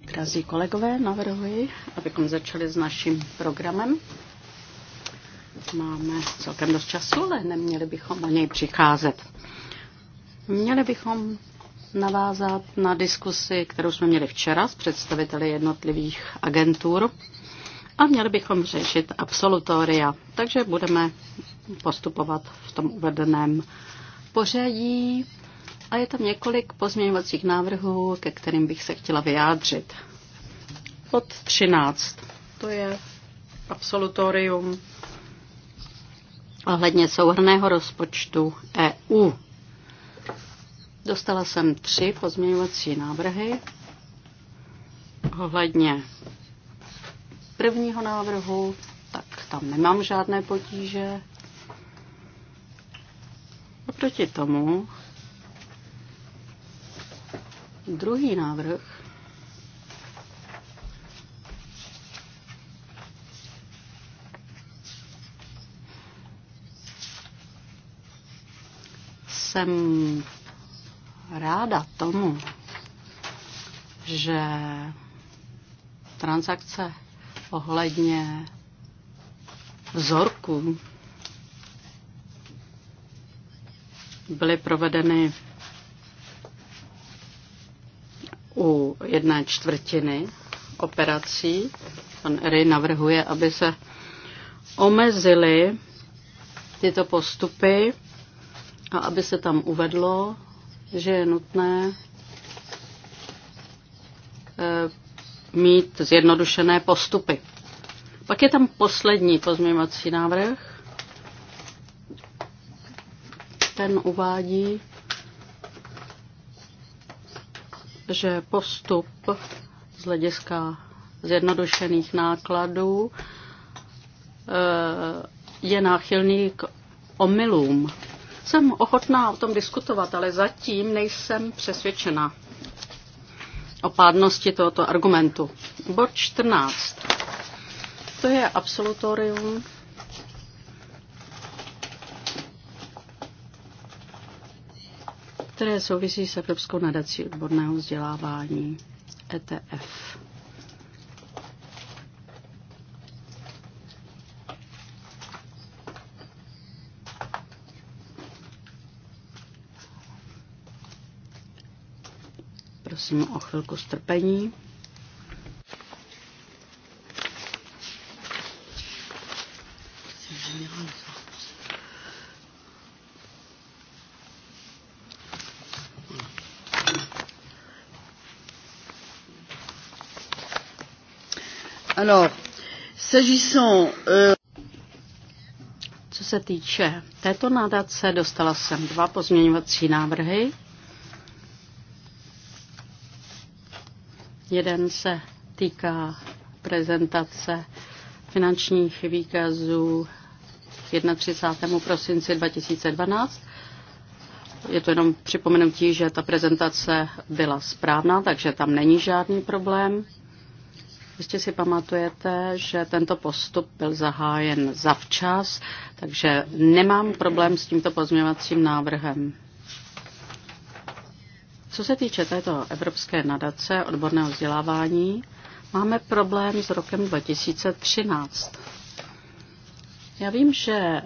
Drazí kolegové, navrhuji, abychom začali s naším programem. Máme celkem dost času, ale neměli bychom o něj přicházet. Měli bychom navázat na diskusi, kterou jsme měli včera s představiteli jednotlivých agentur a měli bychom řešit absolutoria. Takže budeme postupovat v tom uvedeném pořadí a je tam několik pozměňovacích návrhů, ke kterým bych se chtěla vyjádřit. Pod 13. To je absolutorium ohledně souhrného rozpočtu EU. Dostala jsem tři pozměňovací návrhy ohledně prvního návrhu, tak tam nemám žádné potíže. Oproti tomu Druhý návrh jsem ráda tomu, že transakce ohledně vzorků byly provedeny u jedné čtvrtiny operací. Pan Ery navrhuje, aby se omezily tyto postupy a aby se tam uvedlo, že je nutné eh, mít zjednodušené postupy. Pak je tam poslední pozměňovací návrh. Ten uvádí, že postup z hlediska zjednodušených nákladů eh, je náchylný k omylům. Jsem ochotná o tom diskutovat, ale zatím nejsem přesvědčena o pádnosti tohoto argumentu. Bod 14. To je absolutorium které souvisí s Evropskou nadací odborného vzdělávání ETF. Prosím o chvilku strpení. Alors, s'agissant... Euh... Co se týče této nadace, dostala jsem dva pozměňovací návrhy. Jeden se týká prezentace finančních výkazů 31. prosinci 2012. Je to jenom připomenutí, že ta prezentace byla správná, takže tam není žádný problém. Jistě si pamatujete, že tento postup byl zahájen zavčas, takže nemám problém s tímto pozměvacím návrhem. Co se týče této Evropské nadace odborného vzdělávání, máme problém s rokem 2013. Já vím, že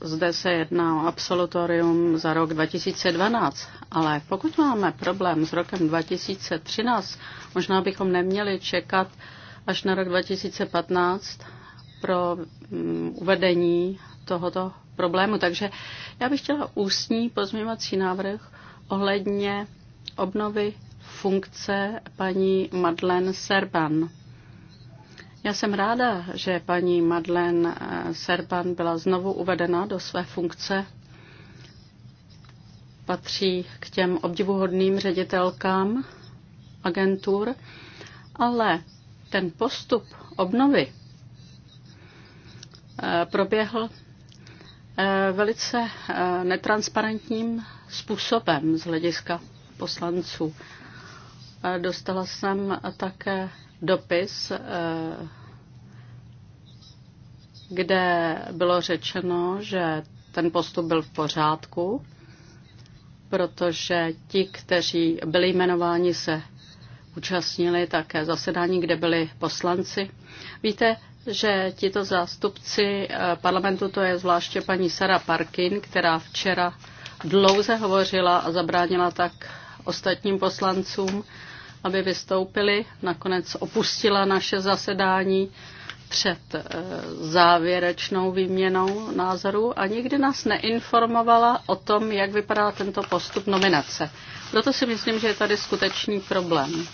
zde se jedná o absolutorium za rok 2012, ale pokud máme problém s rokem 2013, možná bychom neměli čekat až na rok 2015 pro mm, uvedení tohoto problému. Takže já bych chtěla ústní pozměňovací návrh ohledně obnovy funkce paní Madlen Serban. Já jsem ráda, že paní Madlen eh, Serban byla znovu uvedena do své funkce patří k těm obdivuhodným ředitelkám agentur, ale ten postup obnovy eh, proběhl eh, velice eh, netransparentním způsobem z hlediska poslanců. Dostala jsem také dopis, kde bylo řečeno, že ten postup byl v pořádku, protože ti, kteří byli jmenováni, se účastnili také zasedání, kde byli poslanci. Víte, že tito zástupci eh, parlamentu, to je zvláště paní Sara Parkin, která včera dlouze hovořila a zabránila tak ostatním poslancům, aby vystoupili. Nakonec opustila naše zasedání před eh, závěrečnou výměnou názorů a nikdy nás neinformovala o tom, jak vypadá tento postup nominace. Proto si myslím, že je tady skutečný problém.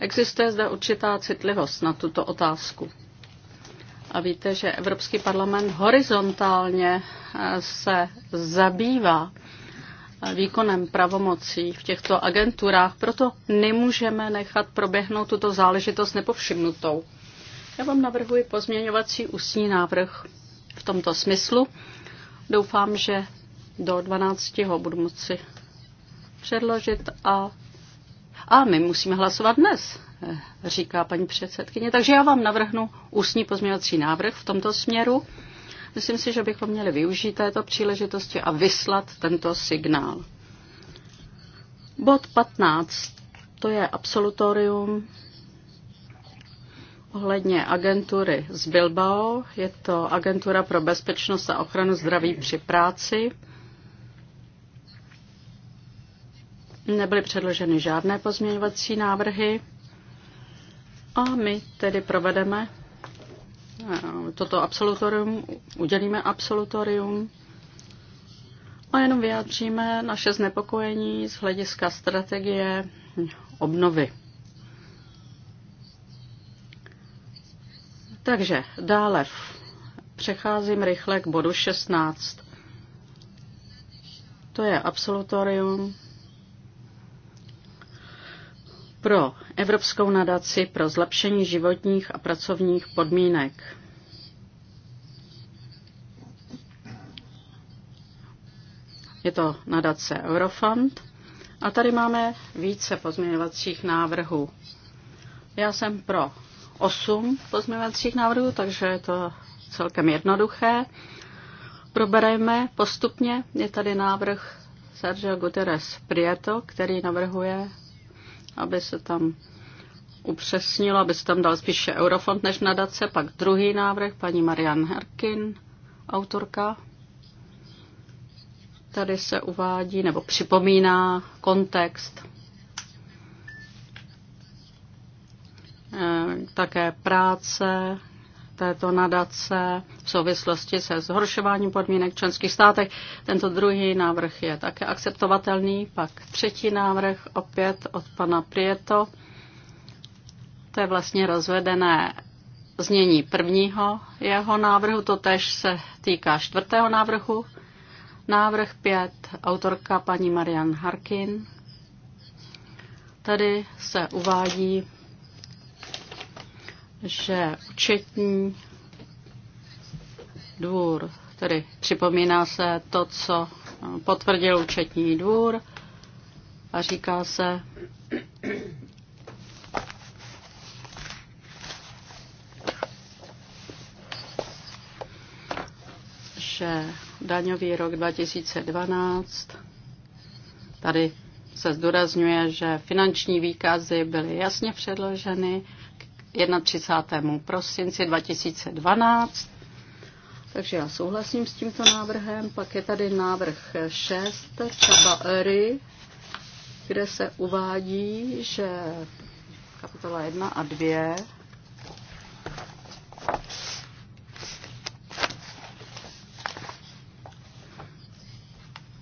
Existuje zde určitá citlivost na tuto otázku. A víte, že Evropský parlament horizontálně eh, se zabývá eh, výkonem pravomocí v těchto agenturách, proto nemůžeme nechat proběhnout tuto záležitost nepovšimnutou. Já vám navrhuji pozměňovací ústní návrh v tomto smyslu. Doufám, že do 12 ho budu moci předložit a, a my musíme hlasovat dnes, eh, říká paní předsedkyně. Takže já vám navrhnu ústní pozměňovací návrh v tomto směru. Myslím si, že bychom měli využít této příležitosti a vyslat tento signál. Bod 15. To je absolutorium ohledně agentury z Bilbao. Je to agentura pro bezpečnost a ochranu zdraví při práci. Nebyly předloženy žádné pozměňovací návrhy a my tedy provedeme eh, toto absolutorium, udělíme absolutorium a jenom vyjádříme naše znepokojení z hlediska strategie obnovy. Takže dále přecházím rychle k bodu 16. To je absolutorium pro Evropskou nadaci pro zlepšení životních a pracovních podmínek. Je to nadace Eurofund. A tady máme více pozměňovacích návrhů. Já jsem pro osm pozměňovacích návrhů, takže je to celkem jednoduché. Probereme postupně. Je tady návrh Sergio Guterres Prieto, který navrhuje, aby se tam upřesnilo, aby se tam dal spíše Eurofond než nadace. Pak druhý návrh, paní Marian Herkin, autorka. Tady se uvádí nebo připomíná kontext Eh, také práce této nadace v souvislosti se zhoršováním podmínek v členských státech. Tento druhý návrh je také akceptovatelný. Pak třetí návrh opět od pana Prieto. To je vlastně rozvedené znění prvního jeho návrhu, to tež se týká čtvrtého návrhu. Návrh pět autorka paní Marian Harkin. Tady se uvádí že účetní dvůr, tedy připomíná se to, co potvrdil účetní dvůr a říká se, že daňový rok 2012 tady se zdůrazňuje, že finanční výkazy byly jasně předloženy 31. prosinci 2012. Takže já souhlasím s tímto návrhem. Pak je tady návrh 6 třeba Ery, kde se uvádí, že kapitola 1 a 2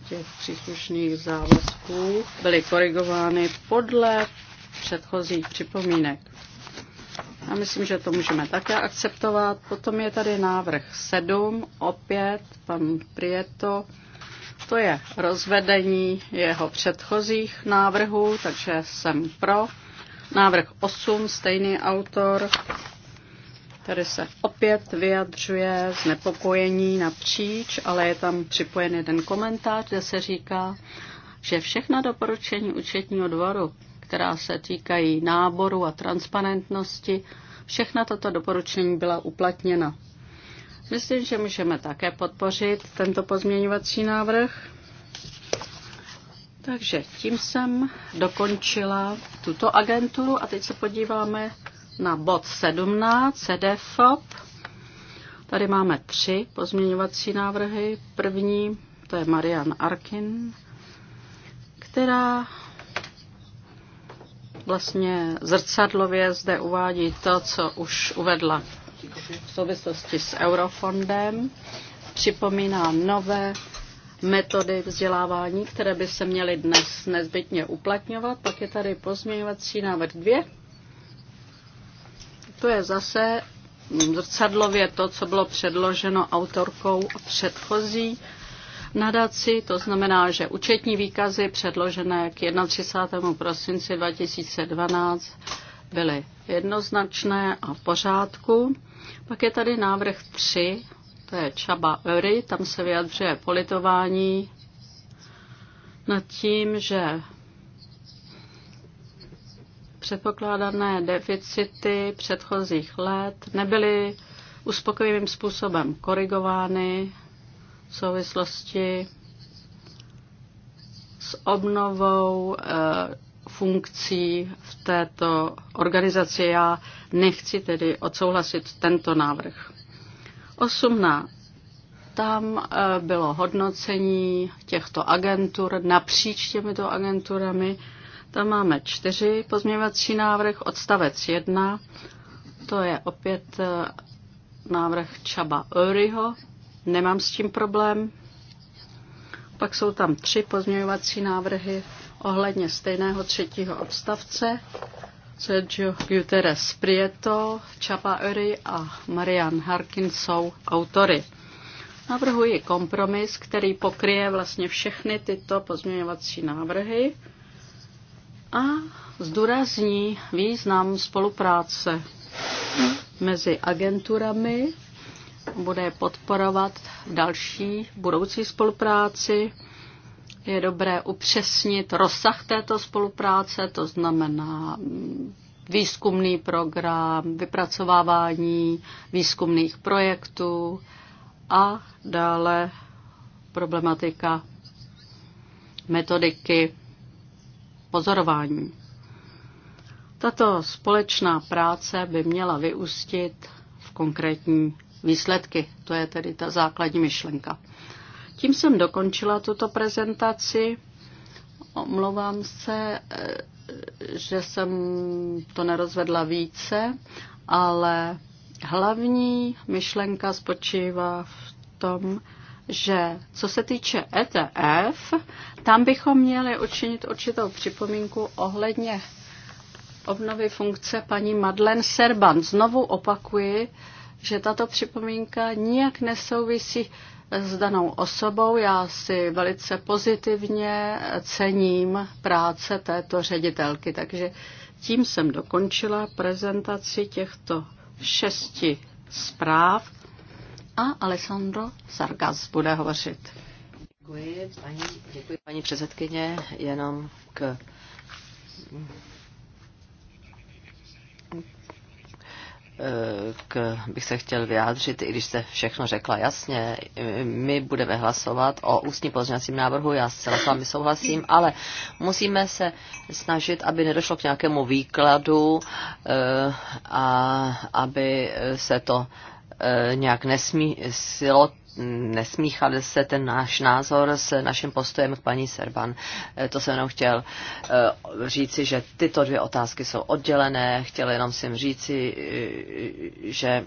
těch příslušných závazků byly korigovány podle předchozích připomínek. Já myslím, že to můžeme také akceptovat. Potom je tady návrh 7, opět pan Prieto. To je rozvedení jeho předchozích návrhů, takže jsem pro. Návrh 8, stejný autor. který se opět vyjadřuje znepokojení napříč, ale je tam připojen jeden komentář, kde se říká, že všechna doporučení účetního dvoru která se týkají náboru a transparentnosti. Všechna tato doporučení byla uplatněna. Myslím, že můžeme také podpořit tento pozměňovací návrh. Takže tím jsem dokončila tuto agenturu a teď se podíváme na bod 17, CDFOP. Tady máme tři pozměňovací návrhy. První, to je Marian Arkin, která vlastně zrcadlově zde uvádí to, co už uvedla v souvislosti s Eurofondem. Připomíná nové metody vzdělávání, které by se měly dnes nezbytně uplatňovat. Pak je tady pozměňovací návrh 2. To je zase zrcadlově to, co bylo předloženo autorkou předchozí nadaci, to znamená, že účetní výkazy předložené k 31. prosinci 2012 byly jednoznačné a v pořádku. Pak je tady návrh 3, to je Čaba Öry, tam se vyjadřuje politování nad tím, že předpokládané deficity předchozích let nebyly uspokojivým způsobem korigovány v souvislosti s obnovou eh, funkcí v této organizaci. Já nechci tedy odsouhlasit tento návrh. 18. Tam eh, bylo hodnocení těchto agentur napříč těmito agenturami. Tam máme čtyři pozměňovací návrh, odstavec 1. To je opět eh, návrh Čaba Öryho nemám s tím problém. Pak jsou tam tři pozměňovací návrhy ohledně stejného třetího odstavce. Sergio Guterres Prieto, Chapa Uri a Marian Harkin jsou autory. Navrhuji kompromis, který pokryje vlastně všechny tyto pozměňovací návrhy a zdůrazní význam spolupráce mezi agenturami bude podporovat další budoucí spolupráci. Je dobré upřesnit rozsah této spolupráce, to znamená výzkumný program, vypracovávání výzkumných projektů a dále problematika metodiky pozorování. Tato společná práce by měla vyústit v konkrétní výsledky. To je tedy ta základní myšlenka. Tím jsem dokončila tuto prezentaci. Omlouvám se, eh, že jsem to nerozvedla více, ale hlavní myšlenka spočívá v tom, že co se týče ETF, tam bychom měli učinit určitou připomínku ohledně obnovy funkce paní Madlen Serban. Znovu opakuji, že tato připomínka nijak nesouvisí s danou osobou. Já si velice pozitivně cením práce této ředitelky, takže tím jsem dokončila prezentaci těchto šesti zpráv a Alessandro Sargas bude hovořit. Děkuji paní, děkuji paní předsedkyně, jenom k k, bych se chtěl vyjádřit, i když se všechno řekla jasně. My budeme hlasovat o ústní pozměňovacím návrhu, já zcela s vámi souhlasím, ale musíme se snažit, aby nedošlo k nějakému výkladu eh, a aby se to eh, nějak nesmí silo nesmíchal se ten náš názor s naším postojem k paní Serban. Eh, to jsem jenom chtěl eh, říci, že tyto dvě otázky jsou oddělené. Chtěl jenom jsem říci, eh, že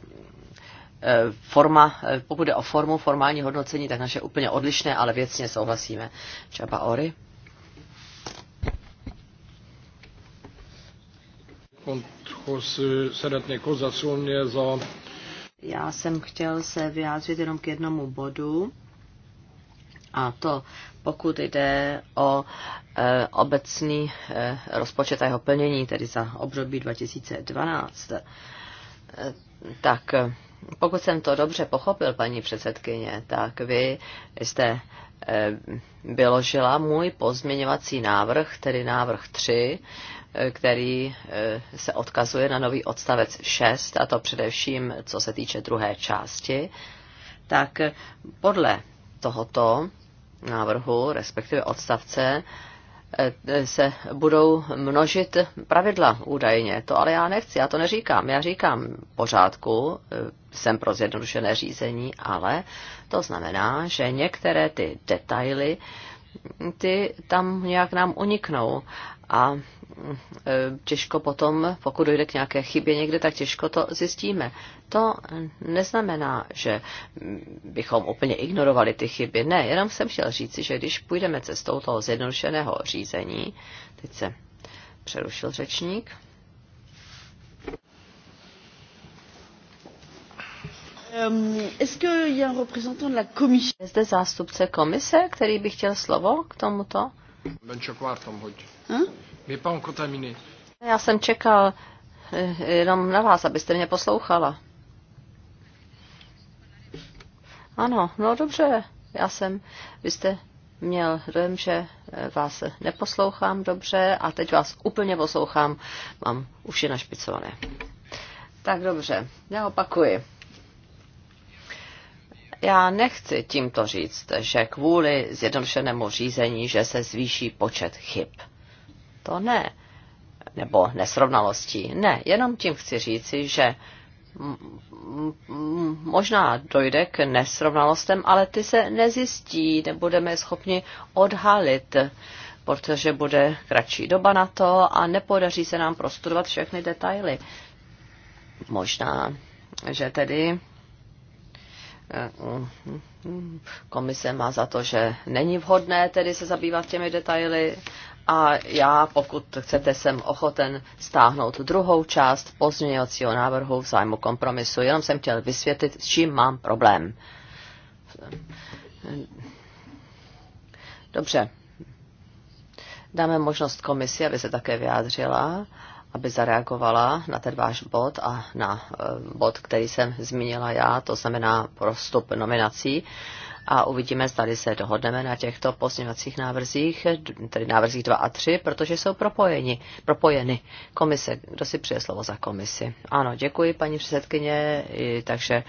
forma, pokud je o formu, formální hodnocení, tak naše úplně odlišné, ale věcně souhlasíme. Čaba Ory. Ponthoz szeretnék hozzászólni ez a já jsem chtěl se vyjádřit jenom k jednomu bodu, a to pokud jde o e, obecný e, rozpočet a jeho plnění, tedy za období 2012, e, tak e, pokud jsem to dobře pochopil, paní předsedkyně, tak vy jste Eh, vyložila můj pozměňovací návrh, tedy návrh 3, eh, který eh, se odkazuje na nový odstavec 6, a to především co se týče druhé části, tak podle tohoto návrhu, respektive odstavce, Eh, se budou množit pravidla údajně. To ale já nechci, já to neříkám. Já říkám pořádku, eh, jsem pro zjednodušené řízení, ale to znamená, že některé ty detaily ty tam nějak nám uniknou a mm, e, těžko potom, pokud dojde k nějaké chybě někde, tak těžko to zjistíme. To neznamená, že bychom úplně ignorovali ty chyby. Ne, jenom jsem chtěl říci, že když půjdeme cestou toho zjednodušeného řízení, teď se přerušil řečník, Zde zástupce komise, který by chtěl slovo k tomuto? Hm? Já jsem čekal eh, jenom na vás, abyste mě poslouchala. Ano, no dobře, já jsem, vy jste měl dojem, že eh, vás neposlouchám dobře a teď vás úplně poslouchám, mám uši našpicované. Tak dobře, já opakuji já nechci tímto říct, že kvůli zjednodušenému řízení, že se zvýší počet chyb. To ne. Nebo nesrovnalostí. Ne, jenom tím chci říci, že možná dojde k nesrovnalostem, ale ty se nezjistí, nebudeme schopni odhalit, protože bude kratší doba na to a nepodaří se nám prostudovat všechny detaily. Možná, že tedy komise má za to, že není vhodné tedy se zabývat těmi detaily a já, pokud chcete, jsem ochoten stáhnout druhou část pozměňovacího návrhu v zájmu kompromisu. Jenom jsem chtěl vysvětlit, s čím mám problém. Dobře. Dáme možnost komisi, aby se také vyjádřila aby zareagovala na ten váš bod a na eh, bod, který jsem zmínila já, to znamená prostup nominací. Uh, a uvidíme, zdali se dohodneme na těchto pozměňovacích návrzích, tedy návrzích 2 a 3, protože jsou propojeni, propojeny. Komise, kdo si přijde slovo za komisi? Ano, děkuji, paní předsedkyně, takže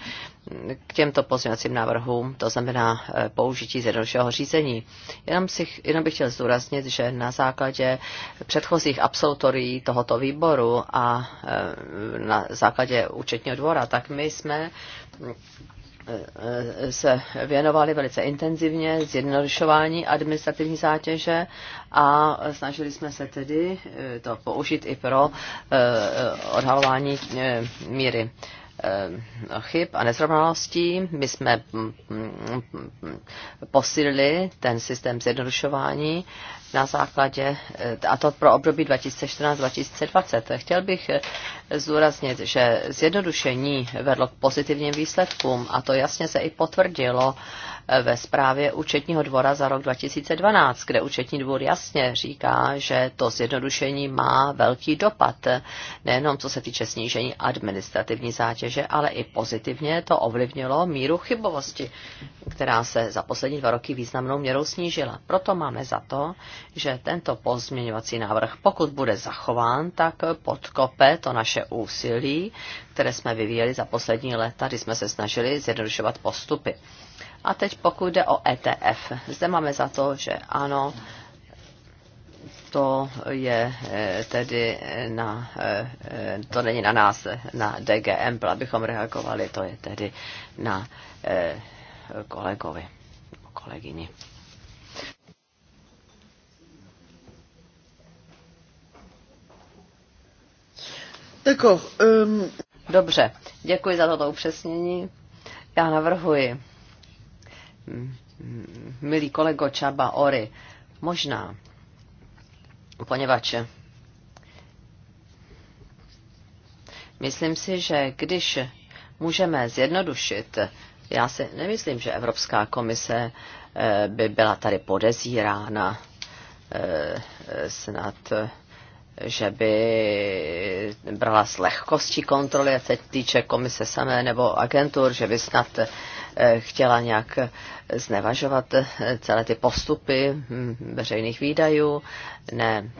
k těmto pozměňovacím návrhům, to znamená e, použití zjednodušeného řízení. Jenom, si, jenom bych chtěl zdůraznit, že na základě předchozích absolutorií tohoto výboru a e, na základě účetního dvora, tak my jsme se věnovali velice intenzivně zjednodušování administrativní zátěže a snažili jsme se tedy eh, to použít i pro eh, odhalování eh, míry chyb a nezrovnalostí. My jsme mm, mm, mm, posílili ten systém zjednodušování na základě, eh, a to pro období 2014-2020. Chtěl bych eh, zdůraznit, že zjednodušení vedlo k pozitivním výsledkům a to jasně se i potvrdilo ve zprávě účetního dvora za rok 2012, kde účetní dvor jasně říká, že to zjednodušení má velký dopad, nejenom co se týče snížení administrativní zátěže, ale i pozitivně to ovlivnilo míru chybovosti, která se za poslední dva roky významnou měrou snížila. Proto máme za to, že tento pozměňovací návrh, pokud bude zachován, tak podkope to naše úsilí, které jsme vyvíjeli za poslední léta, kdy jsme se snažili zjednodušovat postupy. A teď pokud jde o ETF, zde máme za to, že ano, to je eh, tedy eh, na, eh, to není na nás, na DGM, abychom reagovali, to je tedy na kolegovi, kolegyni. Euh, Dobře, děkuji za toto upřesnění. Já navrhuji milý kolego Čaba Ory, možná, poněvadž myslím si, že když můžeme zjednodušit, já si nemyslím, že Evropská komise eh, by byla tady podezírána eh, snad že by brala s lehkostí kontroly, a se týče komise samé nebo agentur, že by snad chtěla nějak znevažovat celé ty postupy veřejných výdajů, ne,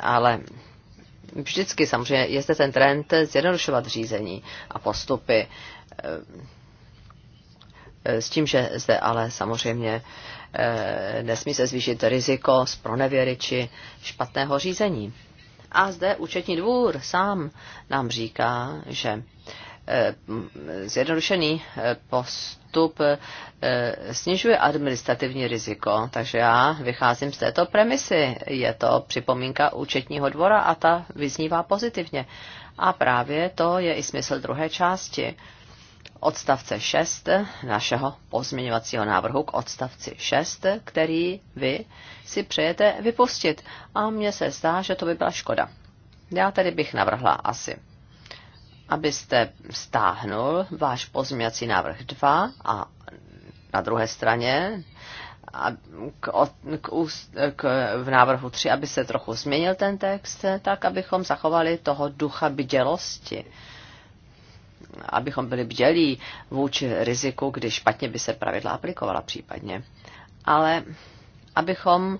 ale vždycky samozřejmě je zde ten trend zjednodušovat řízení a postupy. S tím, že zde ale samozřejmě eh, nesmí se zvýšit riziko z pronevěry či špatného řízení. A zde účetní dvůr sám nám říká, že Eh, zjednodušený eh, postup eh, snižuje administrativní riziko. Takže já vycházím z této premisy. Je to připomínka účetního dvora a ta vyznívá pozitivně. A právě to je i smysl druhé části odstavce 6 našeho pozměňovacího návrhu k odstavci 6, který vy si přejete vypustit. A mně se zdá, že to by byla škoda. Já tedy bych navrhla asi abyste stáhnul váš pozměňovací návrh 2 a na druhé straně a k, k, k, v návrhu 3, aby se trochu změnil ten text, tak abychom zachovali toho ducha bdělosti. Abychom byli bdělí vůči riziku, když špatně by se pravidla aplikovala případně. Ale abychom,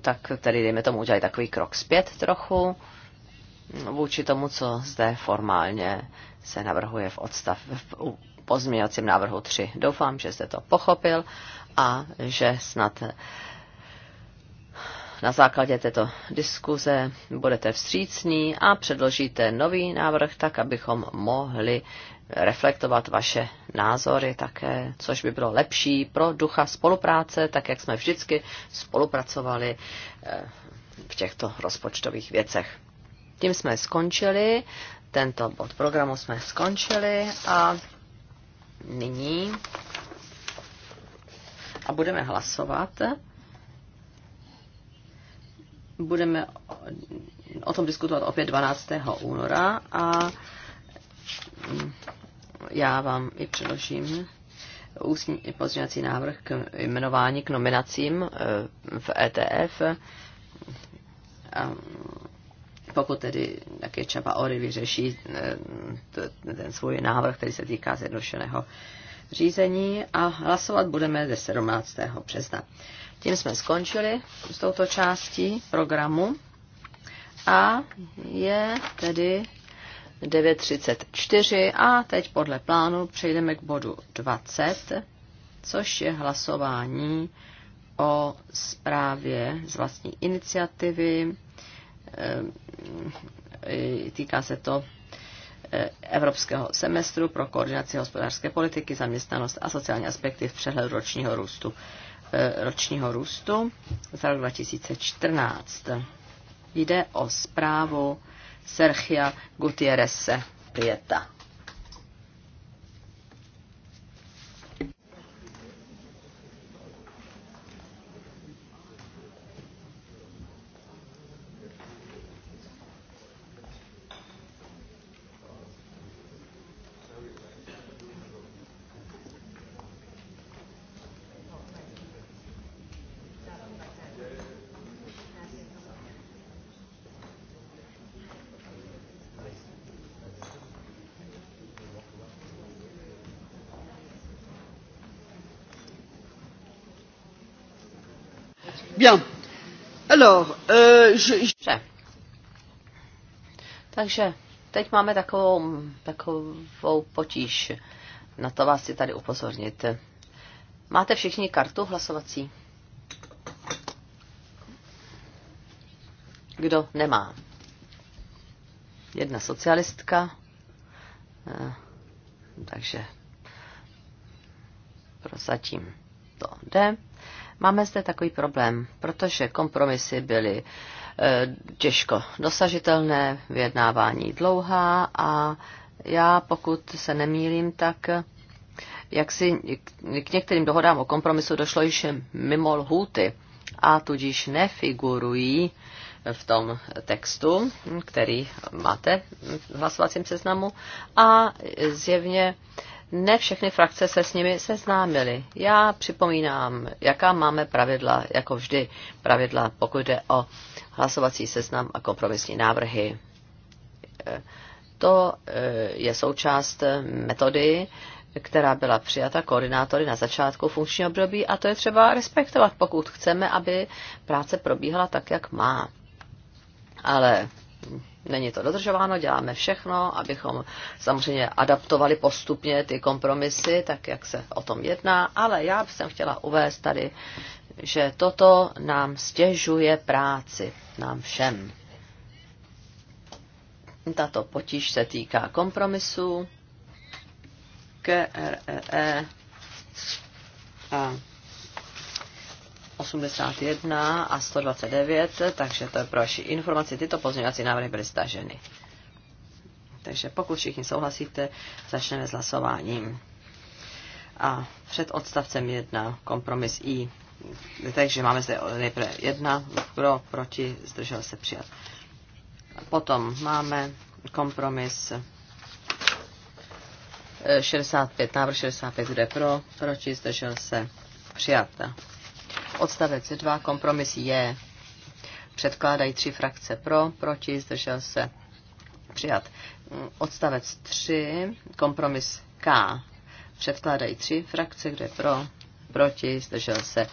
tak tedy dejme tomu, udělali takový krok zpět trochu, vůči tomu, co zde formálně se navrhuje v, odstav, v pozměňovacím návrhu 3. Doufám, že jste to pochopil a že snad na základě této diskuze budete vstřícní a předložíte nový návrh tak, abychom mohli reflektovat vaše názory také, což by bylo lepší pro ducha spolupráce, tak jak jsme vždycky spolupracovali eh, v těchto rozpočtových věcech. Tím jsme skončili, tento bod programu jsme skončili a nyní a budeme hlasovat. Budeme o tom diskutovat opět 12. února a já vám i předložím ústní pozměňovací návrh k jmenování k nominacím eh, v ETF pokud tedy také třeba Ory vyřeší eh, ten svůj návrh, který se týká zjednodušeného řízení a hlasovat budeme ze 17. března. Tím jsme skončili s touto částí programu a je tedy 9.34 a teď podle plánu přejdeme k bodu 20, což je hlasování o zprávě z vlastní iniciativy eh, Eh, týká se to eh, Evropského semestru pro koordinaci hospodářské politiky, zaměstnanost a sociální aspekty v přehledu ročního růstu eh, ročního růstu za rok 2014. Jde o zprávu Sergia Gutierrez Prieta. Bien. Alors, euh, je... je... Takže teď máme takovou, takovou potíž. Na to vás je tady upozornit. Máte všichni kartu hlasovací? Kdo nemá? Jedna socialistka. Eh, takže prozatím to jde. Máme zde takový problém, protože kompromisy byly eh, těžko dosažitelné, vyjednávání dlouhá a já, pokud se nemýlím, tak eh, jak si k některým dohodám o kompromisu došlo již mimo lhůty a tudíž nefigurují v tom textu, který máte v hlasovacím seznamu a zjevně ne všechny frakce se s nimi seznámily. Já připomínám, jaká máme pravidla, jako vždy pravidla, pokud jde o hlasovací seznam a kompromisní návrhy. Eh, to eh, je součást eh, metody, která byla přijata koordinátory na začátku funkčního období a to je třeba respektovat, pokud chceme, aby práce probíhala tak, jak má. Ale není to dodržováno, děláme všechno, abychom samozřejmě adaptovali postupně ty kompromisy, tak jak se o tom jedná, ale já bych chtěla uvést tady, že toto nám stěžuje práci, nám všem. Tato potíž se týká kompromisu, KRE e a 81 a 129, takže to je pro vaši informaci. Tyto pozměňovací návrhy byly staženy. Takže pokud všichni souhlasíte, začneme s hlasováním. A před odstavcem 1 kompromis I. Takže máme zde nejprve 1 pro, proti, zdržel se přijat. Potom máme kompromis 65, eh, návrh 65, kde pro, proti, zdržel se přijat. Odstavec 2, kompromis je. Předkládají tři frakce pro, proti, zdržel se přijat. Odstavec 3, kompromis K. Předkládají tři frakce, kde pro, proti, zdržel se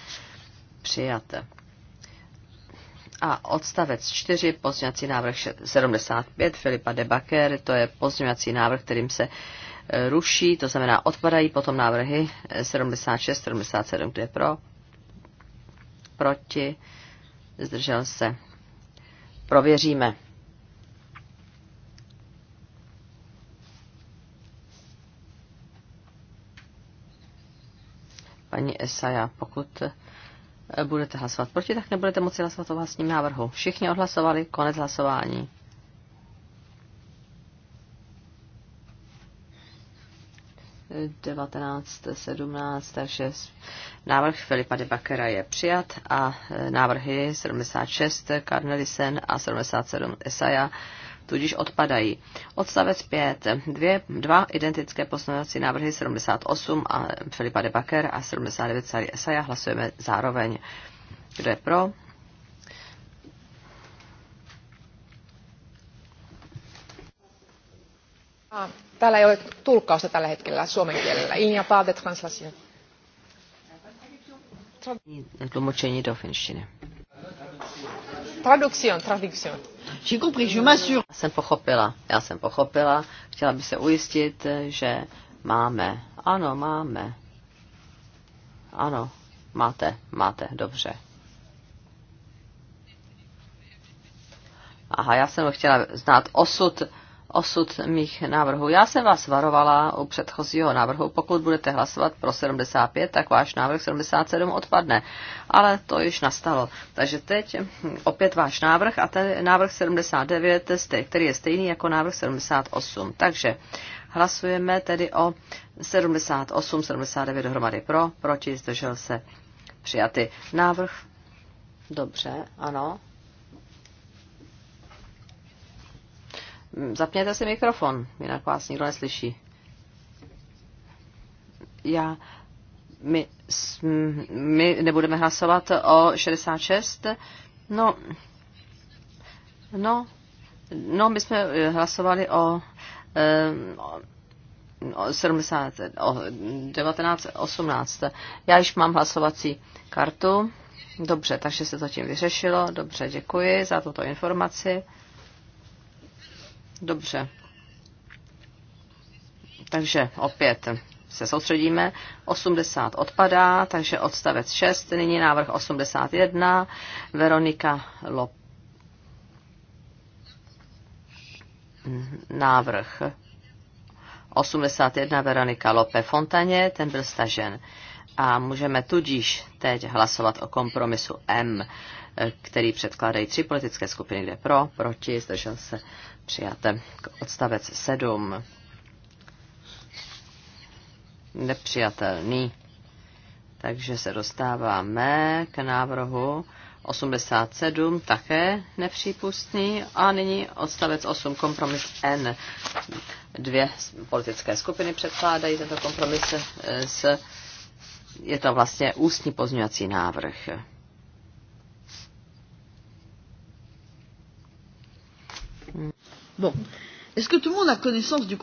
přijat. A odstavec 4, pozměňovací návrh 75 Filipa Debaker, to je pozměňovací návrh, kterým se eh, ruší, to znamená odpadají potom návrhy 76, eh, 77, kde pro, proti, zdržel se. Prověříme. Paní Esaja, pokud eh, budete hlasovat proti, tak nebudete moci hlasovat o vlastním návrhu. Všichni odhlasovali, konec hlasování. 19, 17, takže návrh Filipa de Bakera je přijat a e, návrhy 76 Karnelisen a 77 Esaja tudíž odpadají. Odstavec 5. Dvě, dva identické poslanecí návrhy 78 a Filipa de Baker a 79 Sari Esaja hlasujeme zároveň. Kdo je pro? A Täällä ei ole tulkkausta tällä hetkellä suomen kielellä. Il n'y a pas de translation. Traduction, traduction. J'ai compris, je m'assure. Jsem pochopila, já jsem pochopila. Chtěla bych se ujistit, že máme. Ano, máme. Ano, máte, máte, dobře. Aha, já jsem chtěla znát osud osud mých návrhů. Já jsem vás varovala u předchozího návrhu, pokud budete hlasovat pro 75, tak váš návrh 77 odpadne. Ale to již nastalo. Takže teď opět váš návrh a ten návrh 79, který je stejný jako návrh 78. Takže hlasujeme tedy o 78, 79 dohromady pro, proti, zdržel se přijaty. Návrh, dobře, ano, Zapněte si mikrofon, jinak vás nikdo neslyší. Já, my, my nebudeme hlasovat o 66. No, no, no, my jsme eh, hlasovali o, eh, o 70, o 1918. Já již mám hlasovací kartu. Dobře, takže se to tím vyřešilo. Dobře, děkuji za tuto informaci. Dobře. Takže opět se soustředíme. 80 odpadá, takže odstavec 6, nyní návrh 81, Veronika Lop. Návrh 81 Veronika Lope Fontaně, ten byl stažen. A můžeme tudíž teď hlasovat o kompromisu M který předkládají tři politické skupiny, kde pro, proti, zdržel se přijaté. Odstavec 7. Nepřijatelný. Takže se dostáváme k návrhu 87 také nepřípustný a nyní odstavec 8 kompromis N. Dvě politické skupiny předkládají tento kompromis eh, s, je to vlastně ústní pozňovací návrh. Bon. Est-ce que tout le monde a connaissance du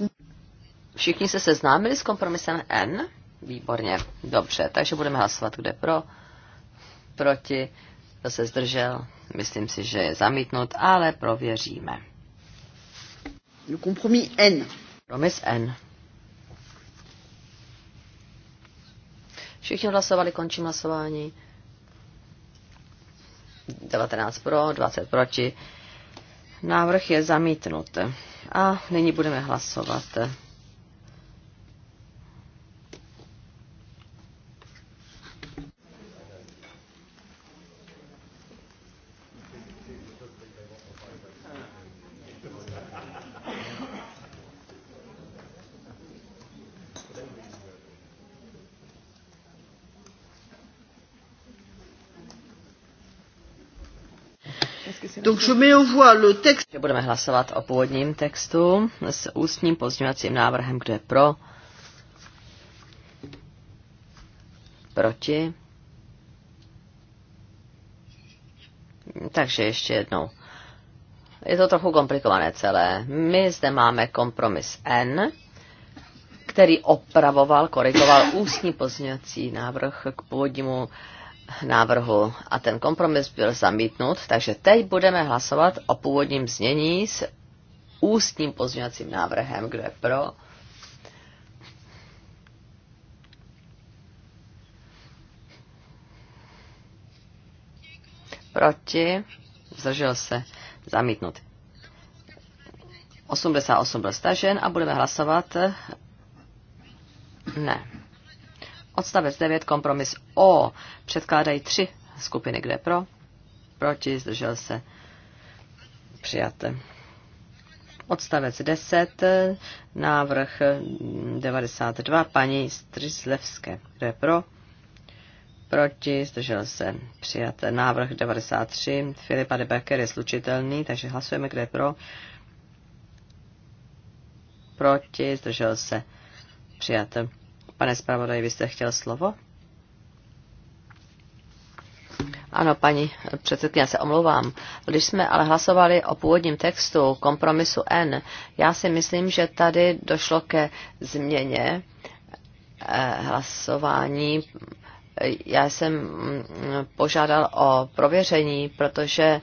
Všichni se seznámili s kompromisem N? Výborně, dobře, takže budeme hlasovat, kde pro, proti, kdo se zdržel. Myslím si, že je zamítnut, ale prověříme. Le kompromis N. Kompromis N. Všichni hlasovali, končím hlasování. 19 pro, 20 proti. Návrh je zamítnut. A nyní budeme hlasovat. Budeme hlasovat o původním textu s ústním pozměňovacím návrhem, kde pro, proti. Takže ještě jednou. Je to trochu komplikované celé. My zde máme kompromis N, který opravoval, korigoval ústní pozměňovací návrh k původnímu návrhu a ten kompromis byl zamítnut, takže teď budeme hlasovat o původním znění s ústním pozměňovacím návrhem, kdo je pro. Proti. Zdržel se. Zamítnut. 88 byl stažen a budeme hlasovat. Ne. Odstavec 9, kompromis O, předkládají tři skupiny, kde pro, proti, zdržel se, přijaté. Odstavec 10, návrh 92, paní Strizlevské, kde pro, proti, zdržel se, přijaté. Návrh 93, Filipa de Becker je slučitelný, takže hlasujeme, kde pro, proti, zdržel se, přijaté. Pane zpravodaj, vy jste chtěl slovo? Ano, paní předsedkyně, se omlouvám. Když jsme ale hlasovali o původním textu kompromisu N, já si myslím, že tady došlo ke změně eh, hlasování já jsem mm, požádal o prověření, protože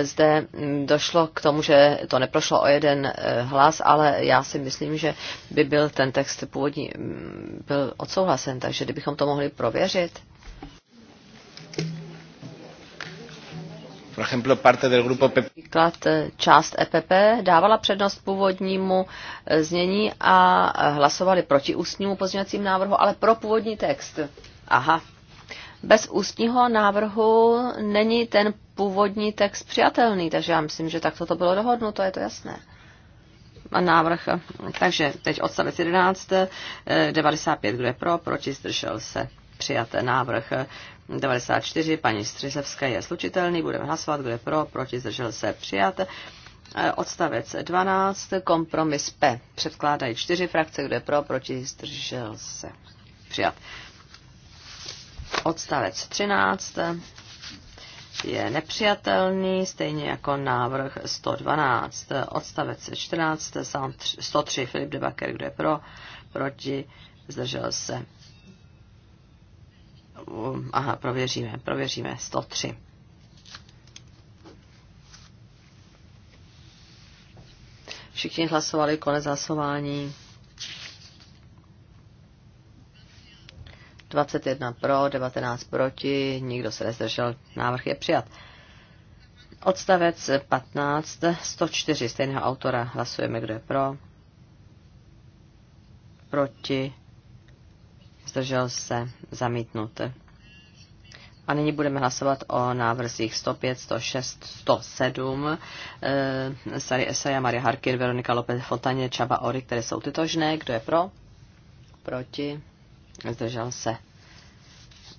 zde mm, došlo k tomu, že to neprošlo o jeden eh, hlas, ale já si myslím, že by byl ten text původní mm, byl odsouhlasen, takže kdybychom to mohli prověřit. Por ejemplo, parte del grupo PP. Příklad eh, část EPP dávala přednost původnímu eh, znění a hlasovali proti ústnímu pozměňovacímu návrhu, ale pro původní text. Aha. Bez ústního návrhu není ten původní text přijatelný, takže já myslím, že takto to bylo dohodnuto, je to jasné návrh. Takže teď odstavec 11, 95, eh, kdo je pro, proti, zdržel se. Přijat návrh 94, paní Střizevské je slučitelný, budeme hlasovat, kdo je pro, proti, zdržel se. Přijat eh, odstavec 12, kompromis P. Předkládají čtyři frakce, kdo je pro, proti, zdržel se. Přijat. Odstavec 13 je nepřijatelný, stejně jako návrh 112. Odstavec 14, 103 Filip de Bakker kdo je pro, proti, zdržel se. Aha, prověříme, prověříme 103. Všichni hlasovali konec hlasování. 21 pro, 19 proti, nikdo se nezdržel, návrh je přijat. Odstavec 15, 104 stejného autora, hlasujeme, kdo je pro, proti, zdržel se, zamítnut. A nyní budeme hlasovat o návrzích 105, 106, 107. E, Sari Esaja, Maria Harkin, Veronika Lopez, Fontaně, Čaba Ory, které jsou tytožné. Kdo je pro? Proti? Zdržel se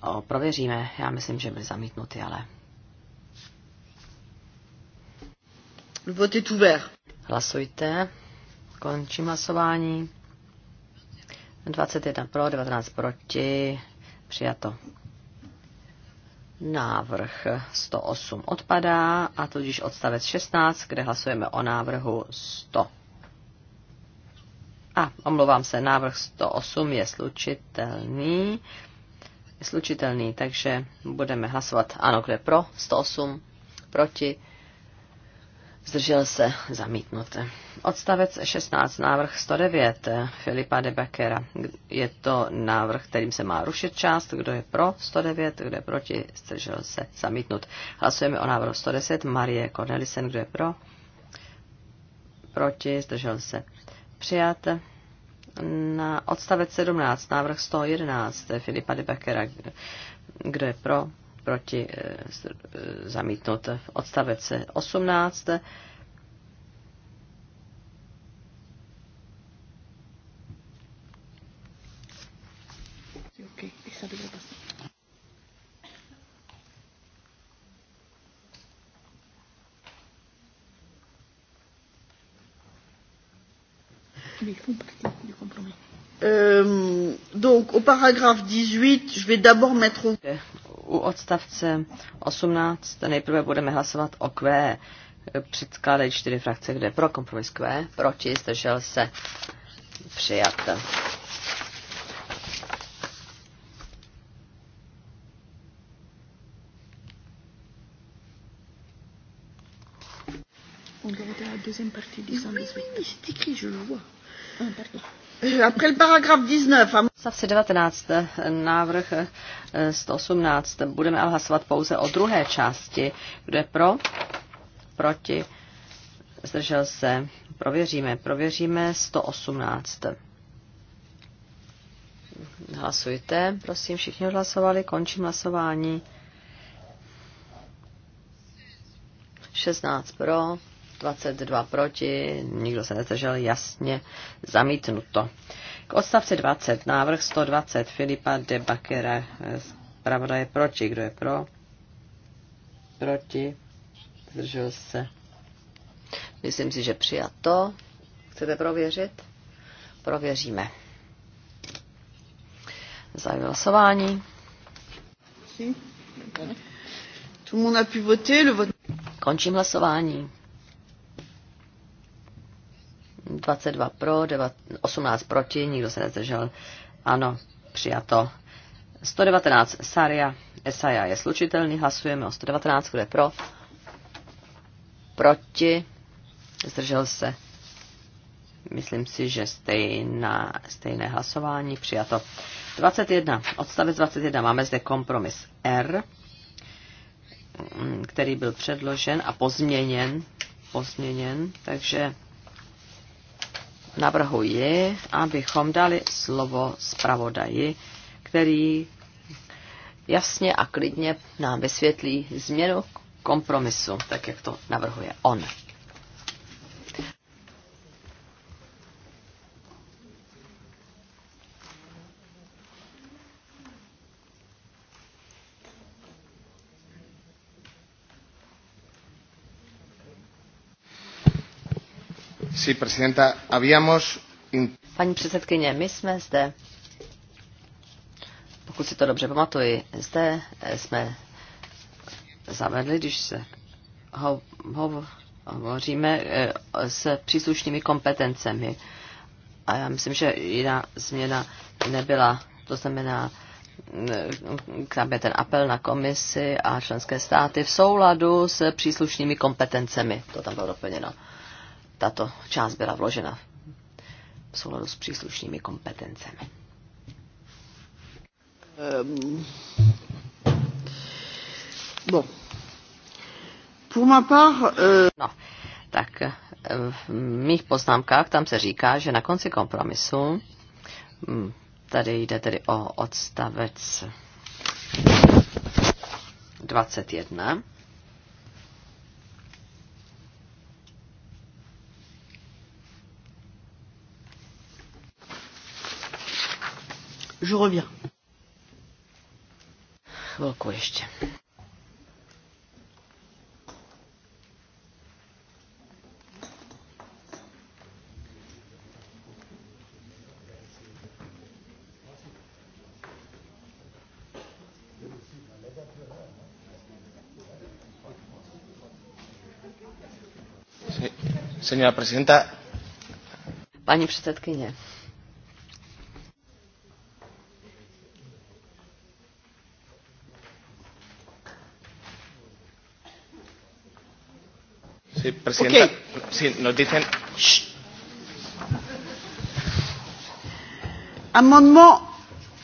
o, prověříme. Já myslím, že byly zamítnuty, ale... Le vote est ouvert. Hlasujte. Končím hlasování. 21 pro, 19 proti. Přijato. Návrh 108 odpadá a tudíž odstavec 16, kde hlasujeme o návrhu 100. A omlouvám se, návrh 108 je slučitelný je slučitelný, takže budeme hlasovat ano, kde pro, 108, proti, zdržel se, zamítnuté. Odstavec 16, návrh 109 Filipa de Beckera. Je to návrh, kterým se má rušit část, kdo je pro 109, kdo je proti, zdržel se, zamítnut. Hlasujeme o návrhu 110 Marie Cornelisen, kdo je pro, proti, zdržel se, přijat na odstavec 17, návrh 111 Filipa de Beckera, kdo je pro, proti, v eh, eh, odstavec 18. Výchom partí. Ehm, donc au paragraphe 18, je vais d'abord mettre au... U odstavce 18 nejprve budeme hlasovat o Q. Předkládají čtyři frakce, kde pro kompromis Q, proti, zdržel se, přijat. On doit regarder la deuxième partie du 118. Oui, c'est écrit, je le vois. Ah, pardon. Après le paragraphe 19, Stavce 19, návrh 118. Eh, Budeme ale hlasovat pouze o druhé části. Kdo je pro? Proti? Zdržel se? Prověříme. Prověříme 118. Hlasujte. Prosím, všichni hlasovali. Končím hlasování. 16 pro, 22 proti, nikdo se nezdržel, jasně zamítnuto. K odstavci 20, návrh 120 Filipa de Bakera, pravda je proti, kdo je pro? Proti, zdržel se. Myslím si, že přijato. Chcete prověřit? Prověříme. Zahajuji hlasování. Tout le monde a pu voter, le vote... Končím hlasování. 22 pro, 18 proti, nikdo se nezdržel. Ano, přijato. 119 Saria, Esaja je slučitelný, hlasujeme o 119, kdo je pro, proti, zdržel se. Myslím si, že stejná, stejné hlasování přijato. 21, odstavec 21, máme zde kompromis R, který byl předložen a pozměněn, pozměněn, takže navrhuji, abychom dali slovo zpravodaji, který jasně a klidně nám vysvětlí změnu kompromisu, tak jak to navrhuje on. Sí, presidenta, habíamos... Paní předsedkyně, my jsme zde, pokud si to dobře pamatuji, zde eh, jsme zavedli, když se ho, ho, hovoříme eh, s příslušnými kompetencemi. A já myslím, že jiná změna nebyla. To znamená, mm, ten apel na komisi a členské státy v souladu s příslušnými kompetencemi. To tam bylo doplněno tato část byla vložena v souladu s příslušnými kompetencemi. Um, bon. Pour ma part, euh... No, tak eh, v mých poznámkách tam se říká, že na konci kompromisu, hm, tady jde tedy o odstavec 21, Je reviens. Chvilku ještě. Señora presidenta. Pani předsedkyně. Presidenta, okay. sí, nos dicen... Amendement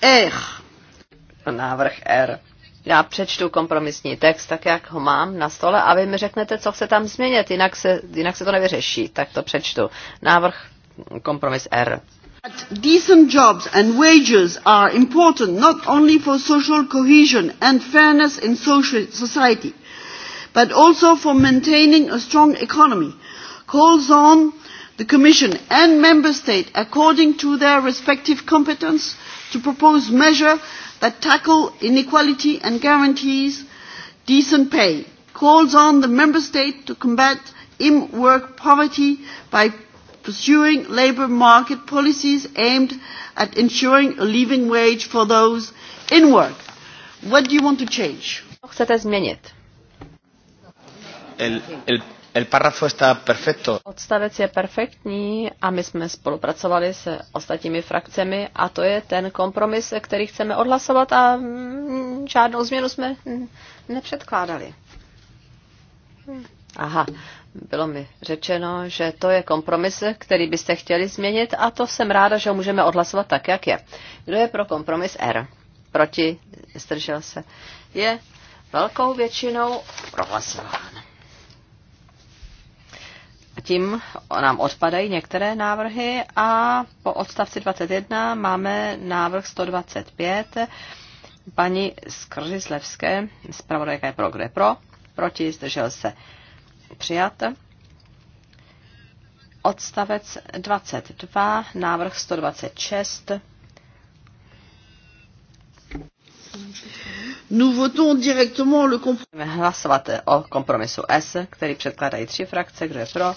R. Návrh R. Já přečtu kompromisní text, tak jak ho mám na stole, a vy mi řeknete, co chce tam změnit, jinak se, jinak se to nevyřeší. Tak to přečtu. Návrh kompromis R. Decent jobs and wages are important not only for social cohesion and fairness in social society but also for maintaining a strong economy calls on the commission and member states according to their respective competence to propose measures that tackle inequality and guarantee decent pay calls on the member states to combat in work poverty by pursuing labour market policies aimed at ensuring a living wage for those in work. What do you want to change? Co chcete změnit? El, el, el párrafo está perfecto. Odstavec je perfektní a my jsme spolupracovali s ostatními frakcemi a to je ten kompromis, který chceme odhlasovat a mm, žádnou změnu jsme mm, nepředkládali. Aha, bylo mi řečeno, že to je kompromis, který byste chtěli změnit a to jsem ráda, že ho můžeme odhlasovat tak, jak je. Kdo je pro kompromis R? Proti, zdržel se. Je velkou většinou prohlasován tím nám odpadají některé návrhy a po odstavci 21 máme návrh 125 paní Skrzizlevské, zpravodajka je pro, kde pro, proti, zdržel se přijat. Odstavec 22, návrh 126. Nous votons directement le compromis. Hlasovat o kompromisu S, který předkládají tři frakce, kdo je pro,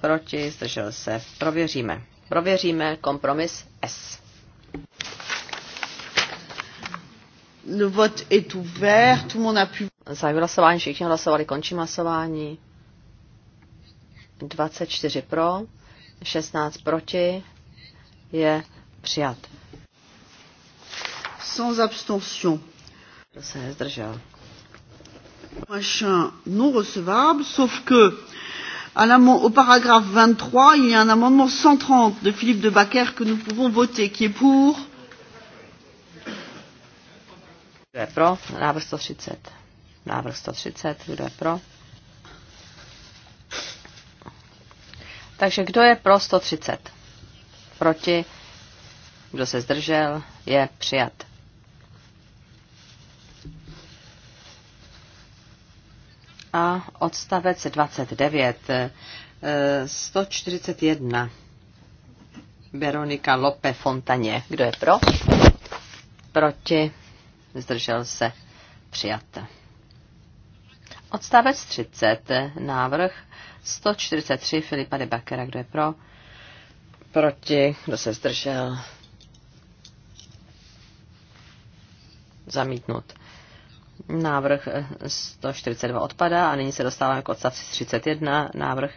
proti, zdržel se. Prověříme. Prověříme kompromis S. Le vote est ouvert, tout le monde a pu... Zahajuji hlasování, všichni hlasovali, končím hlasování. 24 pro, 16 proti, je přijat. Sans abstention. Kdo se nezdržel? Machin non recevable, sauf que au paragraphe vingt trois il y a un amendement cent trente de philippe de backer que nous pouvons voter qui est pour kdo je pro? Návrh 130. Návrh 130. Kdo je pro? Takže kdo je pro 130? Proti? Kdo se zdržel? Je přijat. a odstavec 29, 141. Eh, Veronika Lope Fontaně. Kdo je pro? Proti? Zdržel se. Přijat. Odstavec 30. Návrh 143 Filipa de Bakera. Kdo je pro? Proti? Kdo se zdržel? Zamítnut. Návrh 142 eh, odpadá a nyní se dostáváme k odstavci 31. Návrh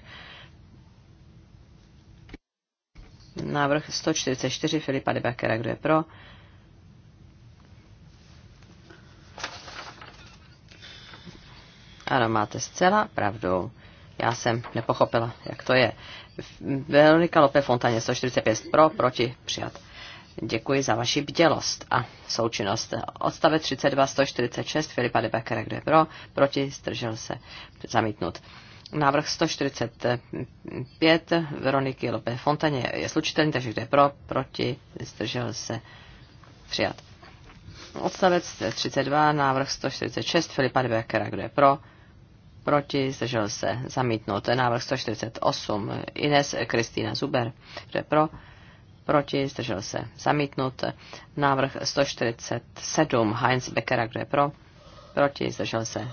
Návrh 144 Filipa de Beckera, kdo je pro? Ano, máte zcela pravdu. Já jsem nepochopila, jak to je. Veronika Lope Fontaně 145 pro, proti, přijat. Děkuji za vaši bdělost a součinnost. Odstave 32 146 Filipa de Beckera, kde pro, proti, stržel se, zamítnut. Návrh 145 Veroniky Lope Fontaně je slučitelný, takže kde pro, proti, stržel se, přijat. Odstavec 32, návrh 146 Filipa de kdo je pro, proti, zdržel se, zamítnut. Návrh 148 Ines Kristýna Zuber, je pro, proti, zdržel se, zamítnut. Návrh 147 Heinz Beckera, kdo je pro, proti, zdržel se,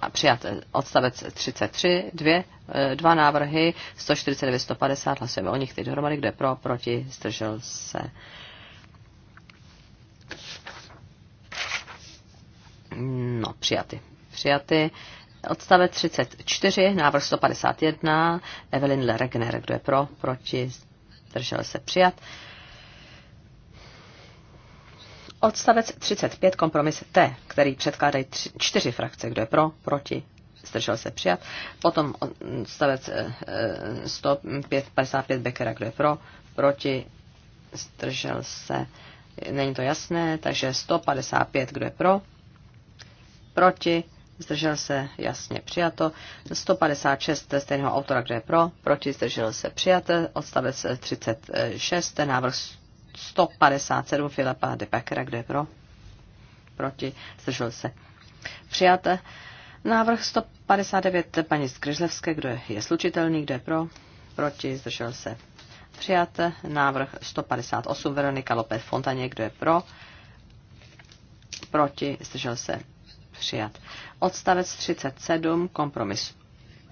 a přijat odstavec 33, dvě, eh, dva návrhy, 149, 150, hlasujeme o nich teď dohromady, kde pro, proti, zdržel se. No, přijaty. Přijaty. Odstavec 34, návrh 151, Evelyn Regner, kdo je pro, proti, zdržel se přijat. Odstavec 35, kompromis T, který předkládají tři, čtyři frakce. Kdo je pro, proti, zdržel se přijat. Potom odstavec 155 eh, eh, Beckera, kdo je pro, proti, zdržel se, není to jasné, takže 155, kdo je pro, proti, zdržel se, jasně přijato. 156 stejného autora, kde je pro, proti, zdržel se, přijat. Odstavec 36, návrh 157 Filipa de Pekera, kde je pro, proti, zdržel se, přijat. Návrh 159 paní Skryžlevské, kdo je, je slučitelný, kde je pro, proti, zdržel se, přijat. Návrh 158 Veronika Lopez Fontaně, kdo je pro, proti, zdržel se, přijat. Odstavec 37, kompromis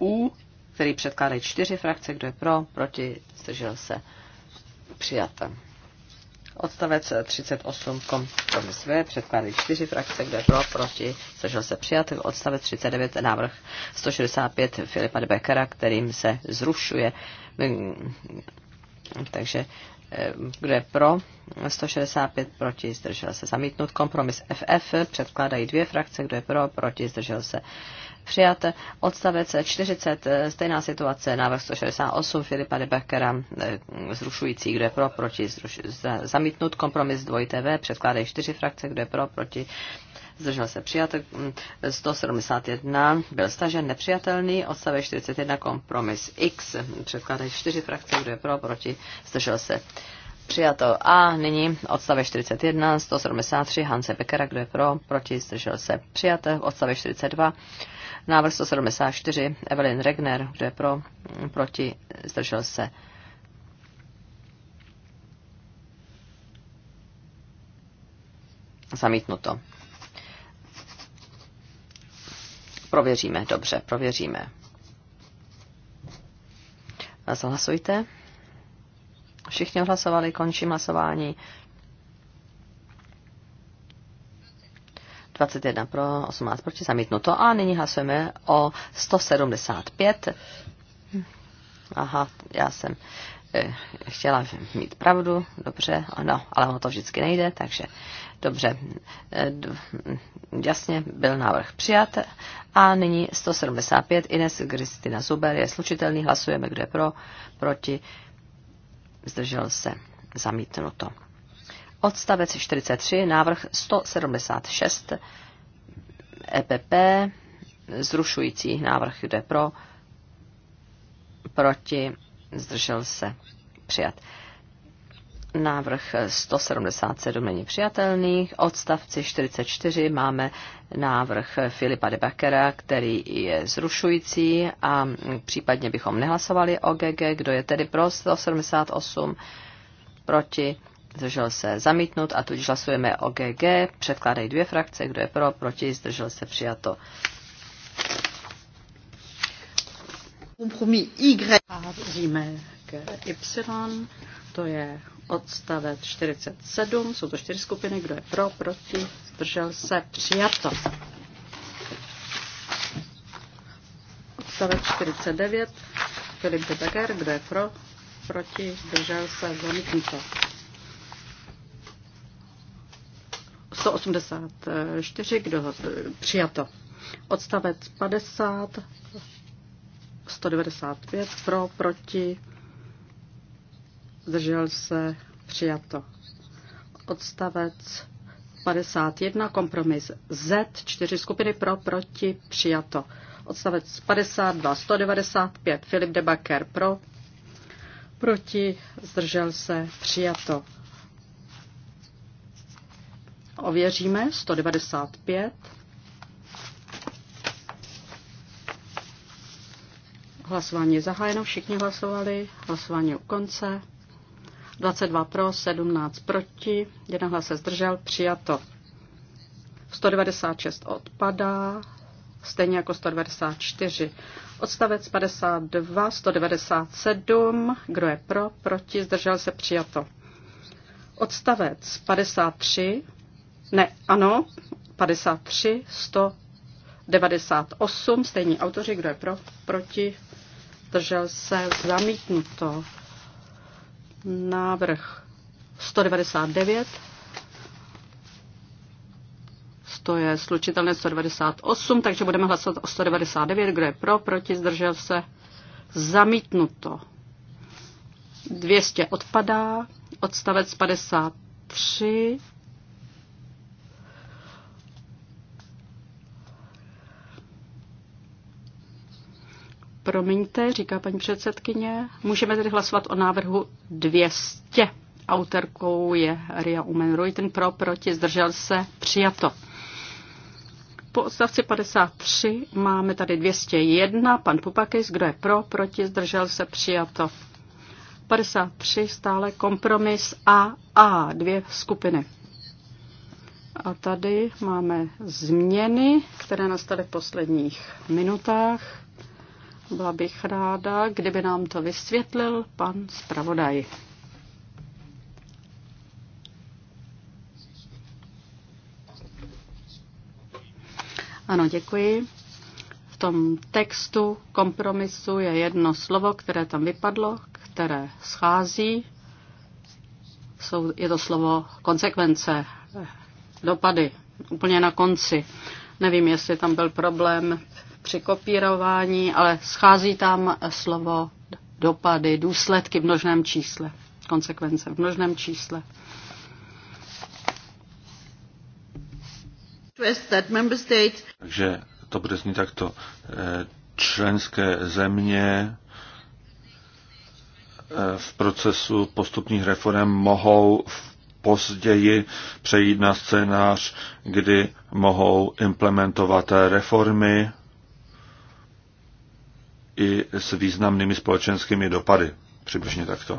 U, který předkládají čtyři frakce, kdo je pro, proti, zdržel se, přijat. Odstavec 38, kompromis V, předkládají čtyři frakce, kdo je pro, proti, zdržel se, přijat. Odstavec 39, návrh 165 Filipa de Beckera, kterým se zrušuje takže je pro, 165 proti, zdržel se zamítnut. Kompromis FF předkládají dvě frakce, kdo je pro, proti, zdržel se přijat. Odstavec 40, stejná situace, návrh 168 Filipa de Beckera, eh, zrušující, kdo je pro, proti, zruš, zamítnut. Kompromis 2TV předkládají čtyři frakce, kdo je pro, proti, zdržel se přijat, 171 mm, byl stažen nepřijatelný, odstavec 41 kompromis X, předkládají čtyři frakce, kdo je pro, proti, zdržel se přijato. A nyní odstavec 41, 173 Hanse Beckera, kdo je pro, proti, zdržel se přijat, odstavec 42, návrh 174 Evelyn Regner, kdo je pro, mm, proti, zdržel se zamítnuto. Prověříme, dobře, prověříme. Zahlasujte. Všichni hlasovali, končím hlasování. 21 pro, 18 proti, zamítnuto. A nyní hlasujeme o 175. Aha, já jsem eh, chtěla mít pravdu, dobře, ano, ale ono to vždycky nejde, takže Dobře, eh, jasně, byl návrh přijat. A nyní 175, Ines Kristina Zuber je slučitelný, hlasujeme, kdo je pro, proti, zdržel se, zamítnuto. Odstavec 43, návrh 176, EPP, zrušující návrh, je pro, proti, zdržel se, přijat návrh 177 není přijatelný. Odstavci 44 máme návrh Filipa de Bakera, který je zrušující a případně bychom nehlasovali o GG. Kdo je tedy pro 178 proti? Zdržel se zamítnut a tudíž hlasujeme o GG. Předkládají dvě frakce. Kdo je pro, proti? Zdržel se přijato. Kompromis Y. A k Y, to je odstavec 47. Jsou to čtyři skupiny, kdo je pro, proti, zdržel se, přijato. Odstavec 49. Filip Bedegar, kdo je pro, proti, zdržel se, zamítnuto. 184, kdo ho přijato. Odstavec 50, 195, pro, proti, zdržel se, přijato. Odstavec 51, kompromis Z, čtyři skupiny pro, proti, přijato. Odstavec 52, 195, Filip de Baker pro, proti, zdržel se, přijato. Ověříme 195. Hlasování je zahájeno, všichni hlasovali, hlasování je u konce. 22 pro, 17 proti, jeden hlas se zdržel, přijato. 196 odpadá, stejně jako 194. Odstavec 52, 197, kdo je pro, proti, zdržel se, přijato. Odstavec 53, ne, ano, 53, 198, stejní autoři, kdo je pro, proti, zdržel se, zamítnuto. Návrh 199. To je slučitelné 198, takže budeme hlasovat o 199. Kdo je pro, proti, zdržel se? Zamítnuto. 200 odpadá. Odstavec 53. Promiňte, říká paní předsedkyně, můžeme tedy hlasovat o návrhu 200. Autorkou je Ria Ten pro, proti, zdržel se, přijato. Po odstavci 53 máme tady 201, pan Pupakis, kdo je pro, proti, zdržel se, přijato. 53 stále kompromis A A, dvě skupiny. A tady máme změny, které nastaly v posledních minutách. Byla bych ráda, kdyby nám to vysvětlil pan zpravodaj. Ano, děkuji. V tom textu kompromisu je jedno slovo, které tam vypadlo, které schází. Jsou, je to slovo konsekvence, dopady, úplně na konci. Nevím, jestli tam byl problém při kopírování, ale schází tam slovo dopady, důsledky v množném čísle, konsekvence v množném čísle. Takže to bude znít takto. Eh, členské země eh, v procesu postupních reform mohou později přejít na scénář, kdy mohou implementovat reformy i s významnými společenskými dopady. Přibližně takto.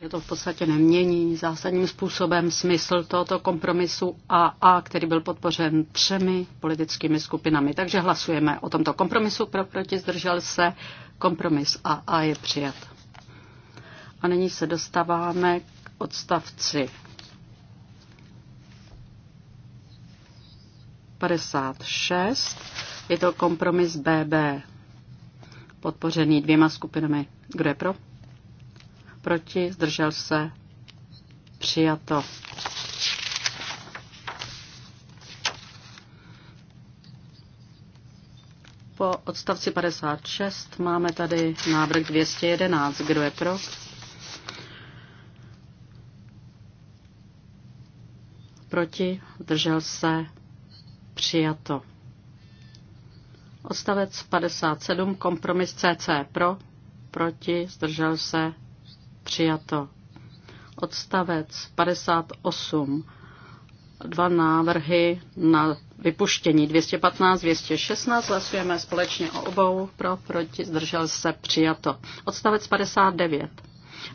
Je to v podstatě nemění zásadním způsobem smysl tohoto kompromisu AA, který byl podpořen třemi politickými skupinami. Takže hlasujeme o tomto kompromisu pro proti zdržel se. Kompromis AA je přijat. A nyní se dostáváme k odstavci 56. Je to kompromis BB podpořený dvěma skupinami. Kdo je pro? Proti? Zdržel se? Přijato. Po odstavci 56 máme tady návrh 211. Kdo je pro? Proti? Zdržel se? Přijato. Odstavec 57, kompromis CC pro, proti, zdržel se, přijato. Odstavec 58, dva návrhy na vypuštění 215, 216, hlasujeme společně o obou, pro, proti, zdržel se, přijato. Odstavec 59,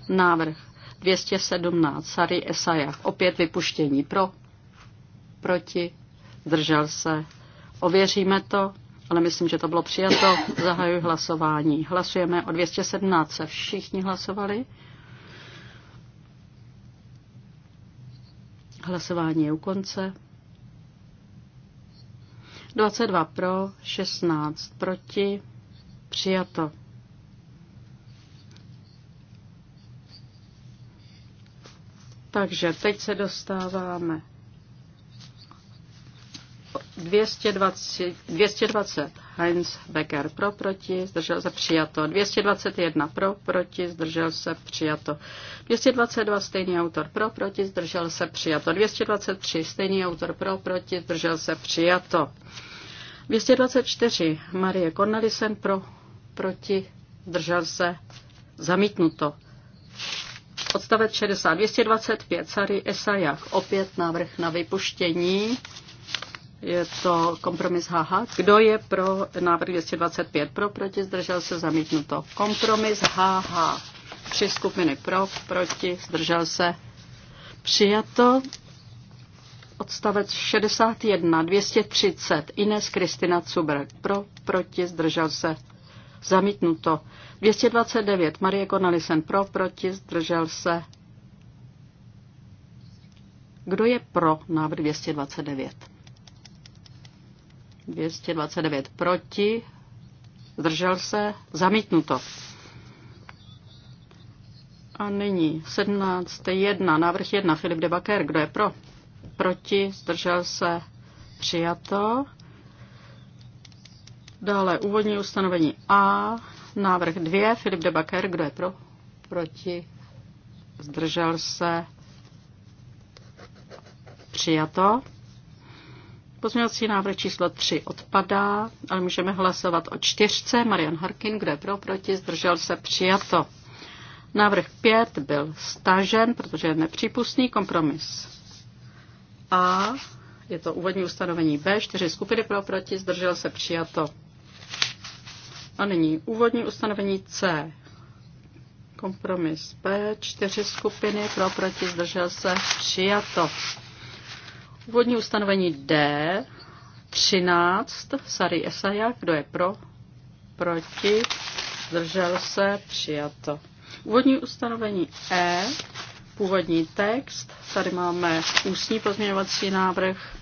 návrh 217, Sary Esajach, opět vypuštění pro, proti, zdržel se. Ověříme to, ale myslím, že to bylo přijato. Zahajuji hlasování. Hlasujeme o 217. všichni hlasovali. Hlasování je u konce. 22 pro, 16 proti, přijato. Takže teď se dostáváme 220, 220 Heinz Becker pro, proti, zdržel se přijato. 221 pro, proti, zdržel se přijato. 222 stejný autor pro, proti, zdržel se přijato. 223 stejný autor pro, proti, zdržel se přijato. 224 Marie Cornelisen pro, proti, zdržel se zamítnuto. Odstavec 60. 225 Sary Esajach. Opět návrh na vypuštění je to kompromis HH. Kdo je pro návrh 225 pro, proti, zdržel se, zamítnuto. Kompromis HH. Tři skupiny pro, proti, zdržel se, přijato. Odstavec 61, 230, Ines Kristina Cuber, pro, proti, zdržel se, zamítnuto. 229, Marie Konalisen, pro, proti, zdržel se, kdo je pro návrh 229? 229 proti, zdržel se, zamítnuto. A nyní 17.1, návrh 1, Filip de Baker, kdo je pro? Proti, zdržel se, přijato. Dále úvodní ustanovení A, návrh 2, Filip de Baker, kdo je pro? Proti, zdržel se, přijato. Pozměňovací návrh číslo 3 odpadá, ale můžeme hlasovat o čtyřce. Marian Harkin, kdo je pro, proti, zdržel se, přijato. Návrh 5 byl stažen, protože je nepřípustný kompromis. A je to úvodní ustanovení B, čtyři skupiny pro, proti, zdržel se, přijato. A nyní úvodní ustanovení C. Kompromis B, čtyři skupiny pro, proti, zdržel se, přijato. Vodní ustanovení D, 13, Sary Esaja, kdo je pro, proti, zdržel se, přijato. Úvodní ustanovení E, původní text, tady máme ústní pozměňovací návrh,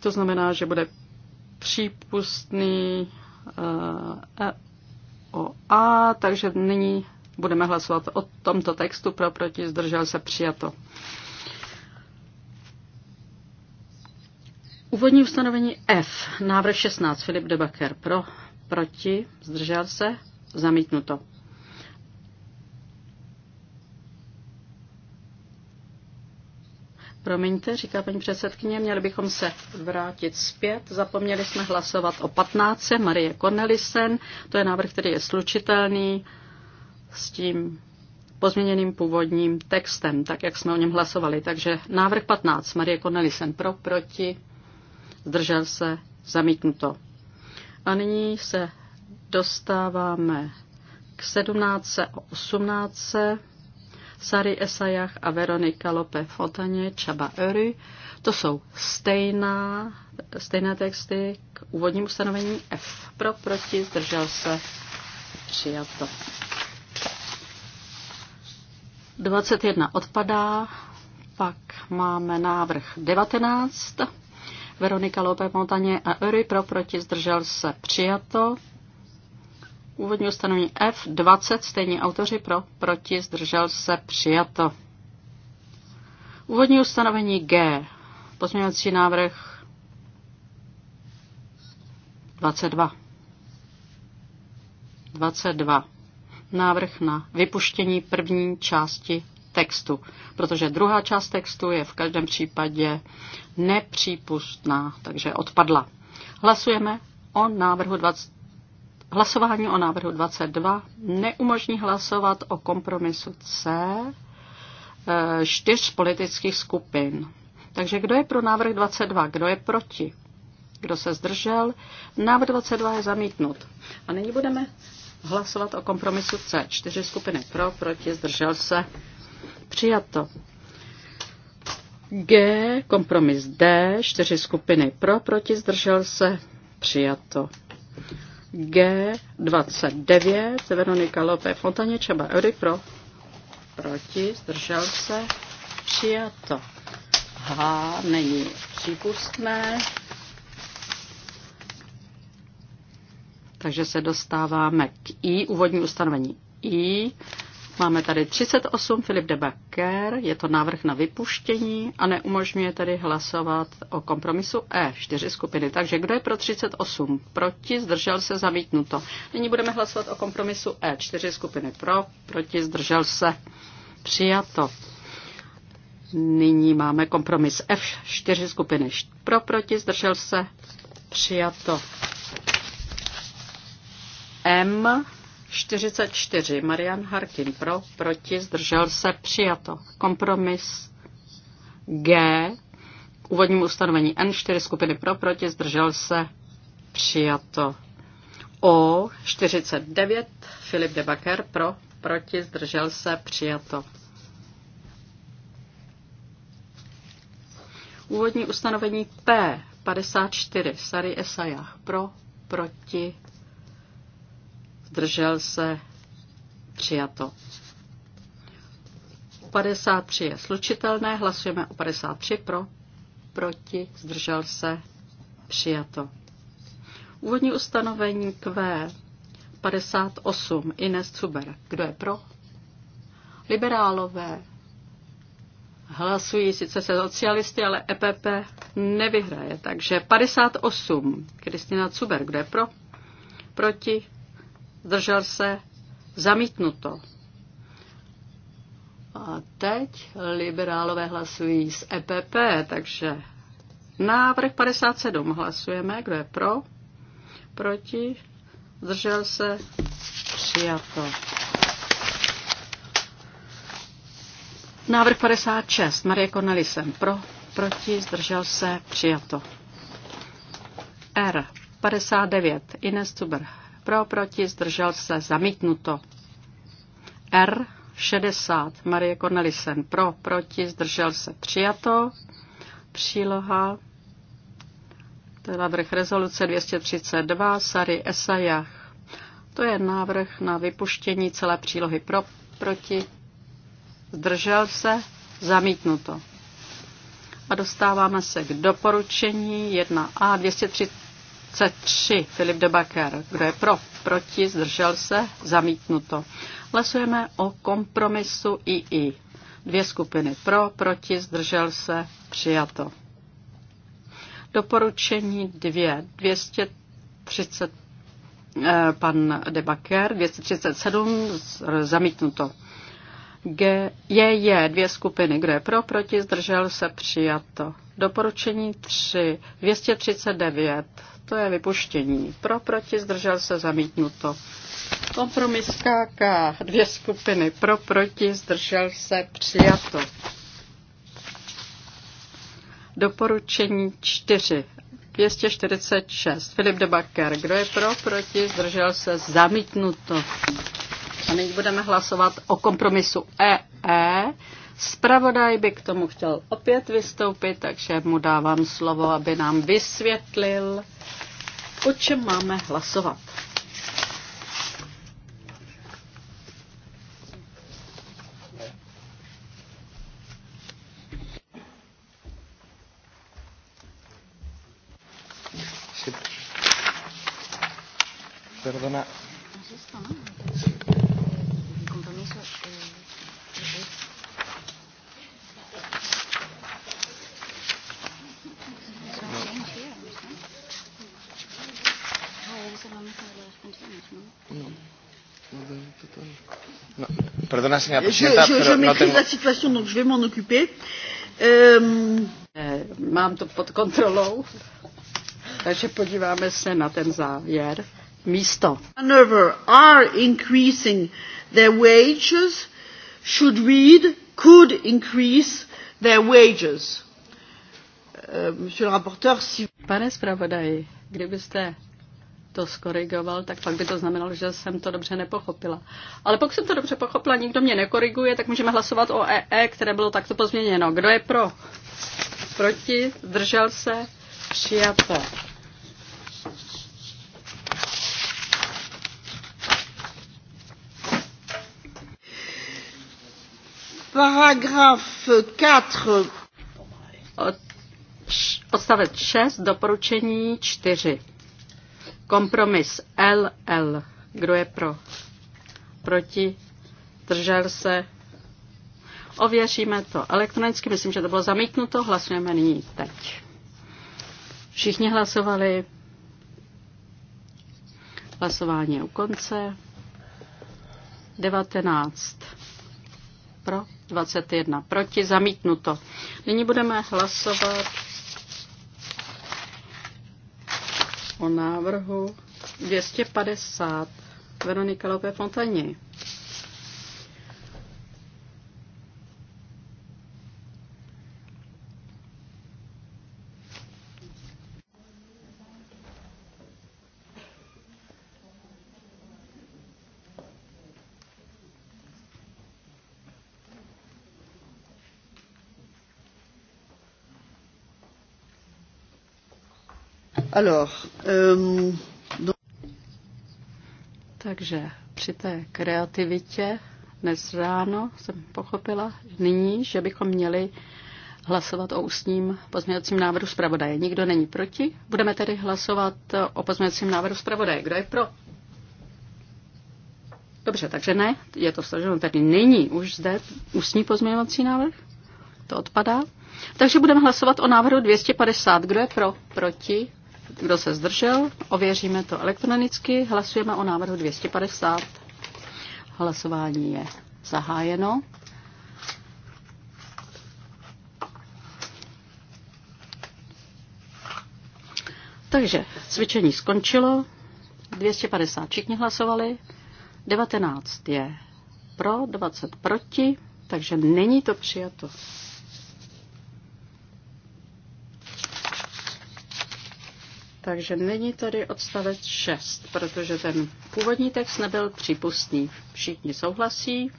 to znamená, že bude přípustný uh, e, o A, takže nyní Budeme hlasovat o tomto textu pro proti zdržel se přijato. Úvodní ustanovení F, návrh 16, Filip Debaker pro, proti, zdržel se, zamítnuto. Promiňte, říká paní předsedkyně, měli bychom se vrátit zpět. Zapomněli jsme hlasovat o 15. Marie Cornelisen, to je návrh, který je slučitelný s tím pozměněným původním textem, tak jak jsme o něm hlasovali. Takže návrh 15, Marie Cornelisen pro, proti, zdržel se, zamítnuto. A nyní se dostáváme k 17 a 18. Sary Esajach a Veronika Lope Fotaně, Čaba Öry. To jsou stejná, stejné texty k úvodnímu stanovení F. Pro, proti, zdržel se, přijato. 21 odpadá, pak máme návrh 19. Veronika Lópe Montaně a Öry pro proti zdržel se přijato. Úvodní ustanovení F20, stejní autoři pro proti zdržel se přijato. Úvodní ustanovení G, pozměňovací návrh 22. 22 návrh na vypuštění první části textu, protože druhá část textu je v každém případě nepřípustná, takže odpadla. Hlasujeme o návrhu 20. Hlasování o návrhu 22 neumožní hlasovat o kompromisu C eh, čtyř politických skupin. Takže kdo je pro návrh 22? Kdo je proti? Kdo se zdržel? Návrh 22 je zamítnut. A nyní budeme hlasovat o kompromisu C. Čtyři skupiny pro, proti, zdržel se. Přijato. G, kompromis D, čtyři skupiny pro, proti, zdržel se. Přijato. G, 29, Veronika Lope, Fontaně, Čaba Eury pro, proti, zdržel se. Přijato. H, není přípustné. Takže se dostáváme k I, úvodní ustanovení I. Máme tady 38, Filip de Becker. je to návrh na vypuštění a neumožňuje tedy hlasovat o kompromisu E, čtyři skupiny. Takže kdo je pro 38? Proti, zdržel se, zamítnuto. Nyní budeme hlasovat o kompromisu E, čtyři skupiny pro, proti, zdržel se, přijato. Nyní máme kompromis F, čtyři skupiny pro, proti, zdržel se, přijato. M44. Marian Harkin pro, proti, zdržel se, přijato. Kompromis G k úvodnímu ustanovení N4 skupiny pro, proti, zdržel se, přijato. O 49 Filip Debaker pro, proti, zdržel se, přijato. Úvodní ustanovení P54 Sari Esayah pro, proti, zdržel se, přijato. 53 je slučitelné, hlasujeme o 53 pro, proti, zdržel se, přijato. Úvodní ustanovení Q 58 Ines Cuber. Kdo je pro? Liberálové hlasují sice se socialisty, ale EPP nevyhraje. Takže 58 Kristina Cuber. Kdo je pro? Proti? zdržel se, zamítnuto. A teď liberálové hlasují z EPP, takže návrh 57 hlasujeme, kdo je pro, proti, zdržel se, přijato. Návrh 56, Marie Cornelisem, pro, proti, zdržel se, přijato. R. 59, Ines Cuber, pro, proti, zdržel se, zamítnuto. R 60 Marie Cornelisen. Pro, proti, zdržel se, přijato. Příloha, teda vrch rezoluce 232 Sary Esajach. To je návrh na vypuštění celé přílohy pro, proti, zdržel se, zamítnuto. A dostáváme se k doporučení 1a 230 23. Filip de Baker. Kdo je pro? Proti? Zdržel se? Zamítnuto. Hlasujeme o kompromisu II. Dvě skupiny pro, proti, zdržel se, přijato. Doporučení dvě. 230 eh, pan Debaker, 237 zamítnuto. G, je, je, dvě skupiny, kdo je pro, proti, zdržel se, přijato. Doporučení 3, 239, to je vypuštění. Pro, proti, zdržel se, zamítnuto. Kompromis KK, dvě skupiny, pro, proti, zdržel se, přijato. Doporučení 4, 246, Filip de Bakker, kdo je pro, proti, zdržel se, zamítnuto. A nyní budeme hlasovat o kompromisu EE. E. Spravodaj by k tomu chtěl opět vystoupit, takže mu dávám slovo, aby nám vysvětlil, o čem máme hlasovat. Perdona. Perdona, señora presidenta, je, je, pero je no tengo... la situación, donc je vais m'en occuper. Um... Mám to pod kontrolou, takže podíváme se na ten závěr. Místo. Maneuver are increasing their wages should read could increase their wages. Uh, monsieur le rapporteur, si... Pane zpravodaji, kdybyste to skorigoval, tak pak by to znamenalo, že jsem to dobře nepochopila. Ale pokud jsem to dobře pochopila, nikdo mě nekoriguje, tak můžeme hlasovat o EE, e, které bylo takto pozměněno. Kdo je pro? Proti? Zdržel se? Přijato. Paragraf 4. Odstavec 6, doporučení 4. Kompromis LL. Kdo je pro? Proti? Držel se? Ověříme to elektronicky. Myslím, že to bylo zamítnuto. Hlasujeme nyní teď. Všichni hlasovali. Hlasování je u konce. 19 pro, 21 proti, zamítnuto. Nyní budeme hlasovat o návrhu 250 Veronika Lopé Fontaní. Alors, euh, donc... Takže při té kreativitě dnes ráno jsem pochopila nyní, že bychom měli hlasovat o ústním pozměňovacím návrhu zpravodaje. Nikdo není proti, budeme tedy hlasovat o pozměňovacím návrhu zpravodaje. Kdo je pro? Dobře, takže ne, je to složeno, tedy není už zde ústní pozměňovací návrh, to odpadá. Takže budeme hlasovat o návrhu 250. Kdo je pro? Proti? Kdo se zdržel? Ověříme to elektronicky. Hlasujeme o návrhu 250. Hlasování je zahájeno. Takže cvičení skončilo. 250 všichni hlasovali. 19 je pro, 20 proti, takže není to přijato. Takže není tady odstavec 6, protože ten původní text nebyl přípustný. Všichni souhlasí.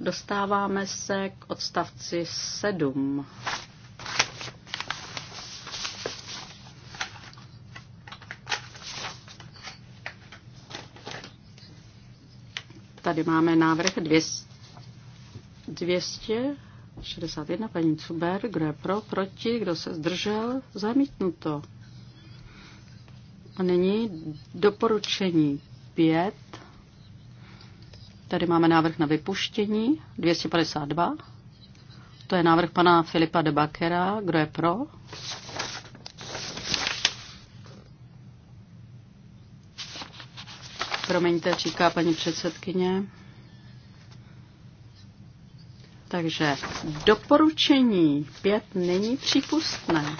Dostáváme se k odstavci 7. Tady máme návrh 261 paní Cuber, kdo je pro, proti, kdo se zdržel, zamítnuto. A nyní doporučení 5. Tady máme návrh na vypuštění 252. To je návrh pana Filipa de Bakera. Kdo je pro? Promiňte, říká paní předsedkyně. Takže doporučení 5 není přípustné.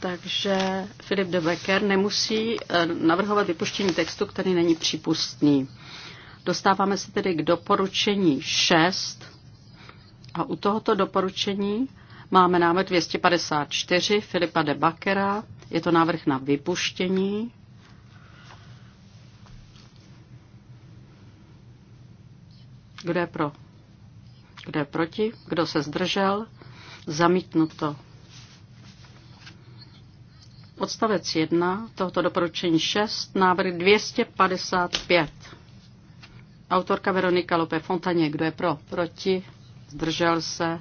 Takže Filip de Becker nemusí eh, navrhovat vypuštění textu, který není přípustný. Dostáváme se tedy k doporučení 6 a u tohoto doporučení máme námet 254 Filipa de Bakera. Je to návrh na vypuštění. Kdo je pro? Kdo je proti? Kdo se zdržel? Zamítnuto. Odstavec 1 tohoto doporučení 6, návrh 255. Autorka Veronika Lope Fontaně, kdo je pro, proti, zdržel se.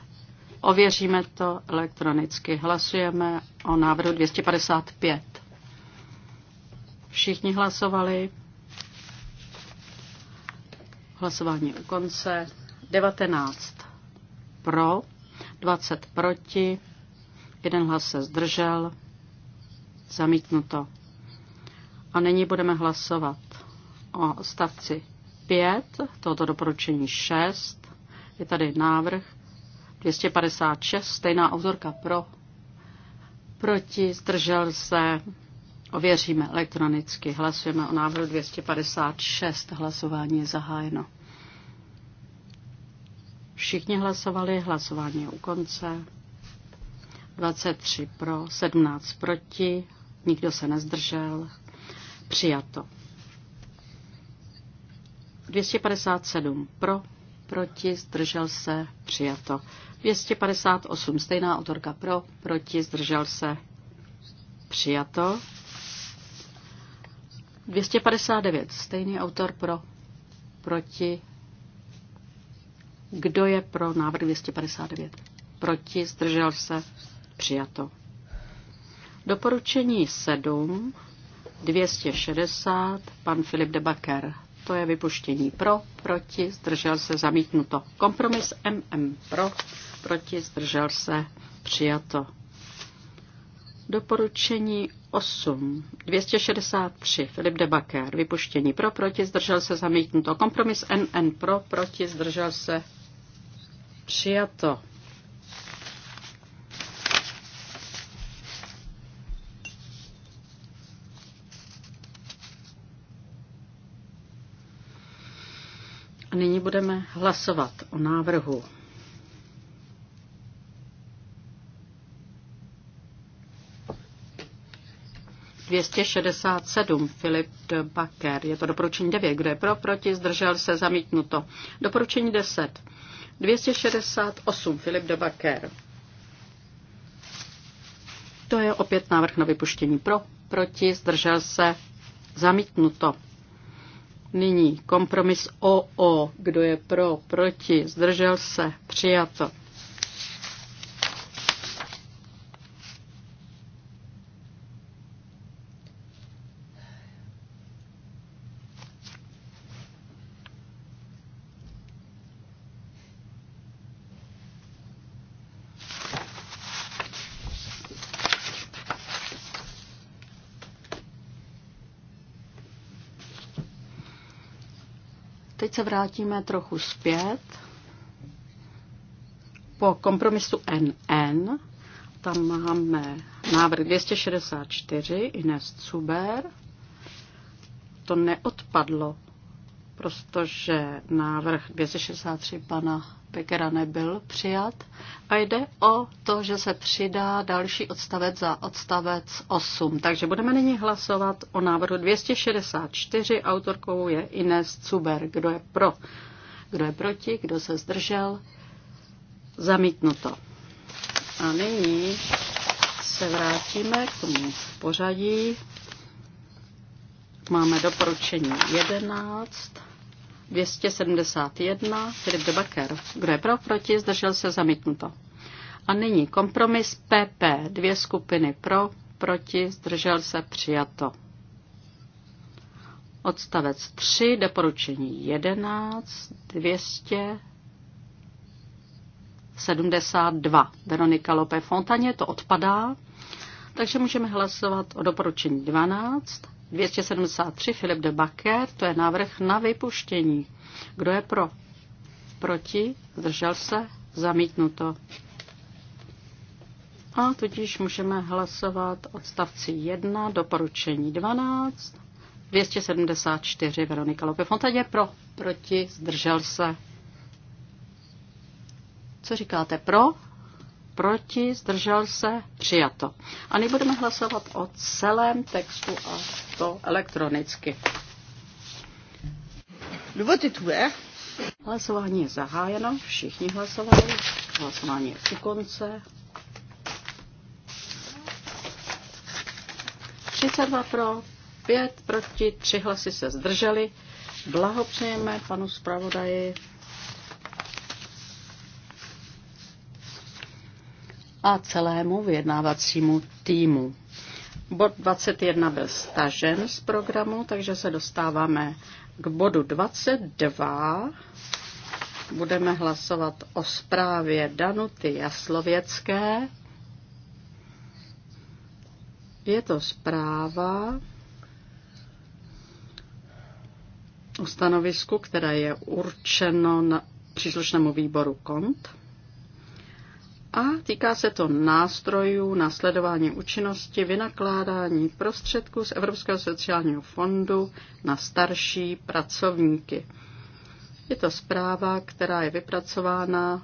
Ověříme to elektronicky. Hlasujeme o návrhu 255. Všichni hlasovali. Hlasování u konce. 19 pro, 20 proti, jeden hlas se zdržel. Zamítnuto. A nyní budeme hlasovat o stavci 5, tohoto doporučení 6. Je tady návrh 256, stejná obzorka pro, proti, zdržel se, ověříme elektronicky. Hlasujeme o návrhu 256, hlasování je zahájeno. Všichni hlasovali, hlasování je u konce. 23 pro, 17 proti, nikdo se nezdržel, přijato. 257 pro, proti, zdržel se, přijato. 258 stejná autorka pro, proti, zdržel se, přijato. 259 stejný autor pro, proti. Kdo je pro návrh 259? Proti, zdržel se, přijato. Doporučení 7, 260, pan Filip de Baker. To je vypuštění pro, proti, zdržel se, zamítnuto. Kompromis MM pro, proti, zdržel se, přijato. Doporučení 8. 263. Filip de Baker. Vypuštění pro, proti, zdržel se, zamítnuto. Kompromis NN pro, proti, zdržel se, přijato. Nyní budeme hlasovat o návrhu. Dvěstě šedesát sedm Filip de Baker. Je to doporučení 9. Kdo je pro, proti, zdržel se, zamítnuto. Doporučení 10. 268 Filip de Baker. To je opět návrh na vypuštění pro, proti, zdržel se, zamítnuto. Nyní kompromis OO. Kdo je pro, proti, zdržel se, přijato. se vrátíme trochu zpět po kompromisu NN. Tam máme návrh 264 Ines Cuber. To neodpadlo protože návrh 263 pana Pekera nebyl přijat. A jde o to, že se přidá další odstavec za odstavec 8. Takže budeme nyní hlasovat o návrhu 264. Autorkou je Ines Cuber. Kdo je pro? Kdo je proti? Kdo se zdržel? Zamítnuto. A nyní se vrátíme k tomu pořadí máme doporučení 11, 271, Filip de Baker. Kdo je pro, proti, zdržel se zamítnuto. A nyní kompromis PP. Dvě skupiny pro, proti, zdržel se přijato. Odstavec 3, doporučení 11, 200, 72. Veronika Lope Fontaně to odpadá, takže můžeme hlasovat o doporučení 12. 273 Filip de Baker, to je návrh na vypuštění. Kdo je pro? Proti? Zdržel se? Zamítnuto. A tudíž můžeme hlasovat odstavci 1, doporučení 12, 274 Veronika Lope Fontaně pro, proti, zdržel se. Co říkáte pro? proti, zdržel se, přijato. A nyní budeme hlasovat o celém textu a to elektronicky. Hlasování je zahájeno, všichni hlasovali, hlasování je u konce. 32 pro, 5 proti, 3 hlasy se zdrželi. Blahopřejeme panu zpravodaji. a celému vyjednávacímu týmu. Bod 21 byl stažen z programu, takže se dostáváme k bodu 22. Budeme hlasovat o zprávě Danuty Jaslověcké. Je to zpráva o stanovisku, které je určeno na příslušnému výboru KONT a týká se to nástrojů nasledování účinnosti vynakládání prostředků z Evropského sociálního fondu na starší pracovníky. Je to zpráva, která je vypracována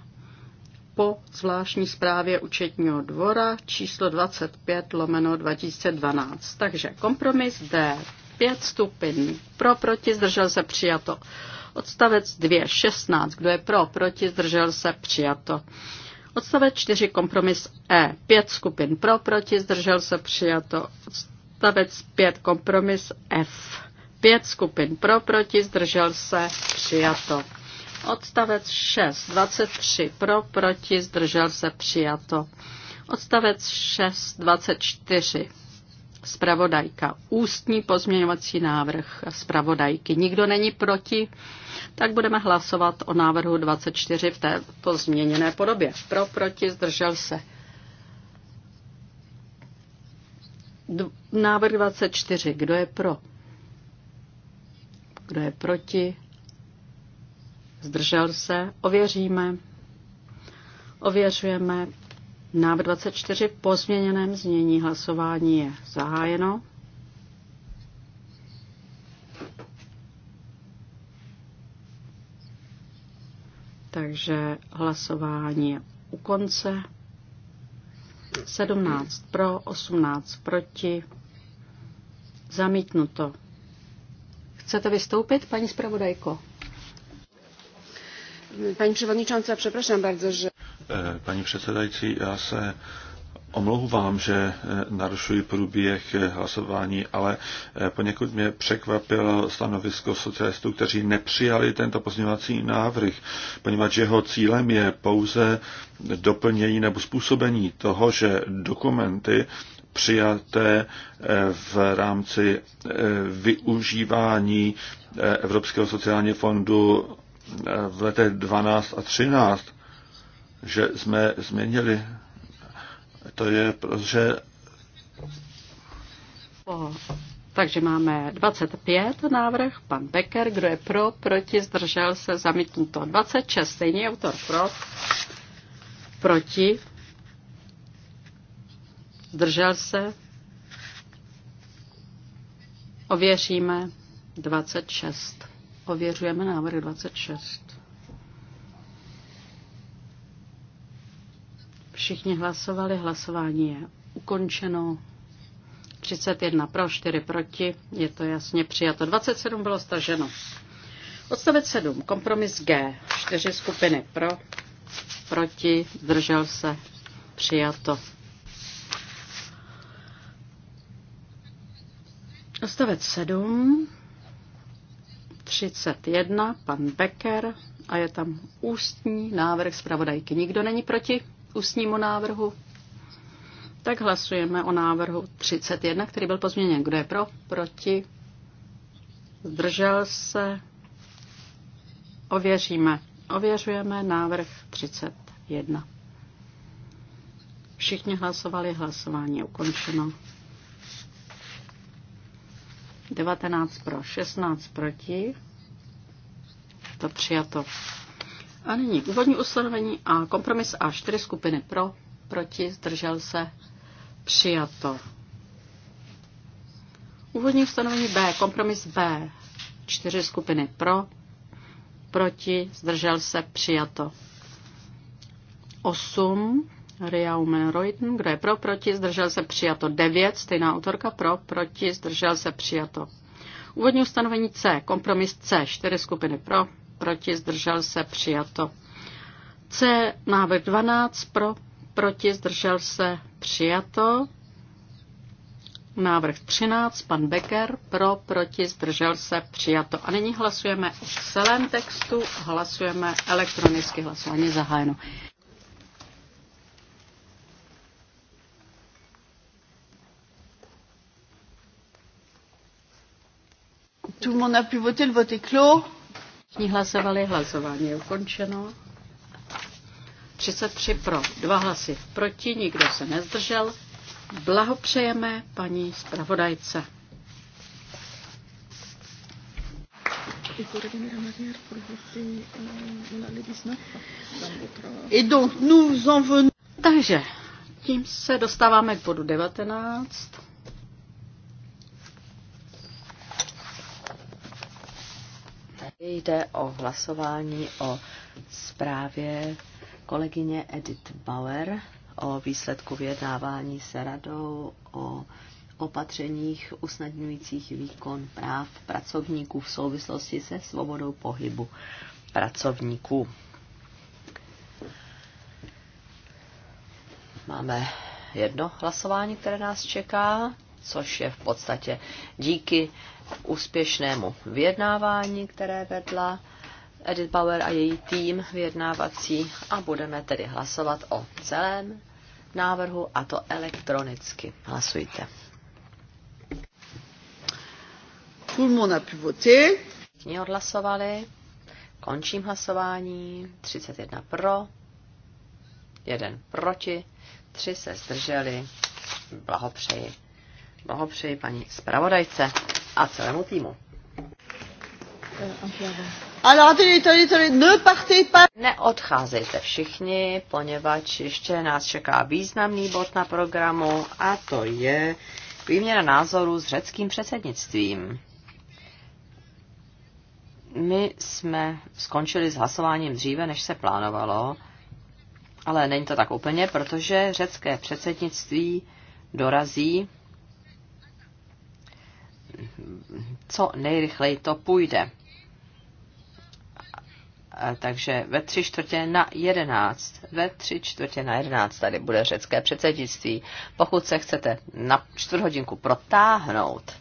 po zvláštní zprávě účetního dvora číslo 25 lomeno 2012. Takže kompromis D. 5 stupin. Pro, proti, zdržel se, přijato. Odstavec 2, 16. Kdo je pro, proti, zdržel se, přijato. Odstavec 4 kompromis E. Pět skupin pro, proti, zdržel se přijato. Odstavec 5 kompromis F. Pět skupin pro, proti, zdržel se přijato. Odstavec 6, 23 pro, proti, zdržel se přijato. Odstavec 6, 24 Spravodajka. Ústní pozměňovací návrh spravodajky. Nikdo není proti, tak budeme hlasovat o návrhu 24 v té pozměněné podobě. Pro, proti, zdržel se. návrh 24. Kdo je pro? Kdo je proti? Zdržel se? Ověříme. Ověřujeme Návrh 24 v pozměněném znění hlasování je zahájeno. Takže hlasování je u konce. 17 pro, 18 proti. Zamítnuto. Chcete vystoupit, paní zpravodajko? Paní przewodnicząca, przepraszam bardzo, że... Eh, paní předsedající, já se omlouvám, že eh, narušuji průběh eh, hlasování, ale poněkud mě překvapilo stanovisko socialistů, kteří nepřijali tento pozměňovací návrh, poněvadž jeho cílem je pouze doplnění nebo způsobení toho, že dokumenty přijaté v rámci využívání Evropského sociálního fondu v letech 12 a 13 že jsme změnili. To je, protože... Oh, takže máme 25 návrh, pan Becker, kdo je pro, proti, zdržel se, zamítnuto 26, stejný autor pro, proti, zdržel se, ověříme 26. Ověřujeme návrh 26. Všichni hlasovali, hlasování je ukončeno. 31 pro, 4 proti, je to jasně přijato. 27 bylo staženo. Odstavec 7, kompromis G, 4 skupiny pro, proti, zdržel se, přijato. Odstavec 7, 31, pan Becker a je tam ústní návrh zpravodajky. Nikdo není proti? k ústnímu návrhu? Tak hlasujeme o návrhu 31, který byl pozměněn. Kdo je pro? Proti? Zdržel se? Ověříme. Ověřujeme návrh 31. Všichni hlasovali, hlasování je ukončeno. 19 pro, 16 proti. To přijato. A nyní úvodní ustanovení a kompromis a čtyři skupiny pro, proti, zdržel se, přijato. Úvodní ustanovení B, kompromis B, čtyři skupiny pro, proti, zdržel se, přijato. 8, Riaumen Reuten, kdo je pro, proti, zdržel se, přijato. 9, stejná autorka, pro, proti, zdržel se, přijato. Úvodní ustanovení C, kompromis C, čtyři skupiny pro, proti, zdržel se, přijato. C, návrh 12, pro, proti, zdržel se, přijato. Návrh 13, pan Becker, pro, proti, zdržel se, přijato. A nyní hlasujeme o celém textu, hlasujeme elektronicky, hlasování zahájeno. Tout le monde a pu voter, le vote est clos. Všichni hlasovali, hlasování je ukončeno. 33 pro, dva hlasy proti, nikdo se nezdržel. Blahopřejeme paní zpravodajce. Takže tím se dostáváme k bodu 19. Jde o hlasování o zprávě kolegyně Edith Bauer o výsledku vyjednávání se radou o opatřeních usnadňujících výkon práv pracovníků v souvislosti se svobodou pohybu pracovníků. Máme jedno hlasování, které nás čeká, což je v podstatě díky úspěšnému vyjednávání, které vedla Edith Bauer a její tým vyjednávací a budeme tedy hlasovat o celém návrhu a to elektronicky. Hlasujte. Tout le monde a pu voter. Všichni odhlasovali. Končím hlasování. 31 pro, 1 proti, 3 se zdrželi. Blahopřeji. Blahopřeji paní zpravodajce a celému týmu. Alors, tady, tady, tady, ne partez pas. Neodcházejte všichni, poněvadž ještě nás čeká významný bod na programu a to je výměna názoru s řeckým předsednictvím. My jsme skončili s hlasováním dříve, než se plánovalo, ale není to tak úplně, protože řecké předsednictví dorazí co nejrychleji to půjde. Takže ve tři čtvrtě na jedenáct, ve tři čtvrtě na jedenáct tady bude řecké předsednictví. Pokud se chcete na čtvrt hodinku protáhnout,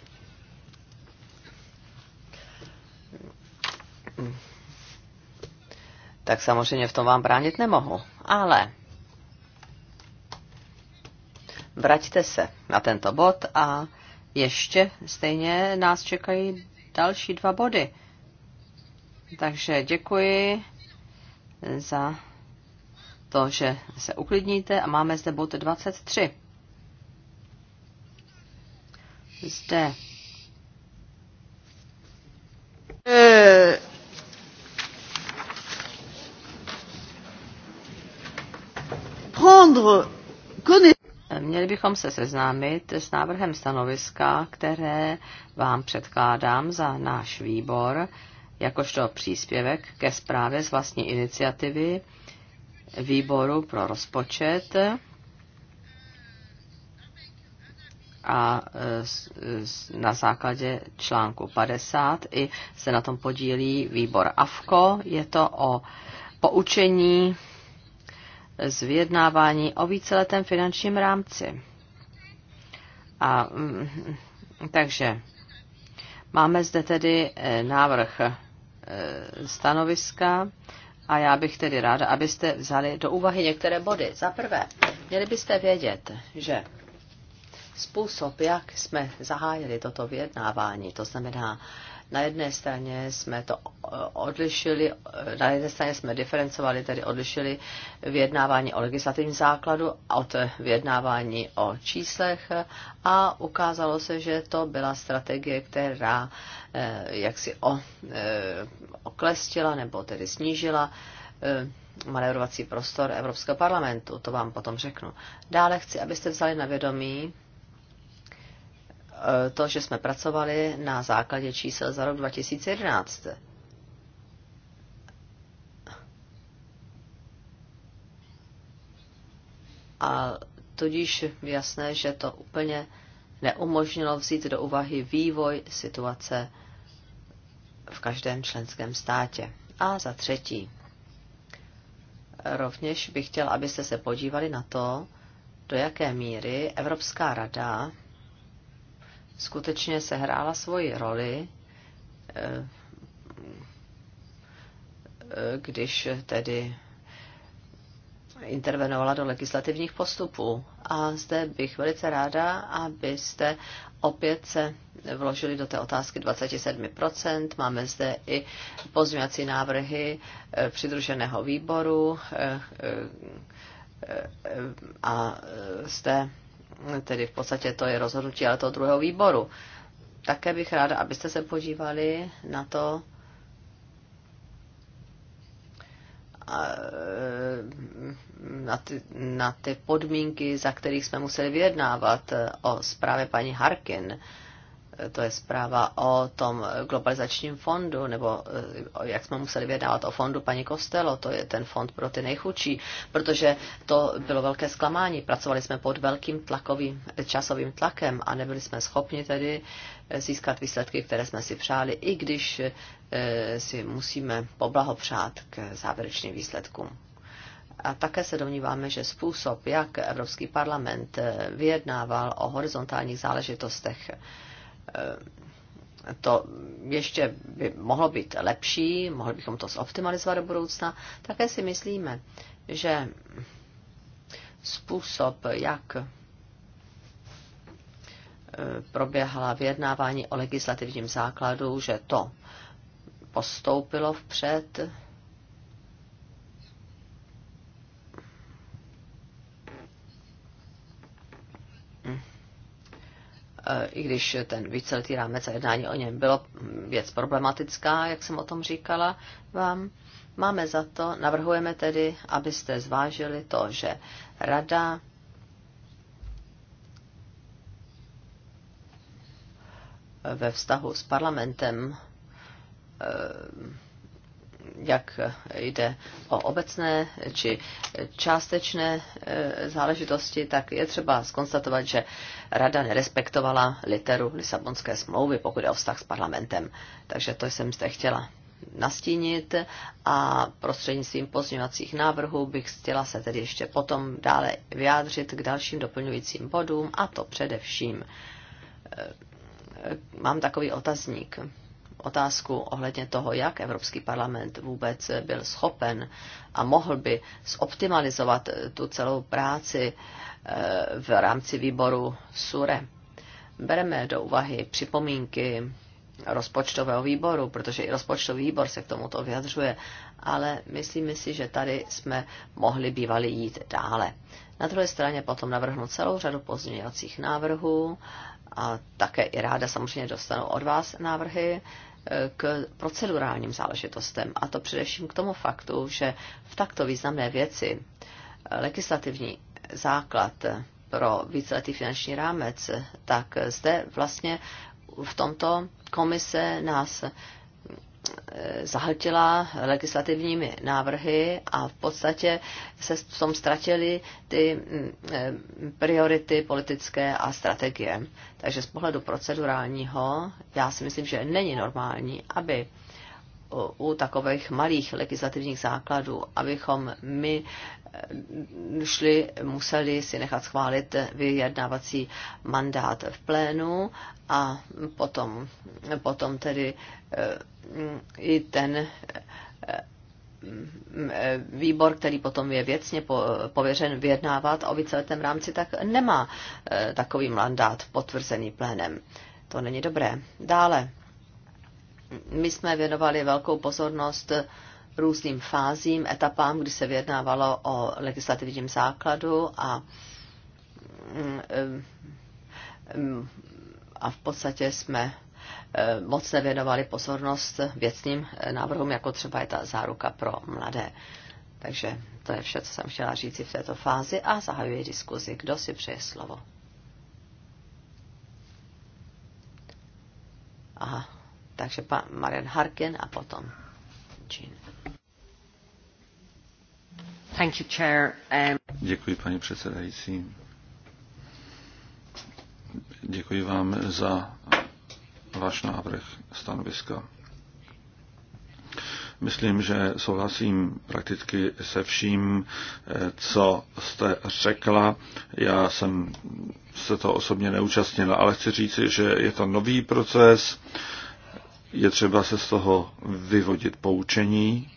tak samozřejmě v tom vám bránit nemohu. Ale vraťte se na tento bod a ještě stejně nás čekají další dva body. Takže děkuji za to, že se uklidníte a máme zde bod 23. Zde. Eh, prendre connaissance Měli bychom se seznámit s návrhem stanoviska, které vám předkládám za náš výbor, jakožto příspěvek ke zprávě z vlastní iniciativy výboru pro rozpočet a e, na základě článku 50 i se na tom podílí výbor AFKO. Je to o poučení z vyjednávání o víceletém finančním rámci. A, mm, takže máme zde tedy eh, návrh eh, stanoviska a já bych tedy ráda, abyste vzali do úvahy některé body. Za prvé, měli byste vědět, že způsob, jak jsme zahájili toto vyjednávání, to znamená na jedné straně jsme to eh, odlišili, eh, na jedné straně jsme diferencovali, tedy odlišili vyjednávání o legislativním základu od vyjednávání o číslech a ukázalo se, že to byla strategie, která eh, jaksi o, oklestila nebo tedy snížila manévrovací prostor Evropského parlamentu, to vám potom řeknu. Dále chci, abyste vzali na vědomí, Eh, to, že jsme pracovali na základě čísel za rok 2011. A tudíž jasné, že to úplně neumožnilo vzít do úvahy vývoj situace v každém členském státě. A za třetí, rovněž bych chtěl, abyste se podívali na to, do jaké míry Evropská rada skutečně sehrála svoji roli, eh, eh, když tedy intervenovala do legislativních postupů. A zde bych velice ráda, abyste opět se vložili do té otázky 27%. Máme zde i pozměňovací návrhy eh, přidruženého výboru a zde tedy v podstatě to je rozhodnutí ale toho druhého výboru. Také bych ráda, abyste se podívali na to, na ty, na ty podmínky, za kterých jsme museli vyjednávat o zprávě paní Harkin. Uh, to je zpráva o tom globalizačním fondu, nebo eh, jak jsme museli vědávat o fondu paní Kostelo, to je ten fond pro ty nejchudší, protože to bylo velké zklamání. Pracovali jsme pod velkým tlakovým časovým tlakem a nebyli jsme schopni tedy eh, získat výsledky, které jsme si přáli, i když eh, si musíme poblahopřát k závěrečným výsledkům. A také se domníváme, že způsob, jak Evropský parlament vyjednával o horizontálních záležitostech, Eh, to ještě by mohlo být lepší, mohli bychom to zoptimalizovat do budoucna, také si myslíme, že způsob, jak eh, proběhla vyjednávání o legislativním základu, že to postoupilo vpřed, Eh, i když ten víceletý rámec a jednání o něm bylo věc problematická, jak jsem o tom říkala vám, máme za to, navrhujeme tedy, abyste zvážili to, že rada ve vztahu s parlamentem eh, jak jde o obecné či částečné e, záležitosti, tak je třeba skonstatovat, že Rada nerespektovala literu Lisabonské smlouvy, pokud je o vztah s parlamentem. Takže to jsem zde chtěla nastínit a prostřednictvím pozměňovacích návrhů bych chtěla se tedy ještě potom dále vyjádřit k dalším doplňujícím bodům a to především e, e, mám takový otazník otázku ohledně toho, jak Evropský parlament vůbec byl schopen a mohl by zoptimalizovat tu celou práci eh, v rámci výboru SURE. Bereme do úvahy připomínky rozpočtového výboru, protože i rozpočtový výbor se k tomuto vyjadřuje, ale myslíme si, že tady jsme mohli bývali jít dále. Na druhé straně potom navrhnu celou řadu pozměňovacích návrhů a také i ráda samozřejmě dostanu od vás návrhy k procedurálním záležitostem, a to především k tomu faktu, že v takto významné věci legislativní základ pro víceletý finanční rámec, tak zde vlastně v tomto komise nás Eh, zahltila legislativními návrhy a v podstatě se v tom ztratily ty mm, eh, priority politické a strategie. Takže z pohledu procedurálního já si myslím, že není normální, aby u takových malých legislativních základů, abychom my eh, šli, museli si nechat schválit vyjednávací mandát v plénu a potom, potom tedy i ten eh, eh, výbor, který potom je věcně pověřen vyjednávat o víceletém rámci, tak nemá eh, takový mandát potvrzený plénem. To není dobré. Dále, my jsme věnovali velkou pozornost různým fázím, etapám, kdy se vyjednávalo o legislativním základu a, mm, mm, a v podstatě jsme Eh, moc nevěnovali pozornost věcným eh, návrhům, jako třeba je ta záruka pro mladé. Takže to je vše, co jsem chtěla říci v této fázi a zahajuji diskuzi. Kdo si přeje slovo? Aha, takže pan Marian Harkin a potom Jean. Thank you, chair. Um... Děkuji, paní předsedající. Děkuji vám za váš návrh stanoviska. Myslím, že souhlasím prakticky se vším, eh, co jste řekla. Já jsem se to osobně neúčastnila, ale chci říci, že je to nový proces, je třeba se z toho vyvodit poučení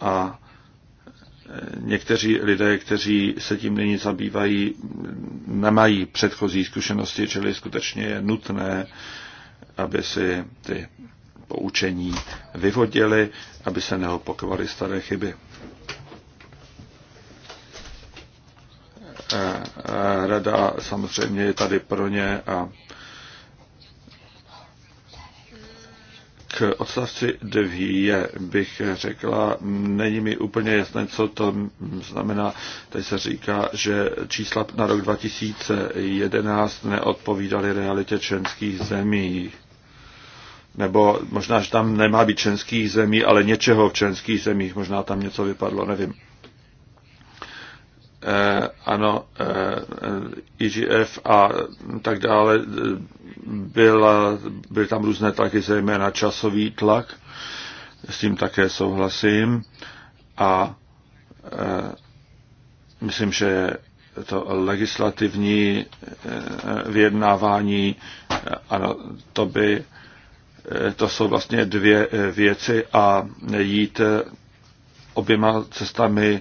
a někteří lidé, kteří se tím nyní zabývají, nemají předchozí zkušenosti, čili skutečně je nutné, aby si ty poučení vyvodili, aby se neopakovaly staré chyby. Eh, eh, rada samozřejmě je tady pro ně a odstavci 2 bych řekla, není mi úplně jasné, co to znamená. Tady se říká, že čísla na rok 2011 neodpovídaly realitě členských zemí. Nebo možná, že tam nemá být členských zemí, ale něčeho v členských zemích. Možná tam něco vypadlo, nevím. Eh, ano, eh, eh IGF a tak dále byla, byly tam různé tlaky, zejména časový tlak, s tím také souhlasím a e, myslím, že to legislativní e, vyjednávání, e, ano, to by, e, to jsou vlastně dvě věci a jít oběma cestami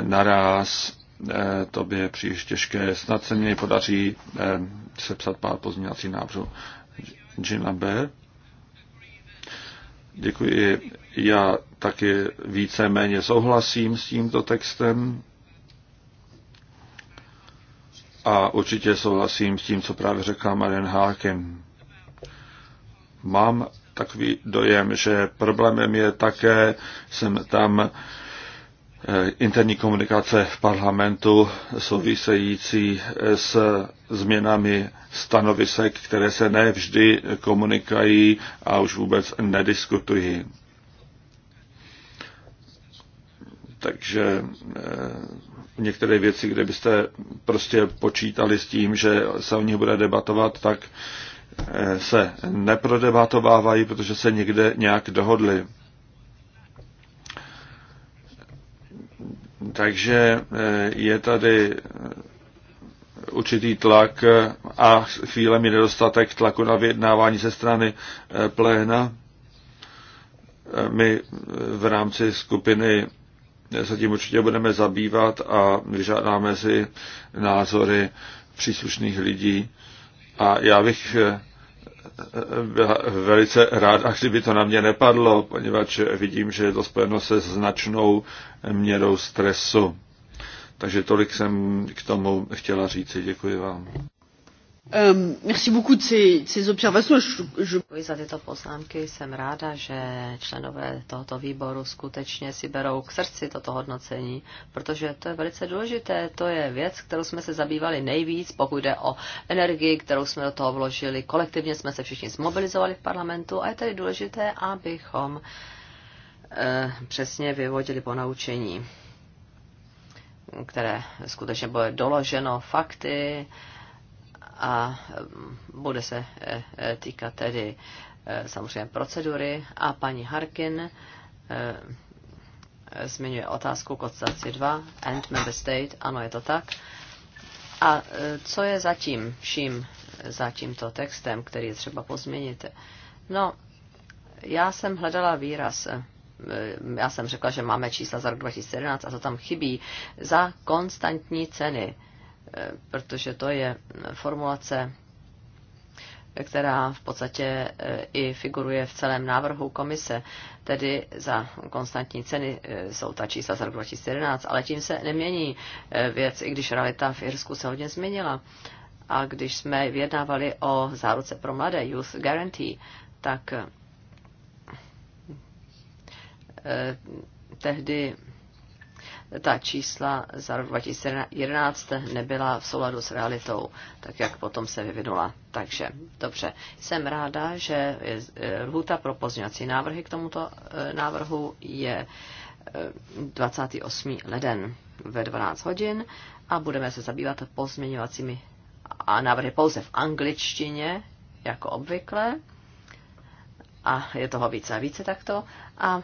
naraz Eh, to by je příliš těžké. Snad se mi podaří eh, sepsat pár pozměňovacích návrhů. Gina B. Děkuji. Já taky víceméně souhlasím s tímto textem a určitě souhlasím s tím, co právě řekla Marian Hákem. Mám takový dojem, že problémem je také, jsem tam Eh, interní komunikace v parlamentu související eh, s změnami stanovisek, které se nevždy komunikají a už vůbec nediskutují. Takže eh, některé věci, kde byste prostě počítali s tím, že se o nich bude debatovat, tak se neprodebatovávají, protože se někde nějak dohodli. Takže eh, je tady eh, určitý tlak eh, a mi nedostatek tlaku na vyjednávání ze strany pléna. My v rámci skupiny se tím určitě budeme zabývat a vyžádáme si názory příslušných lidí. A já bych byla velice ráda, kdyby to na mě nepadlo, poněvadž vidím, že je to spojeno se značnou měrou stresu. Takže tolik jsem k tomu chtěla říci. Děkuji vám. Ehm, merci beaucoup de ces, observations. Děkuji za tyto poznámky. Jsem ráda, že členové tohoto výboru skutečně si berou k srdci toto hodnocení, protože to je velice důležité. To je věc, kterou jsme se zabývali nejvíc, pokud jde o energii, kterou jsme do toho vložili. Kolektivně jsme se všichni zmobilizovali v parlamentu a je tady důležité, abychom eh, přesně vyvodili ponaučení, které skutečně bylo doloženo fakty, eh, a mm, bude se e, e, týkat tedy e, samozřejmě procedury. A paní Harkin zmiňuje otázku k odstavci 2, and member state, ano, je to tak. A co je zatím vším, za tímto textem, který je třeba pozměnit? No, já jsem hledala výraz, já jsem řekla, že máme čísla za rok 2011 a to tam chybí, za konstantní ceny Eh, protože to je formulace, která v podstatě eh, i figuruje v celém návrhu komise, tedy za konstantní ceny eh, jsou ta čísla za rok 2011, ale tím se nemění věc, i když realita v Irsku se hodně změnila. A když jsme vyjednávali o záruce pro mladé, Youth Guarantee, tak tehdy ta čísla za rok 2011 nebyla v souladu s realitou, tak jak potom se vyvinula. Takže dobře, jsem ráda, že e, lhuta pro pozměňovací návrhy k tomuto e, návrhu je 28. E, leden ve 12 hodin a budeme se zabývat pozměňovacími a návrhy pouze v angličtině, jako obvykle a je toho více a více takto a e,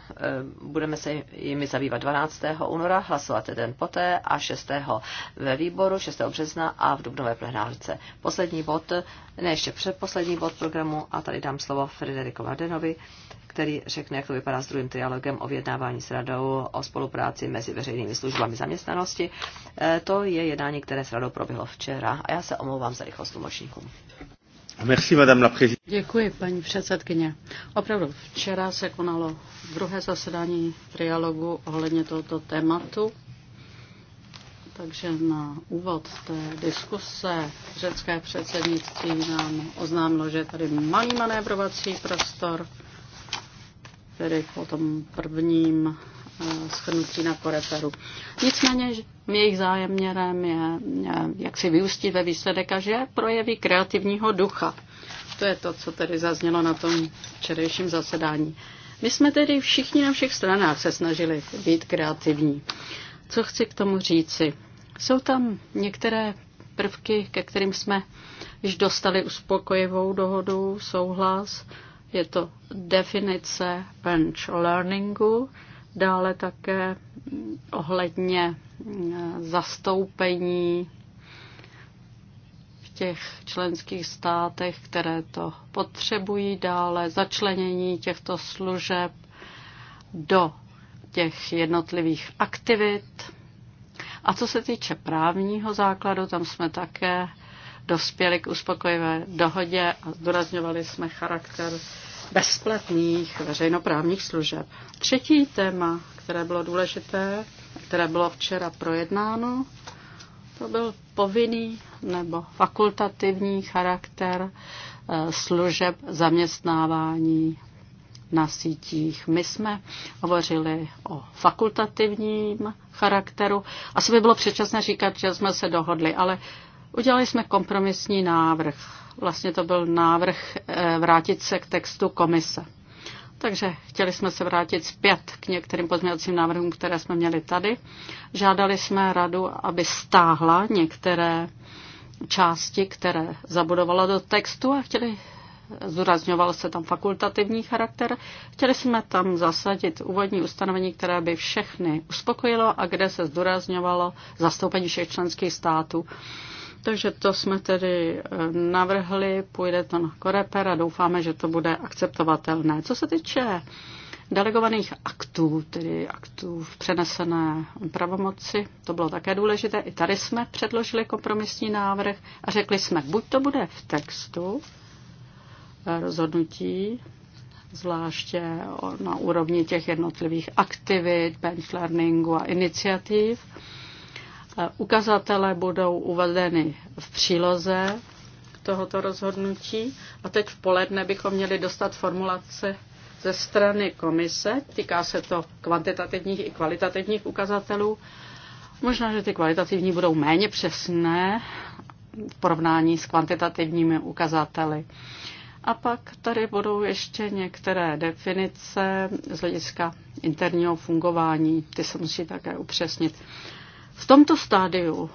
budeme se jimi zabývat 12. února, hlasovat den poté a 6. ve výboru, 6. března a v dubnové plenárce. Poslední bod, ne ještě předposlední bod programu a tady dám slovo Frederiku Vardenovi, který řekne, jak to vypadá s druhým trialogem o vyjednávání s radou o spolupráci mezi veřejnými službami zaměstnanosti. E, to je jednání, které s radou proběhlo včera a já se omlouvám za rychlost tlumočníkům. Děkuji, paní předsedkyně. Opravdu, včera se konalo druhé zasedání trialogu ohledně tohoto tématu. Takže na úvod té diskuse řecké předsednictví nám oznámilo, že je tady malý manévrovací prostor, který po tom prvním Eh, schrnutí na koreperu. Nicméně jejich zájemněrem je, jak si vyústit ve výsledek a že projeví kreativního ducha. To je to, co tedy zaznělo na tom včerejším zasedání. My jsme tedy všichni na všech stranách se snažili být kreativní. Co chci k tomu říci? Jsou tam některé prvky, ke kterým jsme již dostali uspokojivou dohodu, souhlas. Je to definice bench learningu, Dále také ohledně eh, zastoupení v těch členských státech, které to potřebují, dále začlenění těchto služeb do těch jednotlivých aktivit. A co se týče právního základu, tam jsme také dospěli k uspokojivé dohodě a zdůrazňovali jsme charakter bezplatných veřejnoprávních služeb. Třetí téma, které bylo důležité, které bylo včera projednáno, to byl povinný nebo fakultativní charakter eh, služeb zaměstnávání na sítích. My jsme hovořili o fakultativním charakteru. Asi by bylo předčasné říkat, že jsme se dohodli, ale udělali jsme kompromisní návrh Vlastně to byl návrh eh, vrátit se k textu komise. Takže chtěli jsme se vrátit zpět k některým pozměňovacím návrhům, které jsme měli tady. Žádali jsme radu, aby stáhla některé části, které zabudovala do textu a chtěli, zúrazňoval se tam fakultativní charakter, chtěli jsme tam zasadit úvodní ustanovení, které by všechny uspokojilo a kde se zdůrazňovalo zastoupení všech členských států. Takže to jsme tedy eh, navrhli, půjde to na koreper a doufáme, že to bude akceptovatelné. Co se týče delegovaných aktů, tedy aktů v přenesené pravomoci, to bylo také důležité. I tady jsme předložili kompromisní návrh a řekli jsme, buď to bude v textu eh, rozhodnutí, zvláště na úrovni těch jednotlivých aktivit, bench learningu a iniciativ, Ukazatele budou uvedeny v příloze k tohoto rozhodnutí a teď v poledne bychom měli dostat formulace ze strany komise, týká se to kvantitativních i kvalitativních ukazatelů. Možná, že ty kvalitativní budou méně přesné v porovnání s kvantitativními ukazateli. A pak tady budou ještě některé definice z hlediska interního fungování. Ty se musí také upřesnit. V tomto stádiu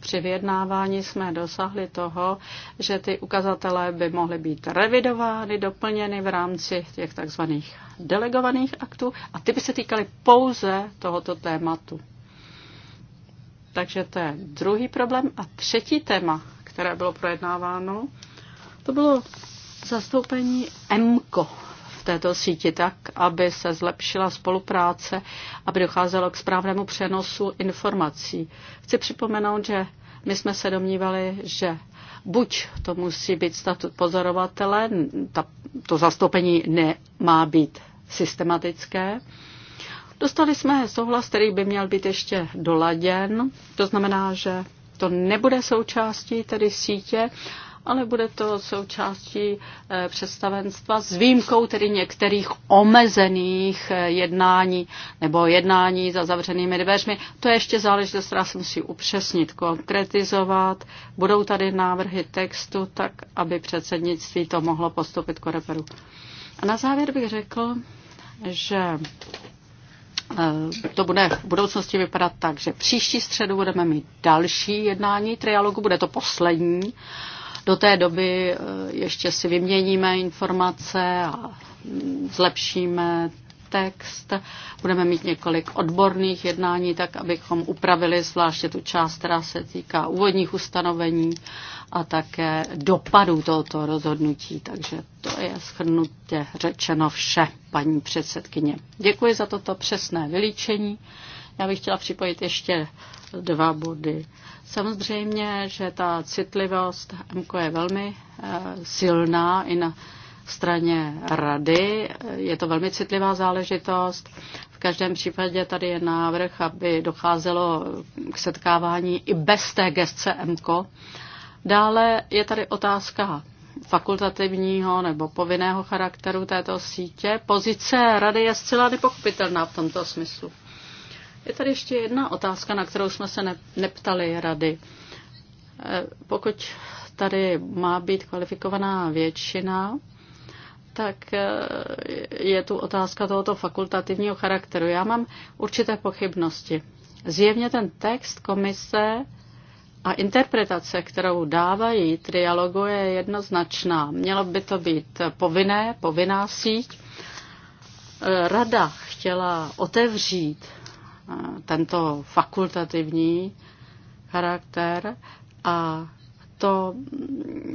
při vyjednávání jsme dosáhli toho, že ty ukazatele by mohly být revidovány, doplněny v rámci těch takzvaných delegovaných aktů a ty by se týkaly pouze tohoto tématu. Takže to je druhý problém. A třetí téma, které bylo projednáváno, to bylo zastoupení EMKO této síti tak, aby se zlepšila spolupráce, aby docházelo k správnému přenosu informací. Chci připomenout, že my jsme se domnívali, že buď to musí být statut pozorovatele, ta, to zastoupení nemá být systematické. Dostali jsme souhlas, který by měl být ještě doladěn, to znamená, že to nebude součástí tedy sítě, ale bude to součástí eh, představenstva s výjimkou tedy některých omezených eh, jednání nebo jednání za zavřenými dveřmi. To je ještě záležitost, která se musí upřesnit, konkretizovat. Budou tady návrhy textu tak, aby předsednictví to mohlo postupit k reperu. A na závěr bych řekl, že eh, to bude v budoucnosti vypadat tak, že příští středu budeme mít další jednání trialogu, bude to poslední do té doby eh, ještě si vyměníme informace a mm, zlepšíme text. Budeme mít několik odborných jednání, tak abychom upravili zvláště tu část, která se týká úvodních ustanovení a také dopadů tohoto rozhodnutí. Takže to je schrnutě řečeno vše, paní předsedkyně. Děkuji za toto přesné vylíčení. Já bych chtěla připojit ještě dva body. Samozřejmě, že ta citlivost MKO je velmi eh, silná i na straně rady. Je to velmi citlivá záležitost. V každém případě tady je návrh, aby docházelo k setkávání i bez té gestce MK. Dále je tady otázka fakultativního nebo povinného charakteru této sítě. Pozice rady je zcela nepochopitelná v tomto smyslu. Je tady ještě jedna otázka, na kterou jsme se neptali rady. Eh, pokud tady má být kvalifikovaná většina, tak eh, je tu otázka tohoto fakultativního charakteru. Já mám určité pochybnosti. Zjevně ten text komise a interpretace, kterou dávají trialogu, je jednoznačná. Mělo by to být povinné, povinná síť. Eh, rada chtěla otevřít Eh, tento fakultativní charakter a to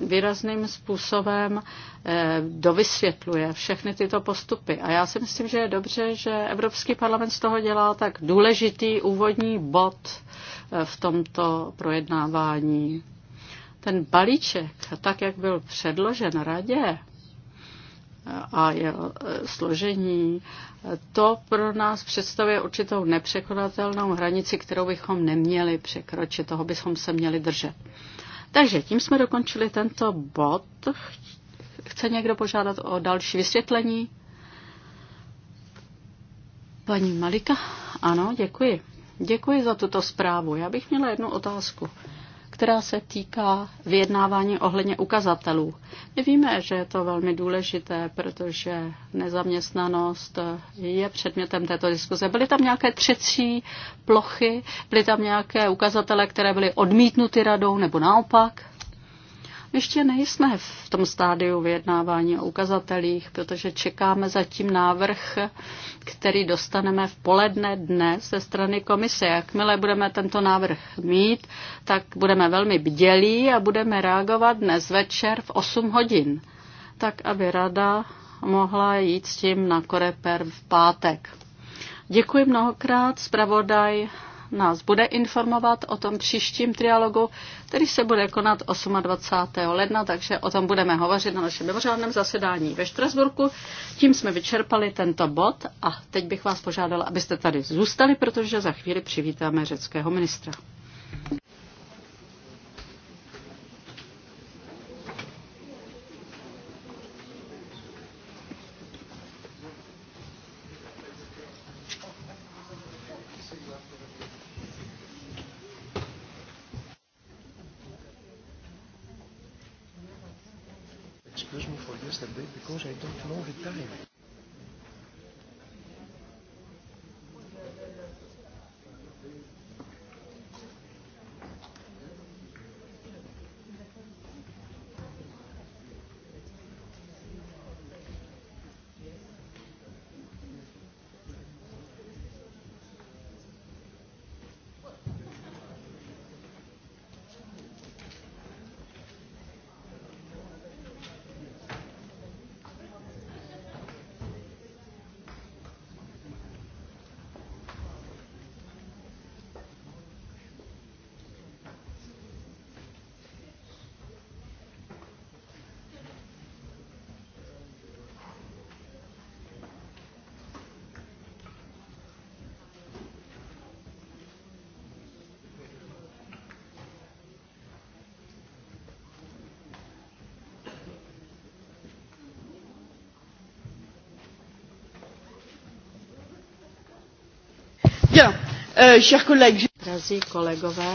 výrazným způsobem eh, dovysvětluje všechny tyto postupy. A já si myslím, že je dobře, že Evropský parlament z toho dělá tak důležitý úvodní bod eh, v tomto projednávání. Ten balíček, tak jak byl předložen radě, a jeho e, složení, to pro nás představuje určitou nepřekonatelnou hranici, kterou bychom neměli překročit, toho bychom se měli držet. Takže tím jsme dokončili tento bod. Chce někdo požádat o další vysvětlení? Paní Malika? Ano, děkuji. Děkuji za tuto zprávu. Já bych měla jednu otázku která se týká vyjednávání ohledně ukazatelů. My víme, že je to velmi důležité, protože nezaměstnanost je předmětem této diskuze. Byly tam nějaké třecí plochy, byly tam nějaké ukazatele, které byly odmítnuty radou nebo naopak? Ještě nejsme v tom stádiu vyjednávání o ukazatelích, protože čekáme zatím návrh, který dostaneme v poledne dne ze strany komise. Jakmile budeme tento návrh mít, tak budeme velmi bdělí a budeme reagovat dnes večer v 8 hodin, tak aby rada mohla jít s tím na koreper v pátek. Děkuji mnohokrát, zpravodaj nás bude informovat o tom příštím trialogu, který se bude konat 28. ledna, takže o tom budeme hovořit na našem mimořádném zasedání ve Štrasburku. Tím jsme vyčerpali tento bod a teď bych vás požádala, abyste tady zůstali, protože za chvíli přivítáme řeckého ministra. Eh, Drazí kolegové,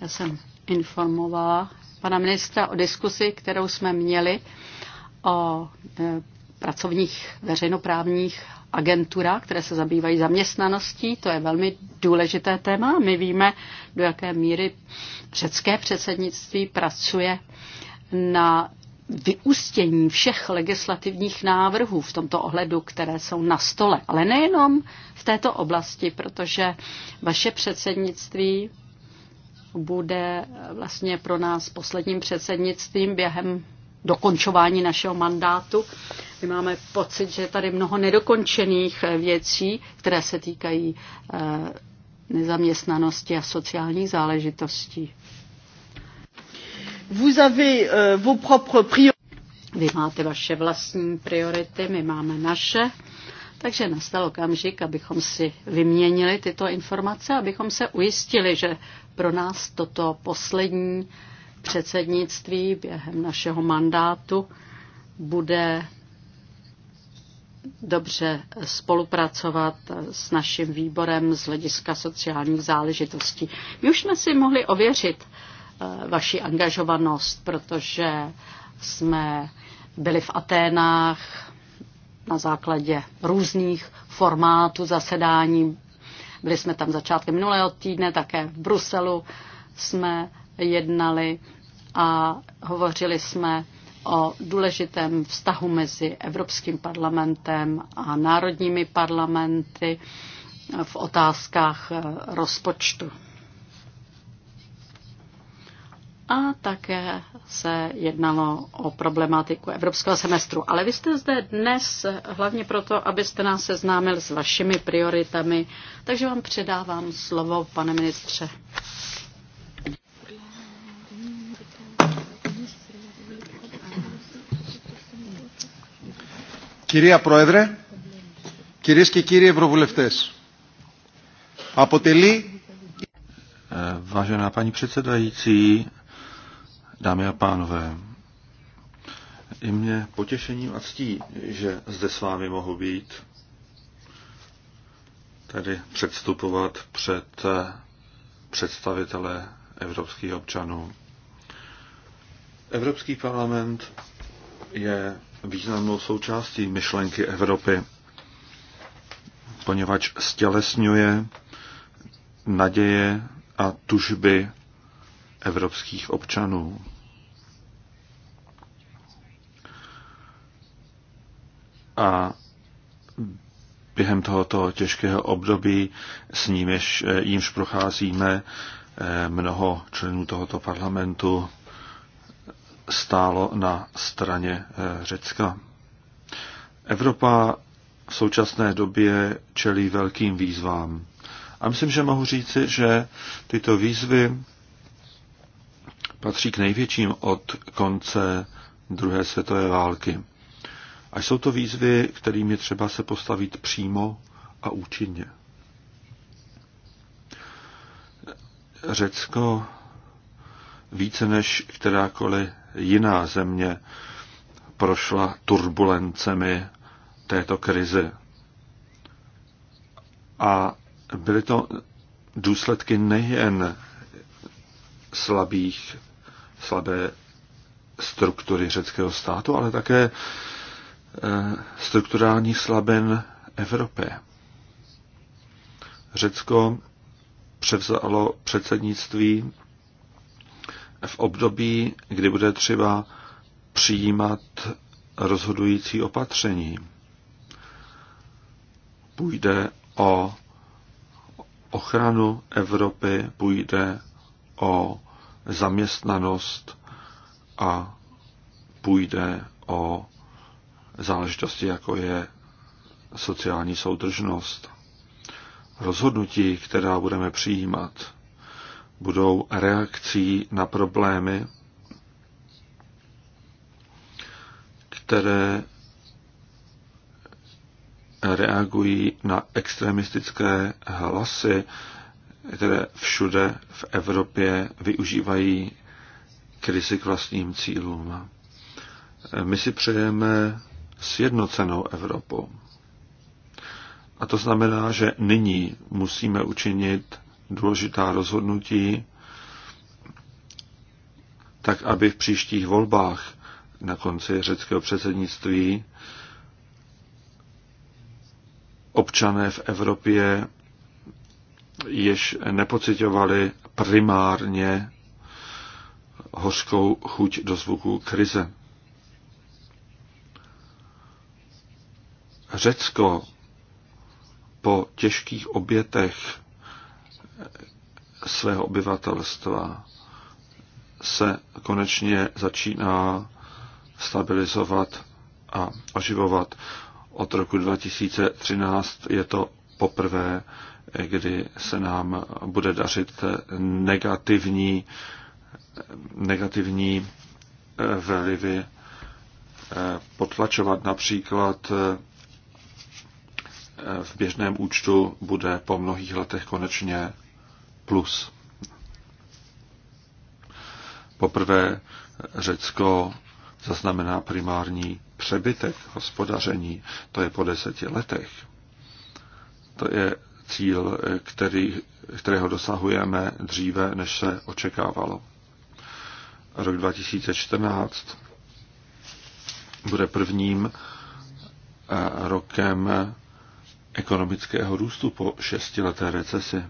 já jsem informovala pana ministra o diskusi, kterou jsme měli o eh, pracovních veřejnoprávních agenturách, které se zabývají zaměstnaností. To je velmi důležité téma. My víme, do jaké míry řecké předsednictví pracuje na vyústění všech legislativních návrhů v tomto ohledu, které jsou na stole, ale nejenom v této oblasti, protože vaše předsednictví bude vlastně pro nás posledním předsednictvím během dokončování našeho mandátu. My máme pocit, že je tady mnoho nedokončených věcí, které se týkají eh, nezaměstnanosti a sociálních záležitostí. Vous avez euh, vos propres priorités. Vy máte vaše vlastní priority, my máme naše. Takže nastal okamžik, abychom si vyměnili tyto informace, abychom se ujistili, že pro nás toto poslední předsednictví během našeho mandátu bude dobře spolupracovat s naším výborem z hlediska sociálních záležitostí. My už jsme si mohli ověřit, Eh, vaši angažovanost, protože jsme byli v Aténách na základě různých formátů zasedání. Byli jsme tam začátkem minulého týdne, také v Bruselu jsme jednali a hovořili jsme o důležitém vztahu mezi Evropským parlamentem a národními parlamenty v otázkách eh, rozpočtu a také se jednalo o problematiku evropského semestru. Ale vy jste zde dnes hlavně proto, abyste nás seznámil s vašimi prioritami, takže vám předávám slovo, pane ministře. Κυρία Πρόεδρε, κυρίες και κύριοι Ευρωβουλευτές, αποτελεί Vážená paní předsedající, Dámy a pánové, i mě potěšením a ctí, že zde s vámi mohu být, tedy předstupovat před eh, představitele evropských občanů. Evropský parlament je významnou součástí myšlenky Evropy, poněvadž stělesňuje naděje a tužby evropských občanů. A během tohoto těžkého období, s nímž, eh, jímž procházíme, eh, mnoho členů tohoto parlamentu stálo na straně eh, Řecka. Evropa v současné době čelí velkým výzvám. A myslím, že mohu říci, že tyto výzvy patří k největším od konce druhé světové války. A jsou to výzvy, kterým je třeba se postavit přímo a účinně. Řecko více než kterákoliv jiná země prošla turbulencemi této krize. A byly to důsledky nejen slabých slabé struktury řeckého státu, ale také eh, strukturální slaben Evropy. Řecko převzalo předsednictví v období, kdy bude třeba přijímat rozhodující opatření. Půjde o ochranu Evropy, půjde o zaměstnanost a půjde o záležitosti, jako je sociální soudržnost. Rozhodnutí, která budeme přijímat, budou reakcí na problémy, které reagují na extremistické hlasy, které všude v Evropě využívají krizi k vlastním cílům. My si přejeme sjednocenou Evropu. A to znamená, že nyní musíme učinit důležitá rozhodnutí, tak aby v příštích volbách na konci řeckého předsednictví občané v Evropě již nepocitovali primárně hořkou chuť do zvuku krize. Řecko po těžkých obětech svého obyvatelstva se konečně začíná stabilizovat a oživovat. Od roku 2013 je to poprvé, kdy se nám bude dařit negativní, negativní eh, vlivy eh, potlačovat. Například eh, v běžném účtu bude po mnohých letech konečně plus. Poprvé Řecko zaznamená primární přebytek hospodaření, to je po deseti letech. To je cíl, který, kterého dosahujeme dříve, než se očekávalo. Rok 2014 bude prvním eh, rokem ekonomického růstu po šestileté recesi.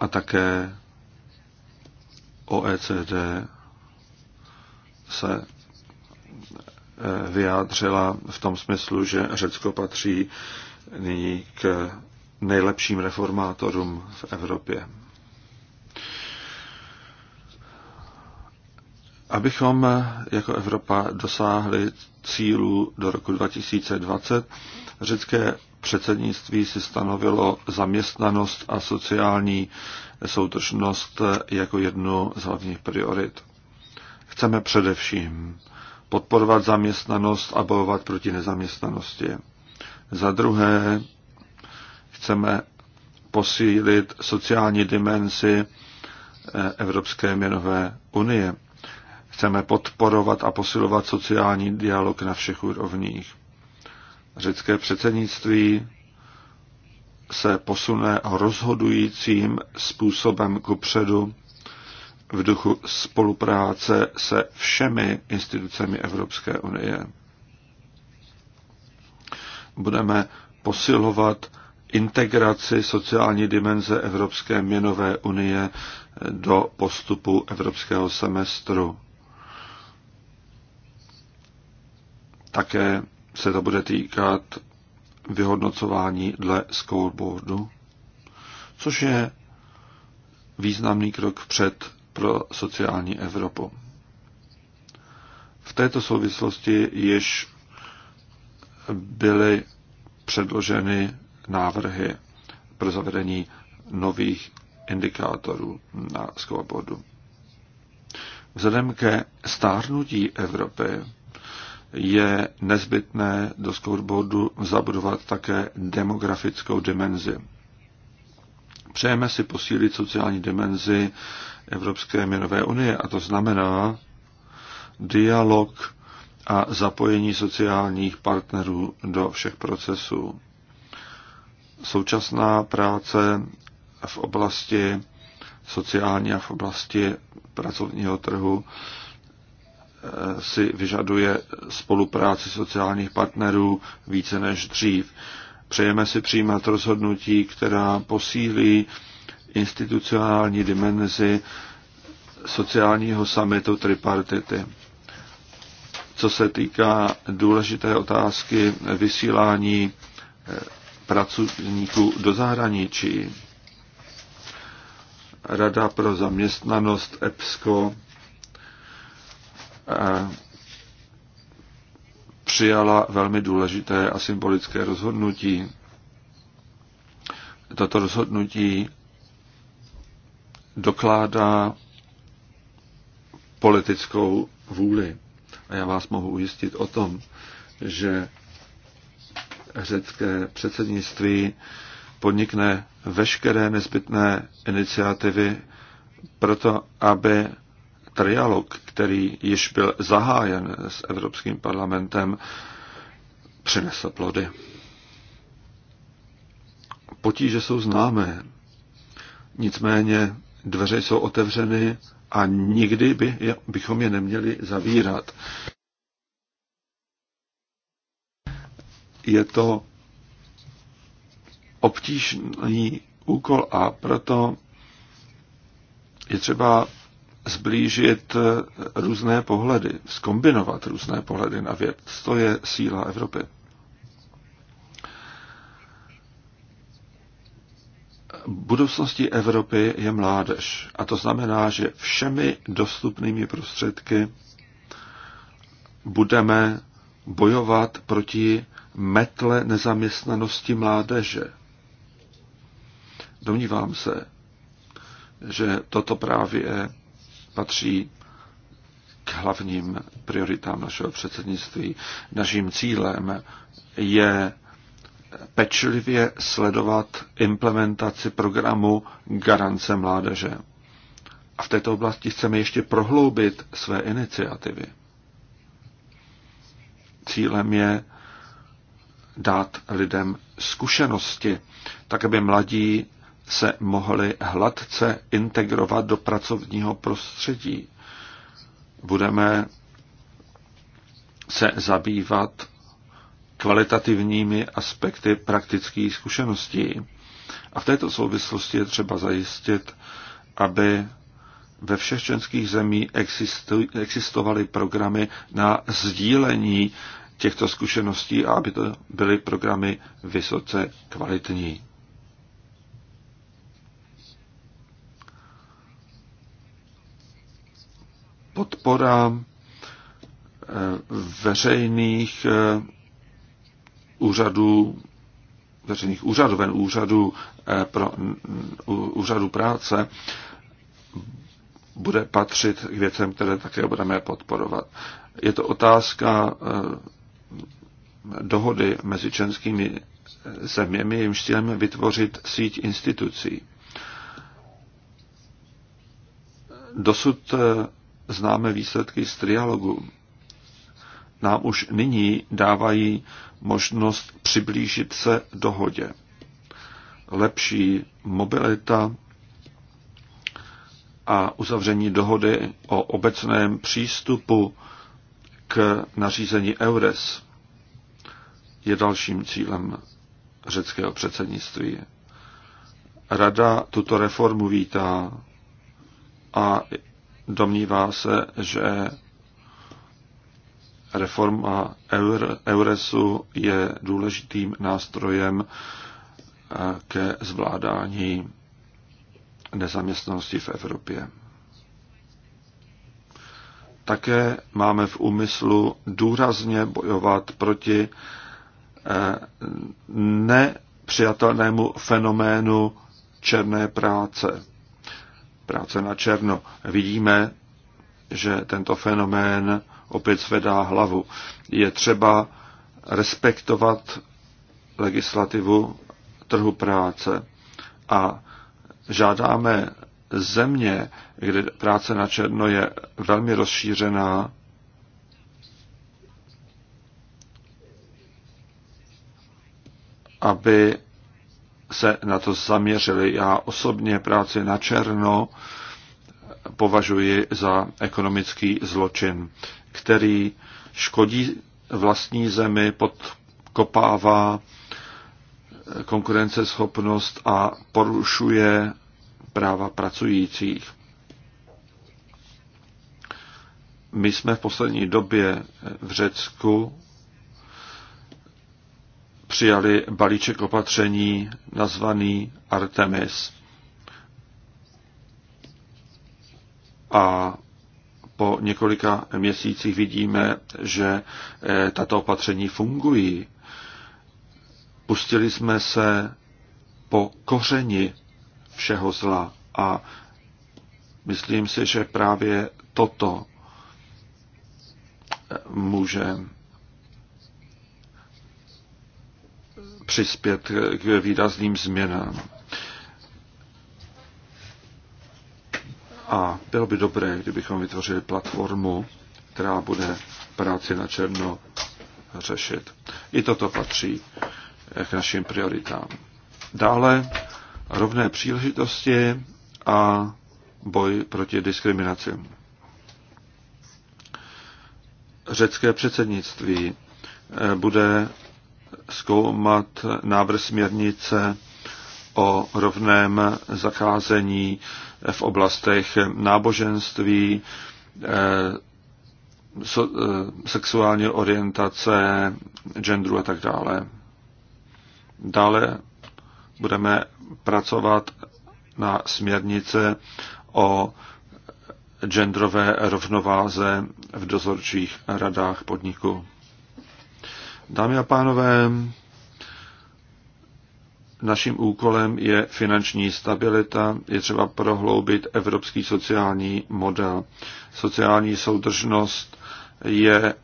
A také OECD se vyjádřila v tom smyslu, že Řecko patří nyní k nejlepším reformátorům v Evropě. Abychom jako Evropa dosáhli cílů do roku 2020, řecké předsednictví si stanovilo zaměstnanost a sociální soudržnost jako jednu z hlavních priorit. Chceme především podporovat zaměstnanost a bojovat proti nezaměstnanosti. Za druhé, chceme posílit sociální dimenzi eh, Evropské měnové unie. Chceme podporovat a posilovat sociální dialog na všech úrovních. Řecké předsednictví se posune rozhodujícím způsobem kupředu v duchu spolupráce se všemi institucemi Evropské unie. Budeme posilovat integraci sociální dimenze Evropské měnové unie do postupu evropského semestru. Také se to bude týkat vyhodnocování dle scoreboardu, což je významný krok před pro sociální Evropu. V této souvislosti již byly předloženy návrhy pro zavedení nových indikátorů na scoreboardu. Vzhledem ke stárnutí Evropy je nezbytné do scoreboardu zabudovat také demografickou dimenzi. Přejeme si posílit sociální dimenzi Evropské měnové unie a to znamená dialog a zapojení sociálních partnerů do všech procesů. Současná práce v oblasti sociální a v oblasti pracovního trhu eh, si vyžaduje spolupráci sociálních partnerů více než dřív. Přejeme si přijímat rozhodnutí, která posílí institucionální dimenzi sociálního summitu tripartity. Co se týká důležité otázky vysílání eh, pracovníků do zahraničí, Rada pro zaměstnanost EPSCO eh, přijala velmi důležité a symbolické rozhodnutí. Toto rozhodnutí dokládá politickou vůli. A já vás mohu ujistit o tom, že řecké předsednictví podnikne veškeré nezbytné iniciativy proto, aby trialog, který již byl zahájen s Evropským parlamentem, přinesl plody. Potíže jsou známé, nicméně dveře jsou otevřeny a nikdy by, bychom je neměli zavírat. Je to obtížný úkol a proto je třeba zblížit různé pohledy, skombinovat různé pohledy na věc. To je síla Evropy. Budoucností Evropy je mládež. A to znamená, že všemi dostupnými prostředky budeme bojovat proti metle nezaměstnanosti mládeže. Domnívám se, že toto právě patří k hlavním prioritám našeho předsednictví. Naším cílem je pečlivě sledovat implementaci programu Garance mládeže. A v této oblasti chceme ještě prohloubit své iniciativy. Cílem je dát lidem zkušenosti, tak aby mladí se mohli hladce integrovat do pracovního prostředí. Budeme se zabývat kvalitativními aspekty praktických zkušeností. A v této souvislosti je třeba zajistit, aby ve všech členských zemí existovaly programy na sdílení těchto zkušeností a aby to byly programy vysoce kvalitní. podpora eh, veřejných eh, úřadů, veřejných úřadů, ven úřadů, eh, pro, úřadu práce, bude patřit k věcem, které také budeme podporovat. Je to otázka dohody mezi členskými zeměmi, jimž cílem vytvořit síť institucí. Dosud známe výsledky z trialogu. Nám už nyní dávají možnost přiblížit se dohodě. Lepší mobilita a uzavření dohody o obecném přístupu k nařízení EURES je dalším cílem řeckého předsednictví. Rada tuto reformu vítá a domnívá se, že reforma Euresu je důležitým nástrojem eh, ke zvládání nezaměstnanosti v Evropě. Také máme v úmyslu důrazně bojovat proti eh, nepřijatelnému fenoménu černé práce práce na černo. Vidíme, že tento fenomén opět zvedá hlavu. Je třeba respektovat legislativu trhu práce a žádáme země, kde práce na černo je velmi rozšířená, aby se na to zaměřili. Já osobně práci na černo považuji za ekonomický zločin, který škodí vlastní zemi, podkopává konkurenceschopnost a porušuje práva pracujících. My jsme v poslední době v Řecku přijali balíček opatření nazvaný Artemis. A po několika měsících vidíme, že eh, tato opatření fungují. Pustili jsme se po kořeni všeho zla a myslím si, že právě toto eh, můžeme. přispět k výrazným změnám. A bylo by dobré, kdybychom vytvořili platformu, která bude práci na černo řešit. I toto patří k našim prioritám. Dále rovné příležitosti a boj proti diskriminaci. Řecké předsednictví eh, bude zkoumat návrh směrnice o rovném zacházení v oblastech náboženství, eh, eh, sexuální orientace, genderu a tak dále. Dále budeme pracovat na směrnice o genderové rovnováze v dozorčích radách podniku. Dámy a pánové, naším úkolem je finanční stabilita, je třeba prohloubit evropský sociální model. Sociální soudržnost je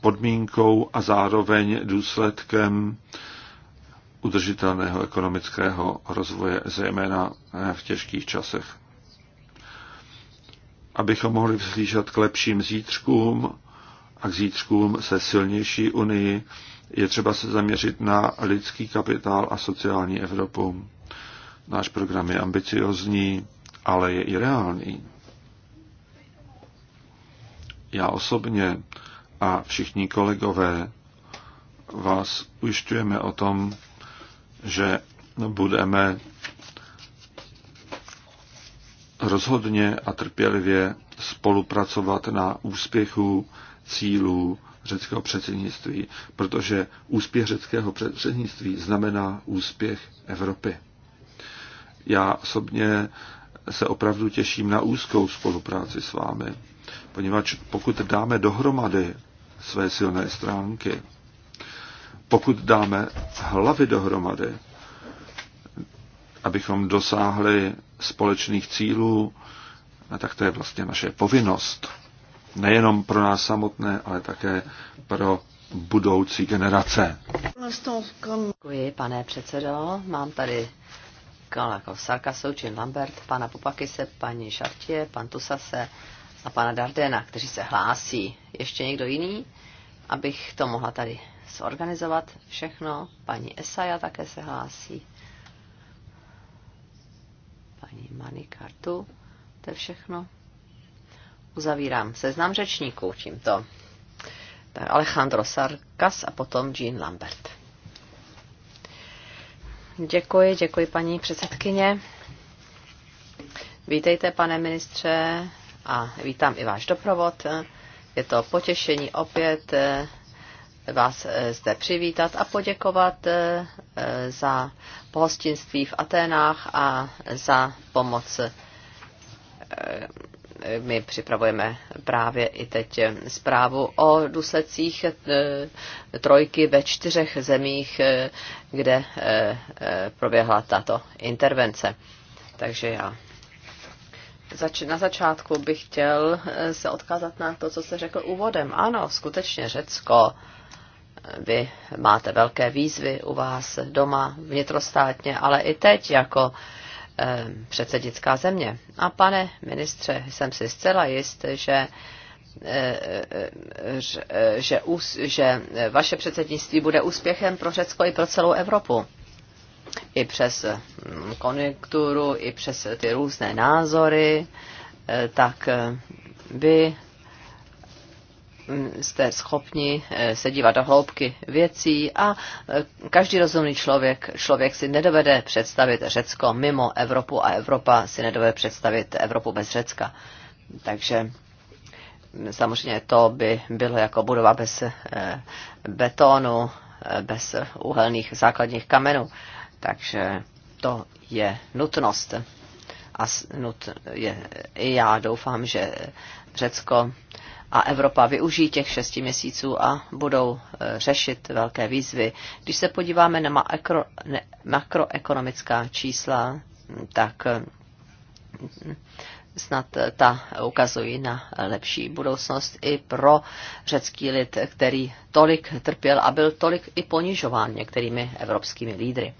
podmínkou a zároveň důsledkem udržitelného ekonomického rozvoje, zejména v těžkých časech. Abychom mohli vzlížet k lepším zítřkům, a k zítřkům se silnější unii je třeba se zaměřit na lidský kapitál a sociální Evropu. Náš program je ambiciozní, ale je i reálný. Já osobně a všichni kolegové vás ujišťujeme o tom, že budeme rozhodně a trpělivě spolupracovat na úspěchu cílů řeckého předsednictví, protože úspěch řeckého předsednictví znamená úspěch Evropy. Já osobně se opravdu těším na úzkou spolupráci s vámi, poněvadž pokud dáme dohromady své silné stránky, pokud dáme hlavy dohromady, abychom dosáhli společných cílů, tak to je vlastně naše povinnost nejenom pro nás samotné, ale také pro budoucí generace. Děkuji, pane předsedo. Mám tady Kalakov Sarkasou, či Lambert, pana Popakise, paní Šartě, pan Tusase a pana Dardena, kteří se hlásí. Ještě někdo jiný, abych to mohla tady zorganizovat všechno. Paní Esaja také se hlásí. Paní Manikartu, to je všechno uzavírám seznam řečníků tímto. Tak Alejandro Sarkas a potom Jean Lambert. Děkuji, děkuji paní předsedkyně. Vítejte, pane ministře, a vítám i váš doprovod. Je to potěšení opět eh, vás eh, zde přivítat a poděkovat eh, za pohostinství v Aténách a za pomoc my připravujeme právě i teď zprávu o důsledcích e, trojky ve čtyřech zemích, e, kde e, proběhla tato intervence. Takže já na začátku bych chtěl se odkázat na to, co jste řekl úvodem. Ano, skutečně Řecko, vy máte velké výzvy u vás doma, vnitrostátně, ale i teď jako Eh, předsednická země. A pane ministře, jsem si zcela jist, že eh, eh, že, že vaše předsednictví bude úspěchem pro Řecko i pro celou Evropu. I přes hm, konjunkturu, i přes ty různé názory, tak vy jste schopni eh, se dívat do hloubky věcí a eh, každý rozumný člověk, člověk si nedovede představit Řecko mimo Evropu a Evropa si nedovede představit Evropu bez Řecka. Takže mm, samozřejmě to by bylo jako budova bez eh, betonu, bez uhelných základních kamenů. Takže to je nutnost. A nut, je, já doufám, že Řecko a Evropa využijí těch šesti měsíců a budou e, řešit velké výzvy. Když se podíváme na makro, ne, makroekonomická čísla, tak e, snad e, ta ukazují na lepší budoucnost i pro řecký lid, který tolik trpěl a byl tolik i ponižován některými evropskými lídry.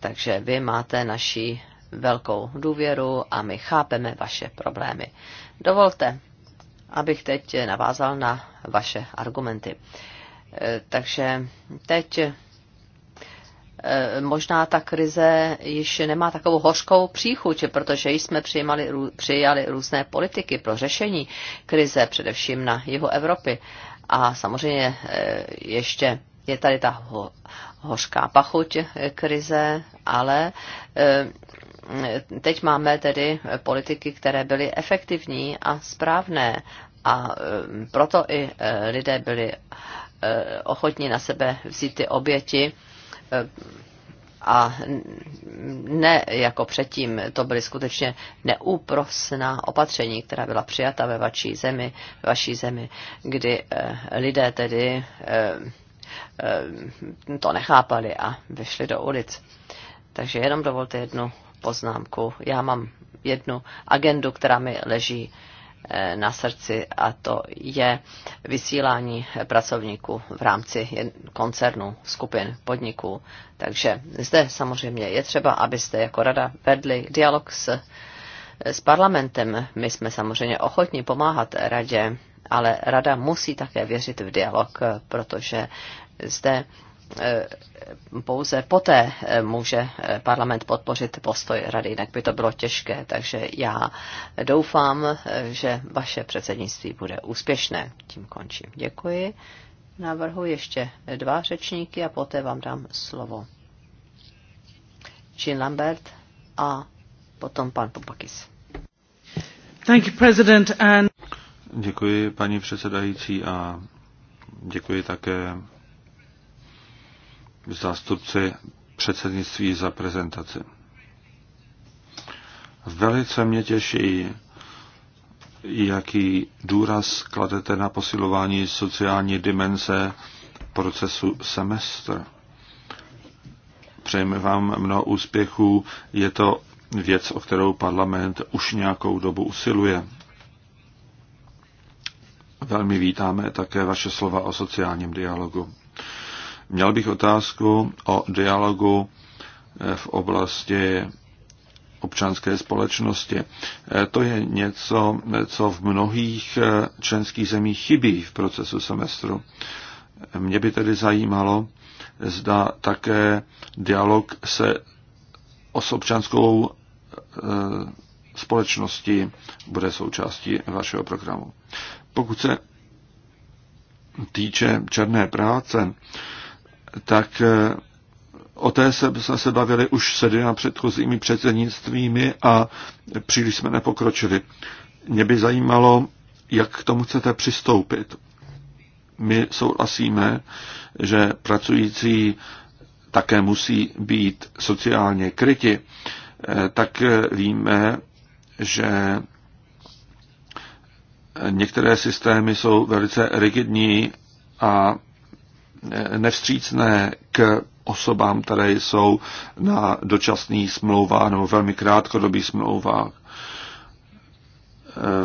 Takže vy máte naši velkou důvěru a my chápeme vaše problémy. Dovolte, abych teď navázal na vaše argumenty. E, takže teď e, možná ta krize již nemá takovou hořkou příchuť, protože jsme přijali, přijali různé politiky pro řešení krize, především na jihu Evropy. A samozřejmě e, ještě je tady ta hořká pachuť eh, krize, ale eh, teď máme tedy politiky, které byly efektivní a správné a eh, proto i lidé byli ochotní na sebe vzít ty oběti a ne jako předtím, to byly skutečně neúprosná opatření, která byla přijata ve vaší zemi, vaší zemi kdy lidé tedy Ehm, to nechápali a vyšli do ulic. Takže jenom dovolte jednu poznámku. Já mám jednu agendu, která mi leží eh, na srdci a to je vysílání pracovníků v rámci koncernu skupin, podniků. Takže zde samozřejmě je třeba, abyste jako rada vedli dialog s, s parlamentem. My jsme samozřejmě ochotní pomáhat radě, ale rada musí také věřit v dialog, protože zde eh, pouze poté eh, může eh, parlament podpořit postoj rady, jinak by to bylo těžké. Takže já doufám, že vaše předsednictví bude úspěšné. Tím končím. Děkuji. Navrhu ještě dva řečníky a poté vám dám slovo. Jean Lambert a potom pan Popakis. Thank you, President, and... Děkuji, paní předsedající, a děkuji také zástupci předsednictví za prezentaci. Velice mě těší, jaký důraz kladete na posilování sociální dimenze procesu semestr. Přejeme vám mnoho úspěchů. Je to věc, o kterou parlament už nějakou dobu usiluje. Velmi vítáme také vaše slova o sociálním dialogu. Měl bych otázku o dialogu eh, v oblasti občanské společnosti. Eh, to je něco, co v mnohých eh, členských zemích chybí v procesu semestru. Mě by tedy zajímalo, zda také dialog se s občanskou společností bude součástí vašeho programu. Pokud se týče černé práce, tak eh, o té se jsme se bavili už se dvěma předchozími předsednictvími a příliš jsme nepokročili. Mě by zajímalo, jak k tomu chcete přistoupit. My souhlasíme, že pracující také musí být sociálně kryti, eh, tak eh, víme, že některé systémy jsou velice rigidní a nevstřícné k osobám, které jsou na dočasných smlouvách nebo velmi krátkodobých smlouvách. E,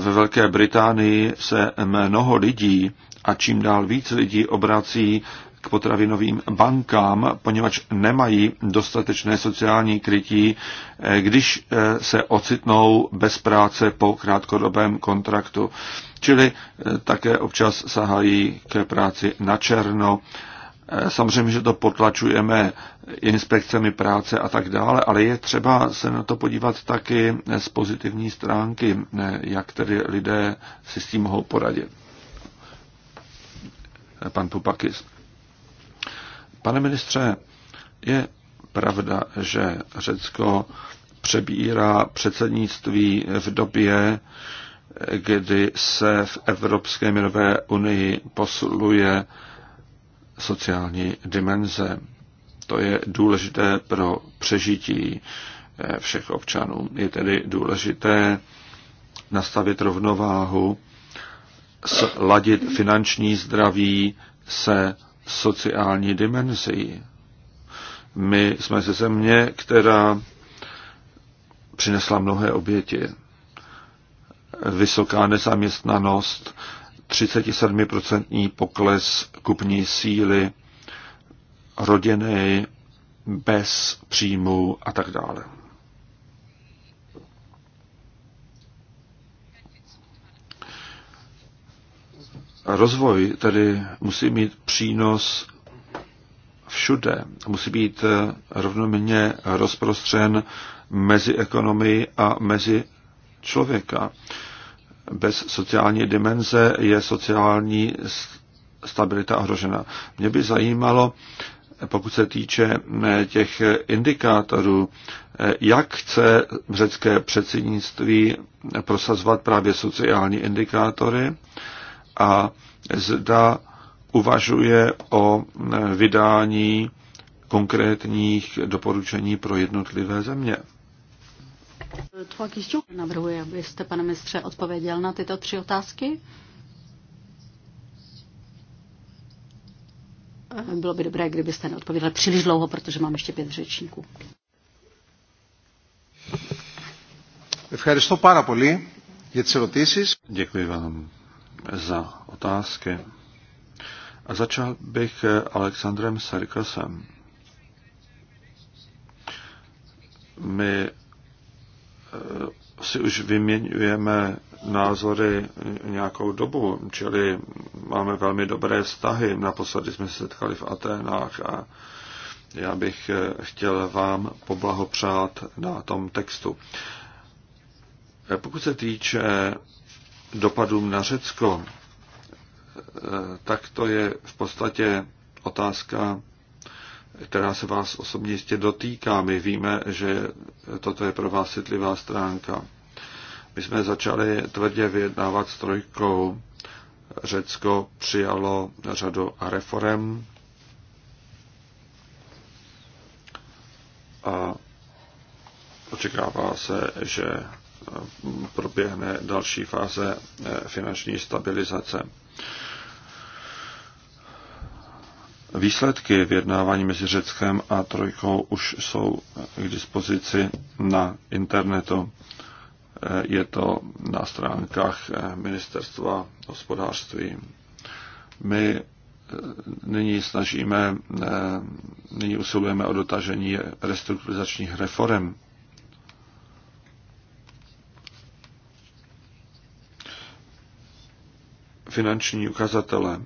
ve Velké Británii se mnoho lidí a čím dál víc lidí obrací k potravinovým bankám, poněvadž nemají dostatečné sociální krytí, e, když e, se ocitnou bez práce po krátkodobém kontraktu. Čili také občas sahají k práci na černo Eh, samozřejmě, že to potlačujeme inspekcemi práce a tak dále, ale je třeba se na to podívat taky z pozitivní stránky, eh, jak tedy lidé si s tím mohou poradit. Eh, pan Pupakis. Pane ministře, je pravda, že Řecko přebírá předsednictví v době, kdy se v Evropské měnové unii posluje sociální dimenze. To je důležité pro přežití eh, všech občanů. Je tedy důležité nastavit rovnováhu, sladit finanční zdraví se sociální dimenzí. My jsme ze země, která přinesla mnohé oběti. Vysoká nezaměstnanost, 37% pokles kupní síly rodiny bez příjmu a tak dále. Rozvoj tedy musí mít přínos všude. Musí být rovnoměrně rozprostřen mezi ekonomii a mezi člověka bez sociální dimenze je sociální stabilita ohrožena. Mě by zajímalo, pokud se týče eh, těch eh, indikátorů, eh, jak chce řecké předsednictví prosazovat právě sociální indikátory a zda uvažuje o vydání konkrétních doporučení pro jednotlivé země. Navrhuji, abyste, pane mistře, odpověděl na tyto tři otázky. Bylo by dobré, kdybyste neodpověděl příliš dlouho, protože mám ještě pět řečníků. Děkuji vám za otázky. A začal bych eh, Alexandrem Sarkasem. My Eh, si už vyměňujeme názory nějakou dobu, čili máme velmi dobré vztahy. Naposledy jsme se setkali v Aténách a já bych eh, chtěl vám poblahopřát na tom textu. Eh, pokud se týče dopadů na Řecko, tak to je v podstatě otázka která se vás osobně jistě dotýká. My víme, že toto je pro vás citlivá stránka. My jsme začali tvrdě vyjednávat s trojkou. Řecko přijalo řadu reform a očekává se, že proběhne další fáze finanční stabilizace. Výsledky vyjednávání mezi Řeckem a Trojkou už jsou k dispozici na internetu. Je to na stránkách Ministerstva hospodářství. My eh, nyní snažíme, eh, nyní usilujeme o dotažení restrukturizačních reform. Finanční ukazatele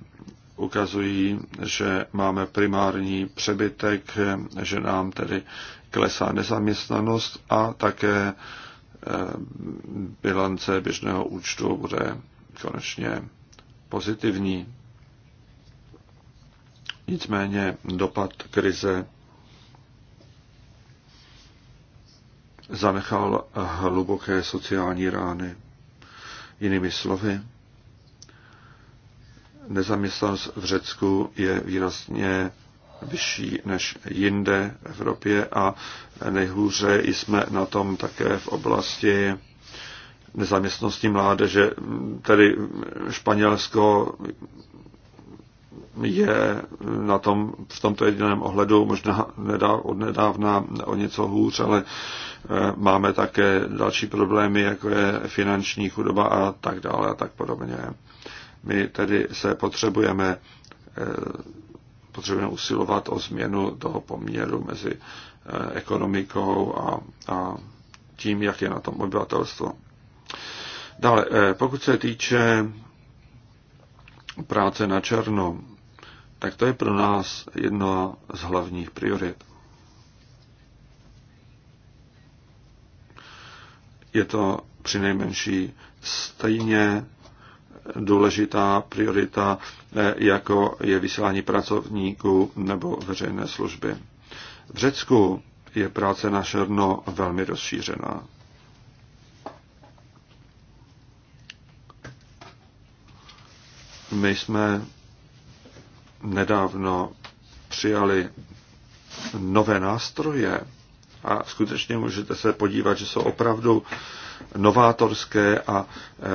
ukazují, že máme primární přebytek, že nám tedy klesá nezaměstnanost a také eh, bilance běžného účtu bude konečně pozitivní. Nicméně dopad krize zanechal hluboké sociální rány. Jinými slovy, nezaměstnanost v Řecku je výrazně vyšší než jinde v Evropě a nejhůře jsme na tom také v oblasti nezaměstnosti mládeže. Tedy Španělsko je na tom, v tomto jediném ohledu možná od nedávna o něco hůř, ale eh, máme také další problémy, jako je finanční chudoba a tak dále a tak podobně. My tedy se potřebujeme, eh, potřebujeme usilovat o změnu toho poměru mezi eh, ekonomikou a, a tím, jak je na tom obyvatelstvo. Dále, eh, pokud se týče práce na černo, tak to je pro nás jedna z hlavních priorit. Je to přinejmenší stejně důležitá priorita, eh, jako je vysílání pracovníků nebo veřejné služby. V Řecku je práce na šerno velmi rozšířená. My jsme nedávno přijali nové nástroje a skutečně můžete se podívat, že jsou opravdu novátorské a e,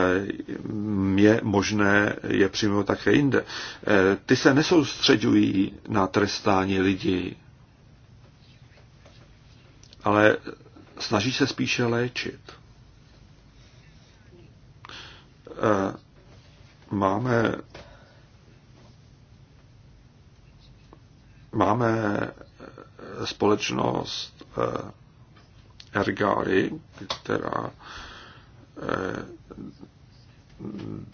je možné je přijmout také jinde. E, ty se nesoustředují na trestání lidí, ale snaží se spíše léčit. E, máme máme společnost Ergály, která eh,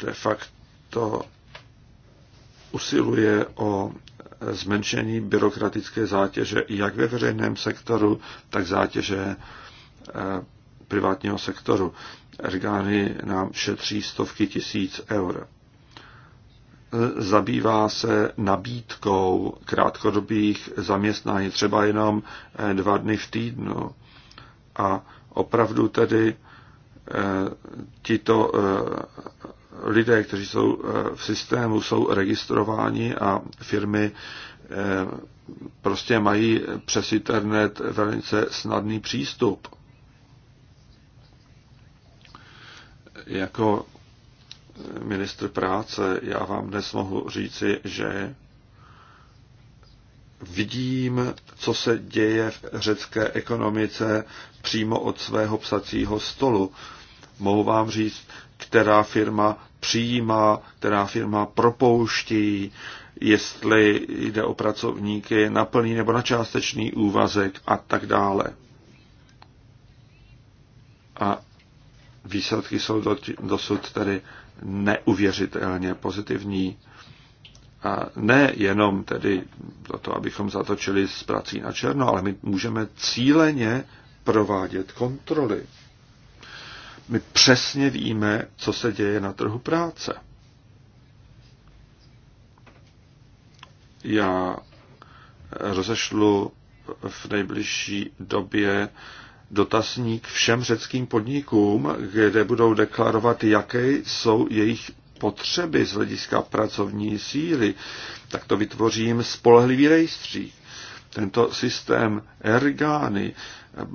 de facto usiluje o zmenšení byrokratické zátěže jak ve veřejném sektoru, tak zátěže eh, privátního sektoru. Ergány nám šetří stovky tisíc eur. Eh, zabývá se nabídkou krátkodobých zaměstnání třeba jenom dva dny v týdnu a opravdu tedy eh, tito eh, lidé, kteří jsou eh, v systému, jsou registrováni a firmy prostě mají přes internet velice snadný přístup. Jako ministr práce já vám dnes mohu říci, že vidím, co se děje v řecké ekonomice přímo od svého psacího stolu. Mohu vám říct, která firma přijímá, která firma propouští, jestli jde o pracovníky na plný nebo na částečný úvazek a tak dále. A výsledky jsou dosud tedy neuvěřitelně pozitivní. A ne jenom tedy to, abychom zatočili s prací na černo, ale my můžeme cíleně provádět kontroly. My přesně víme, co se děje na trhu práce. Já rozešlu v nejbližší době dotazník všem řeckým podnikům, kde budou deklarovat, jaké jsou jejich potřeby z hlediska pracovní síly, tak to vytvořím spolehlivý rejstřík. Tento systém ergány eh,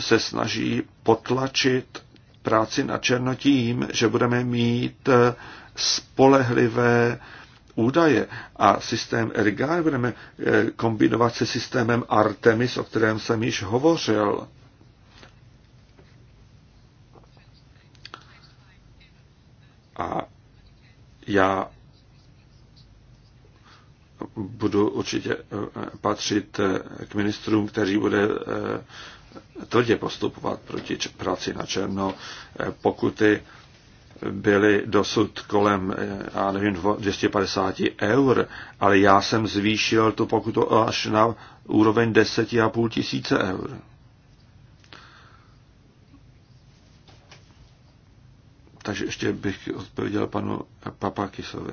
se snaží potlačit práci na černo tím, že budeme mít eh, spolehlivé údaje a systém Ergány budeme eh, kombinovat se systémem Artemis, o kterém jsem již hovořil. A já budu určitě eh, patřit eh, k ministrům, kteří bude eh, tvrdě postupovat proti práci na černo. Pokuty byly dosud kolem, já nevím, 250 eur, ale já jsem zvýšil tu pokutu až na úroveň 10,5 tisíce eur. Takže ještě bych odpověděl panu Papakisovi.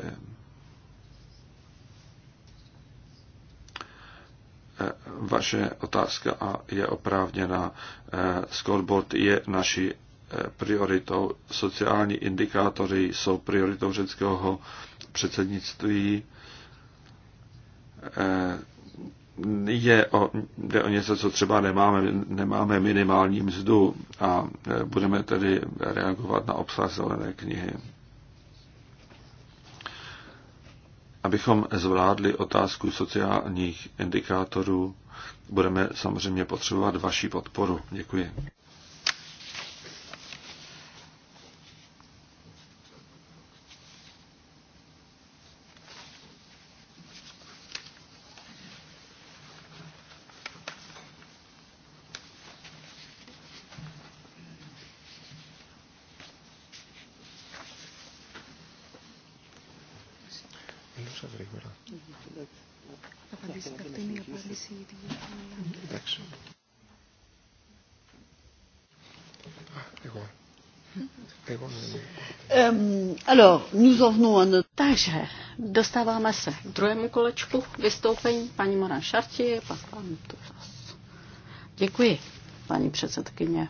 Eh, vaše otázka a je oprávněná. Eh, scoreboard je naší eh, prioritou. Sociální indikátory jsou prioritou řeckého předsednictví je o, jde o něco, co třeba nemáme, nemáme minimální mzdu a e, budeme tedy reagovat na obsah zelené knihy. Abychom zvládli otázku sociálních indikátorů, budeme samozřejmě potřebovat vaši podporu. Děkuji. Takže dostáváme se k druhému kolečku vystoupení. Paní Moran Šarti, pak pan Tufas. Děkuji, paní předsedkyně.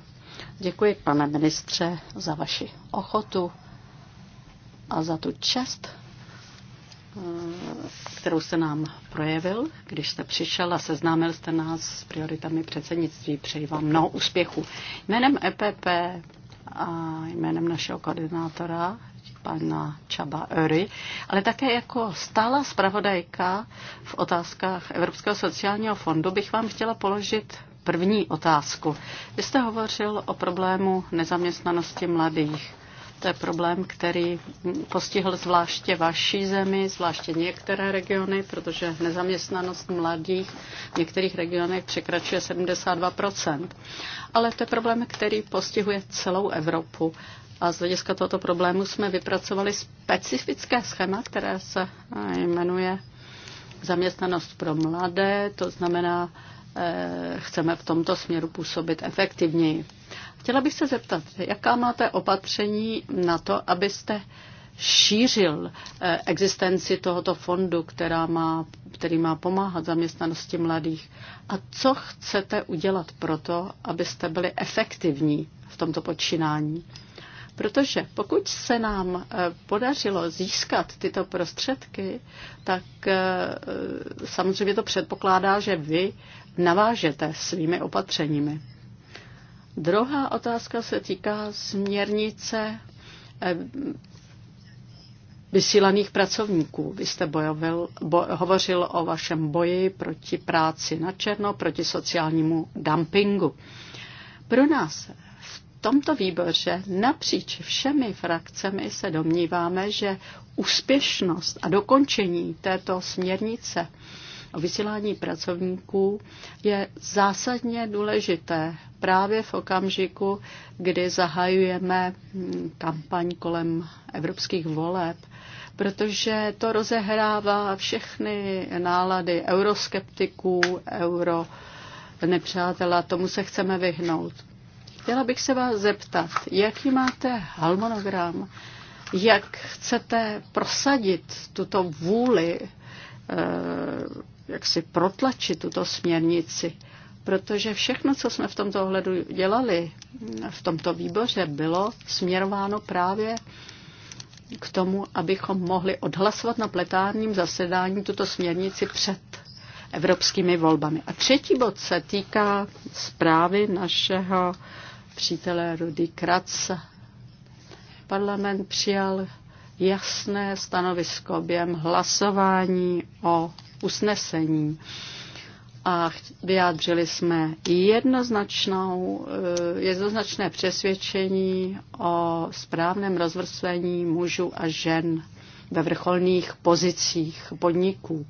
Děkuji, pane ministře, za vaši ochotu a za tu čest, eh, kterou jste nám projevil, když jste přišel a seznámil jste nás s prioritami předsednictví. Přeji vám mnoho úspěchu. Jménem EPP a jménem našeho koordinátora pana Čaba Öry, ale také jako stála zpravodajka v otázkách Evropského sociálního fondu bych vám chtěla položit první otázku. Vy jste hovořil o problému nezaměstnanosti mladých. To je problém, který postihl zvláště vaší zemi, zvláště některé regiony, protože nezaměstnanost mladých v některých regionech překračuje 72 Ale to je problém, který postihuje celou Evropu a z hlediska tohoto problému jsme vypracovali specifické schéma, které se eh, jmenuje zaměstnanost pro mladé, to znamená, eh, chceme v tomto směru působit efektivněji. Chtěla bych se zeptat, jaká máte opatření na to, abyste šířil eh, existenci tohoto fondu, která má, který má pomáhat zaměstnanosti mladých. A co chcete udělat pro to, abyste byli efektivní v tomto počínání? Protože pokud se nám eh, podařilo získat tyto prostředky, tak eh, samozřejmě to předpokládá, že vy navážete svými opatřeními. Druhá otázka se týká směrnice eh, vysílaných pracovníků. Vy jste bojovil, bo, hovořil o vašem boji proti práci na černo, proti sociálnímu dumpingu. Pro nás tomto výboře napříč všemi frakcemi se domníváme, že úspěšnost a dokončení této směrnice o vysílání pracovníků je zásadně důležité právě v okamžiku, kdy zahajujeme hm, kampaň kolem evropských voleb, protože to rozehrává všechny nálady euroskeptiků, euro nepřátela, tomu se chceme vyhnout. Chtěla bych se vás zeptat, jaký máte harmonogram, jak chcete prosadit tuto vůli, eh, jak si protlačit tuto směrnici, protože všechno, co jsme v tomto ohledu dělali, v tomto výboře, bylo směrováno právě k tomu, abychom mohli odhlasovat na pletárním zasedání tuto směrnici před evropskými volbami. A třetí bod se týká zprávy našeho přítele Rudy Kratce. Parlament přijal jasné stanovisko během hlasování o usnesení a vyjádřili jsme jednoznačnou, eh, jednoznačné přesvědčení o správném rozvrstvení mužů a žen ve vrcholných pozicích podniků.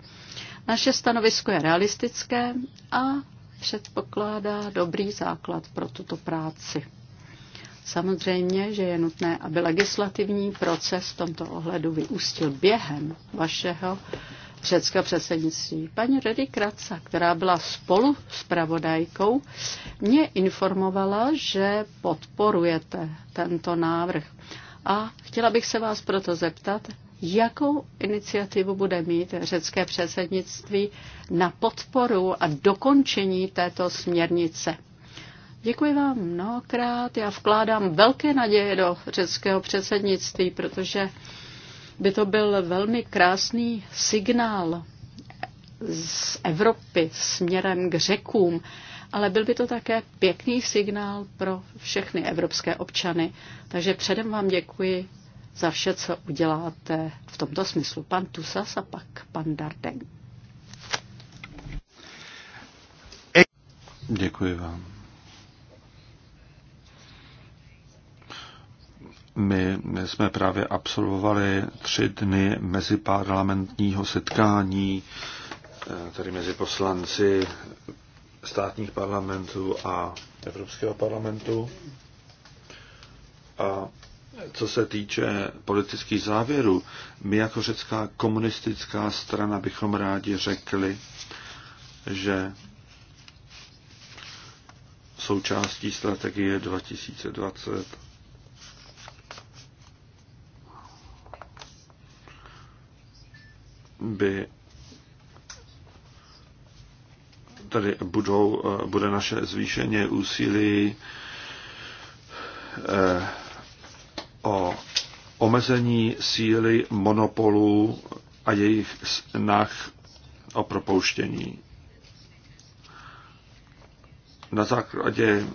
Naše stanovisko je realistické a předpokládá dobrý základ pro tuto práci. Samozřejmě, že je nutné, aby legislativní proces v tomto ohledu vyústil během vašeho řeckého předsednictví. Paní Redy Kraca, která byla spolu s pravodajkou, mě informovala, že podporujete tento návrh. A chtěla bych se vás proto zeptat, jakou iniciativu bude mít řecké předsednictví na podporu a dokončení této směrnice. Děkuji vám mnohokrát. Já vkládám velké naděje do řeckého předsednictví, protože by to byl velmi krásný signál z Evropy směrem k řekům, ale byl by to také pěkný signál pro všechny evropské občany. Takže předem vám děkuji za vše, co uděláte v tomto smyslu. Pan Tusas a pak pan Dardeng. Děkuji vám. My jsme právě absolvovali tři dny meziparlamentního setkání, eh, tedy mezi poslanci státních parlamentů a Evropského parlamentu. A co se týče politických závěrů, my jako řecká komunistická strana bychom rádi řekli, že součástí strategie 2020 by tady budou, eh, bude naše zvýšeně úsilí eh, o omezení síly monopolů a jejich snah o propouštění. Na základě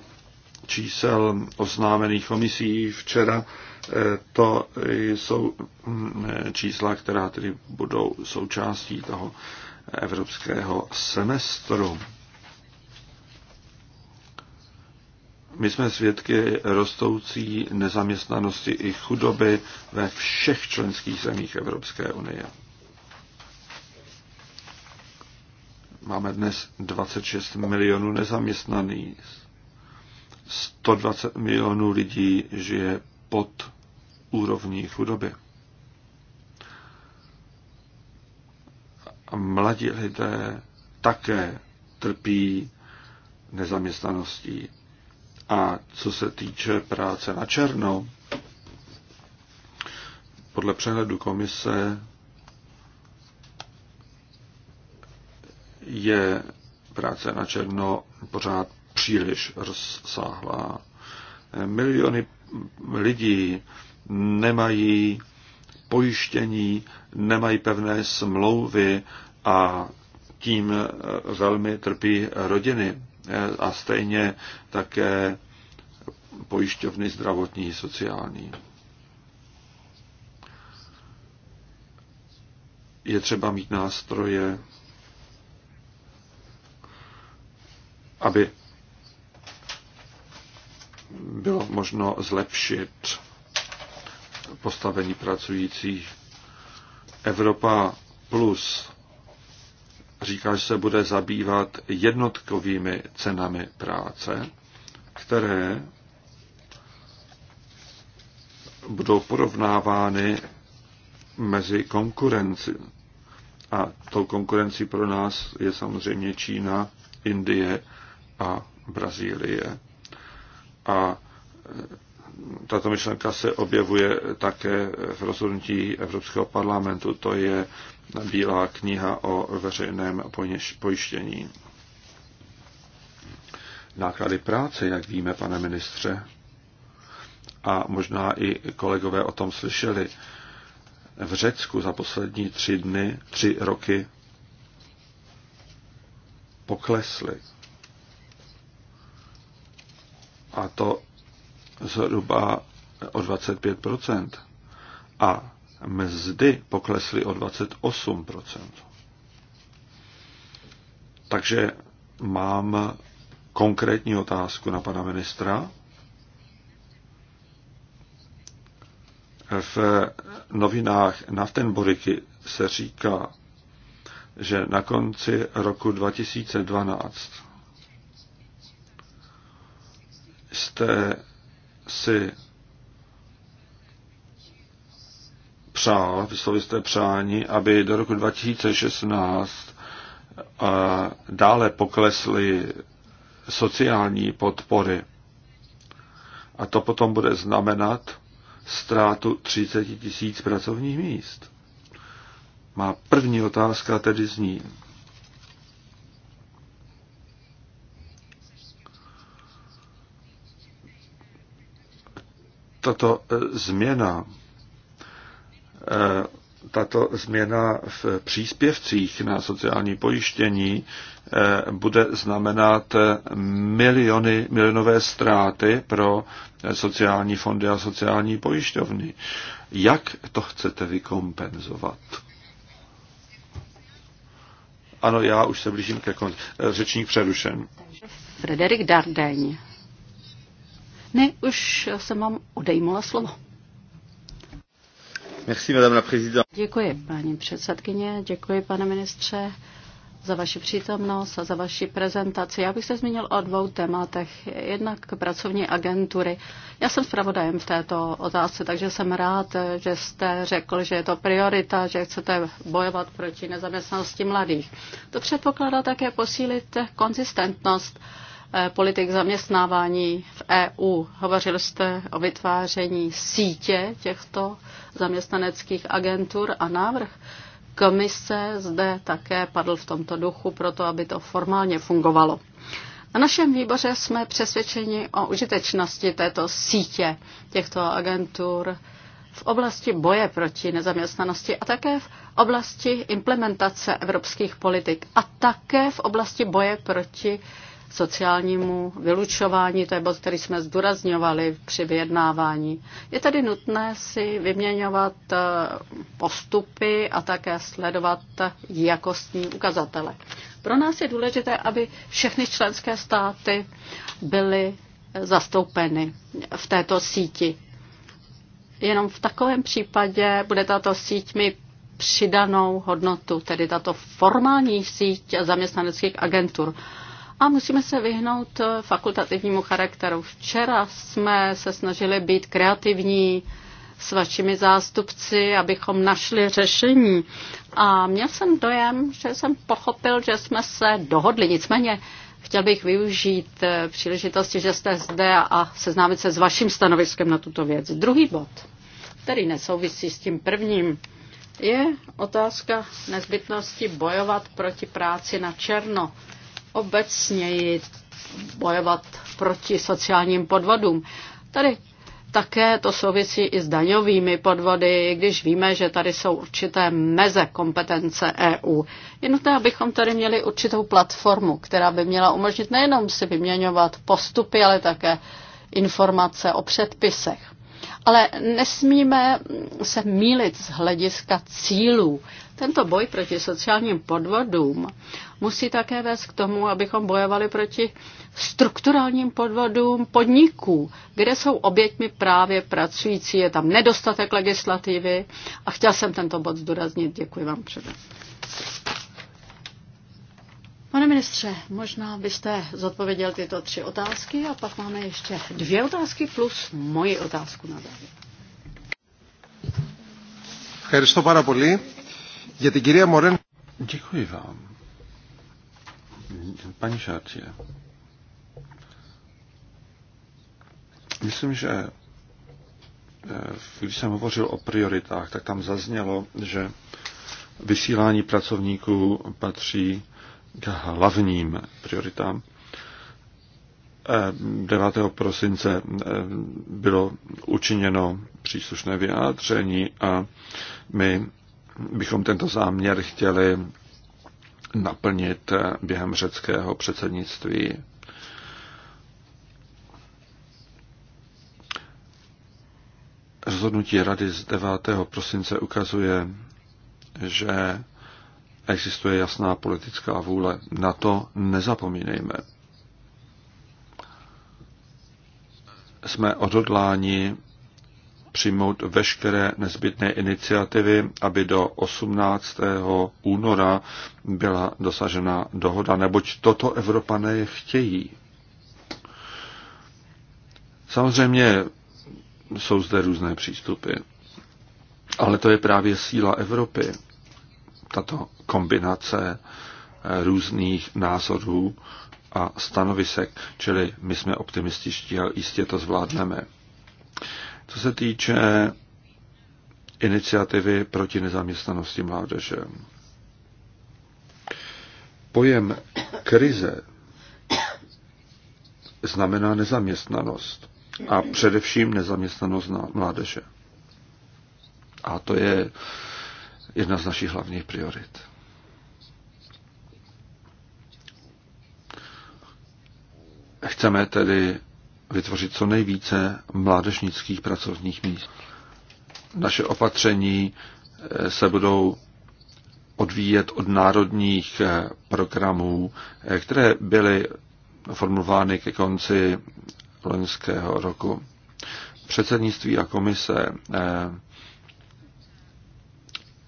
čísel oznámených komisí včera eh, to jsou hm, čísla, která tedy budou součástí toho evropského semestru. My jsme svědky rostoucí nezaměstnanosti i chudoby ve všech členských zemích Evropské unie. Máme dnes 26 milionů nezaměstnaných. 120 milionů lidí žije pod úrovní chudoby. A mladí lidé také trpí nezaměstnaností. A co se týče práce na černo, podle přehledu komise je práce na černo pořád příliš rozsáhlá. Miliony lidí nemají pojištění, nemají pevné smlouvy a tím velmi trpí rodiny. Eh, a stejně také pojišťovny zdravotní, sociální. Je třeba mít nástroje, aby bylo možno zlepšit postavení pracujících. Evropa plus říká, že se bude zabývat jednotkovými cenami práce, které budou porovnávány mezi konkurenci. A tou konkurencí pro nás je samozřejmě Čína, Indie a Brazílie. A tato myšlenka se objevuje také v rozhodnutí Evropského parlamentu, to je Bílá kniha o veřejném pojištění. Náklady práce, jak víme, pane ministře, a možná i kolegové o tom slyšeli, v Řecku za poslední tři dny, tři roky poklesly. A to zhruba o 25 a mzdy poklesly o 28 Takže mám konkrétní otázku na pana ministra. V novinách Naftenboriky se říká, že na konci roku 2012 jste si přál, vyslovil jste přání, aby do roku 2016 eh, dále poklesly sociální podpory. A to potom bude znamenat ztrátu 30 tisíc pracovních míst. Má první otázka tedy zní, tato e, změna e, tato změna v příspěvcích na sociální pojištění e, bude znamenat miliony, milionové ztráty pro sociální fondy a sociální pojišťovny. Jak to chcete vykompenzovat? Ano, já už se blížím ke konci. Řečník přerušen. Frederik Dardeň. Ne, už jsem vám odejmula slovo. Merci, madame la présidente. Děkuji, paní předsedkyně, děkuji, pane ministře, za vaši přítomnost a za vaši prezentaci. Já bych se zmínil o dvou tématech. Jednak pracovní agentury. Já jsem zpravodajem v této otázce, takže jsem rád, že jste řekl, že je to priorita, že chcete bojovat proti nezaměstnanosti mladých. To předpokládá také posílit konzistentnost Eh, politik zaměstnávání v EU. Hovořil jste o vytváření sítě těchto zaměstnaneckých agentur a návrh komise zde také padl v tomto duchu, proto aby to formálně fungovalo. Na našem výboře jsme přesvědčeni o užitečnosti této sítě těchto agentur v oblasti boje proti nezaměstnanosti a také v oblasti implementace evropských politik a také v oblasti boje proti sociálnímu vylučování, to je bod, který jsme zdůrazňovali při vyjednávání. Je tedy nutné si vyměňovat eh, postupy a také sledovat jakostní ukazatele. Pro nás je důležité, aby všechny členské státy byly eh, zastoupeny v této síti. Jenom v takovém případě bude tato síť mít přidanou hodnotu, tedy tato formální síť zaměstnaneckých agentur a musíme se vyhnout eh, fakultativnímu charakteru. Včera jsme se snažili být kreativní s vašimi zástupci, abychom našli řešení. A měl jsem dojem, že jsem pochopil, že jsme se dohodli. Nicméně chtěl bych využít eh, příležitosti, že jste zde a seznámit se s vaším stanoviskem na tuto věc. Druhý bod, který nesouvisí s tím prvním, je otázka nezbytnosti bojovat proti práci na černo obecněji bojovat proti sociálním podvodům. Tady také to souvisí i s daňovými podvody, když víme, že tady jsou určité meze kompetence EU. Je nutné, abychom tady měli určitou platformu, která by měla umožnit nejenom si vyměňovat postupy, ale také informace o předpisech. Ale nesmíme se mílit z hlediska cílů tento boj proti sociálním podvodům musí také vést k tomu, abychom bojovali proti strukturálním podvodům podniků, kde jsou oběťmi právě pracující, je tam nedostatek legislativy a chtěl jsem tento bod zdůraznit. Děkuji vám předem. Pane ministře, možná byste zodpověděl tyto tři otázky a pak máme ještě dvě otázky plus moji otázku na závěr. Děkuji. Για την Děkuji vám. Paní Šartě. Myslím, že eh, když jsem hovořil o prioritách, tak tam zaznělo, že vysílání pracovníků patří k hlavním prioritám. 9. Eh, prosince eh, bylo učiněno příslušné vyjádření a my bychom tento záměr chtěli naplnit během řeckého předsednictví. Rozhodnutí Rady z 9. prosince ukazuje, že existuje jasná politická vůle. Na to nezapomínejme. Jsme odhodláni přijmout veškeré nezbytné iniciativy, aby do 18. února byla dosažena dohoda, neboť toto Evropané chtějí. Samozřejmě jsou zde různé přístupy, ale to je právě síla Evropy, tato kombinace různých názorů a stanovisek, čili my jsme optimističtí a jistě to zvládneme. Co se týče iniciativy proti nezaměstnanosti mládeže. Pojem krize znamená nezaměstnanost a především nezaměstnanost mládeže. A to je jedna z našich hlavních priorit. Chceme tedy vytvořit co nejvíce mládežnických pracovních míst. Naše opatření eh, se budou odvíjet od národních eh, programů, eh, které byly formulovány ke konci loňského roku. Předsednictví a komise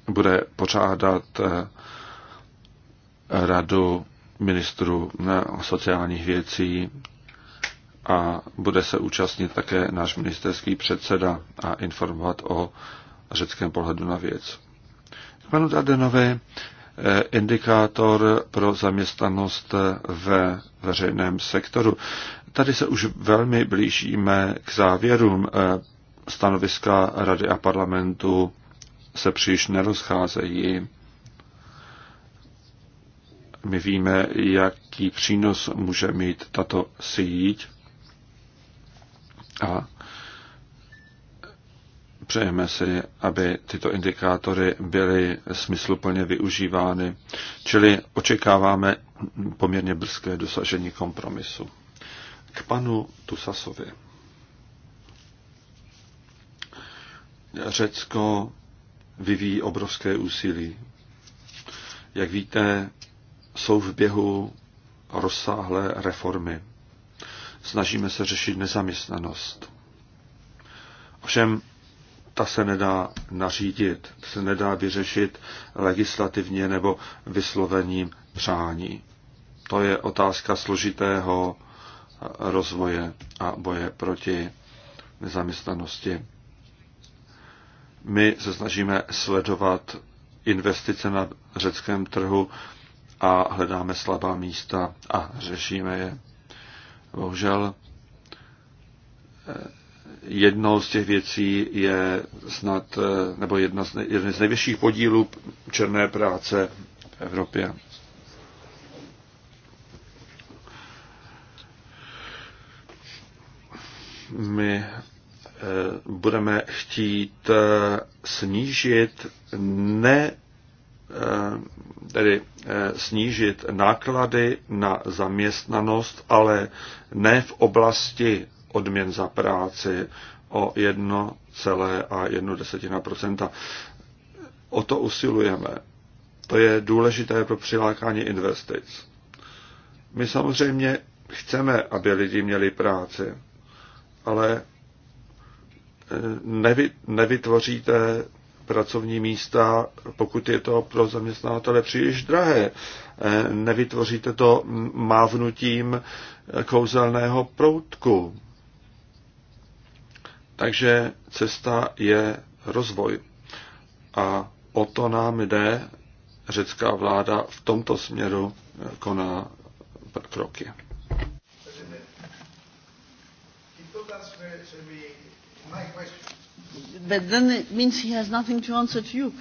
bude pořádat radu ministru sociálních věcí a bude se účastnit také náš ministerský předseda a informovat o řeckém pohledu na věc. Panu Dardenovi eh, indikátor pro zaměstnanost ve veřejném sektoru. Tady se už velmi blížíme k závěrům eh, stanoviska Rady a parlamentu se příliš nerozcházejí. My víme, jaký přínos může mít tato síť a přejeme si, aby tyto indikátory byly smysluplně využívány, čili očekáváme poměrně brzké dosažení kompromisu. K panu Tusasovi. Řecko vyvíjí obrovské úsilí. Jak víte, jsou v běhu rozsáhlé reformy snažíme se řešit nezaměstnanost. Ovšem, ta se nedá nařídit, se nedá vyřešit legislativně nebo vyslovením přání. To je otázka složitého rozvoje a boje proti nezaměstnanosti. My se snažíme sledovat investice na řeckém trhu a hledáme slabá místa a řešíme je. Bohužel eh, jednou z těch věcí je snad, eh, nebo jedna z, jeden z nejvyšších podílů černé práce v Evropě. My eh, budeme chtít snížit ne Eh, tedy eh, snížit náklady na zaměstnanost, ale ne v oblasti odměn za práci o 1,1%. O to usilujeme. To je důležité pro přilákání investic. My samozřejmě chceme, aby lidi měli práci, ale eh, nevytvoříte pracovní místa, pokud je to pro zaměstnavatele příliš drahé. Eh, nevytvoříte to mávnutím kouzelného proutku. Takže cesta je rozvoj. A o to nám jde. Řecká vláda v tomto směru koná kroky. but then it means he has nothing to answer to you.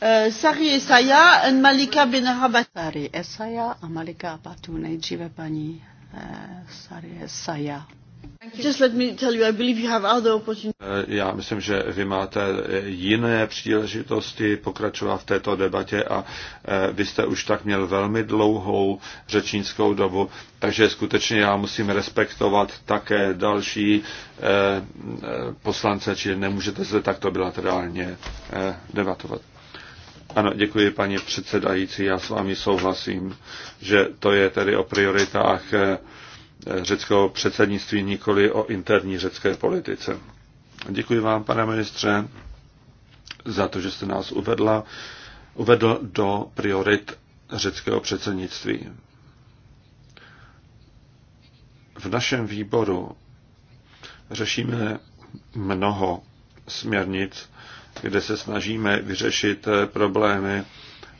Uh, Sari Esaya and Malika Benarabat. Sari Esaya and Malika Abatu. Nejdříve paní eh, Sari Esaya. Eh, já myslím, že vy máte eh, jiné příležitosti pokračovat v této debatě a eh, vy jste už tak měl velmi dlouhou řečnickou dobu, takže skutečně já musím respektovat také další poslance, čili nemůžete se takto bilaterálně debatovat. Ano, děkuji paní předsedající, já s vámi souhlasím, že to je tedy o prioritách řeckého předsednictví, nikoli o interní řecké politice. Děkuji vám, pane ministře, za to, že jste nás uvedla, uvedl do priorit řeckého předsednictví. V našem výboru řešíme mnoho směrnic, kde se snažíme vyřešit problémy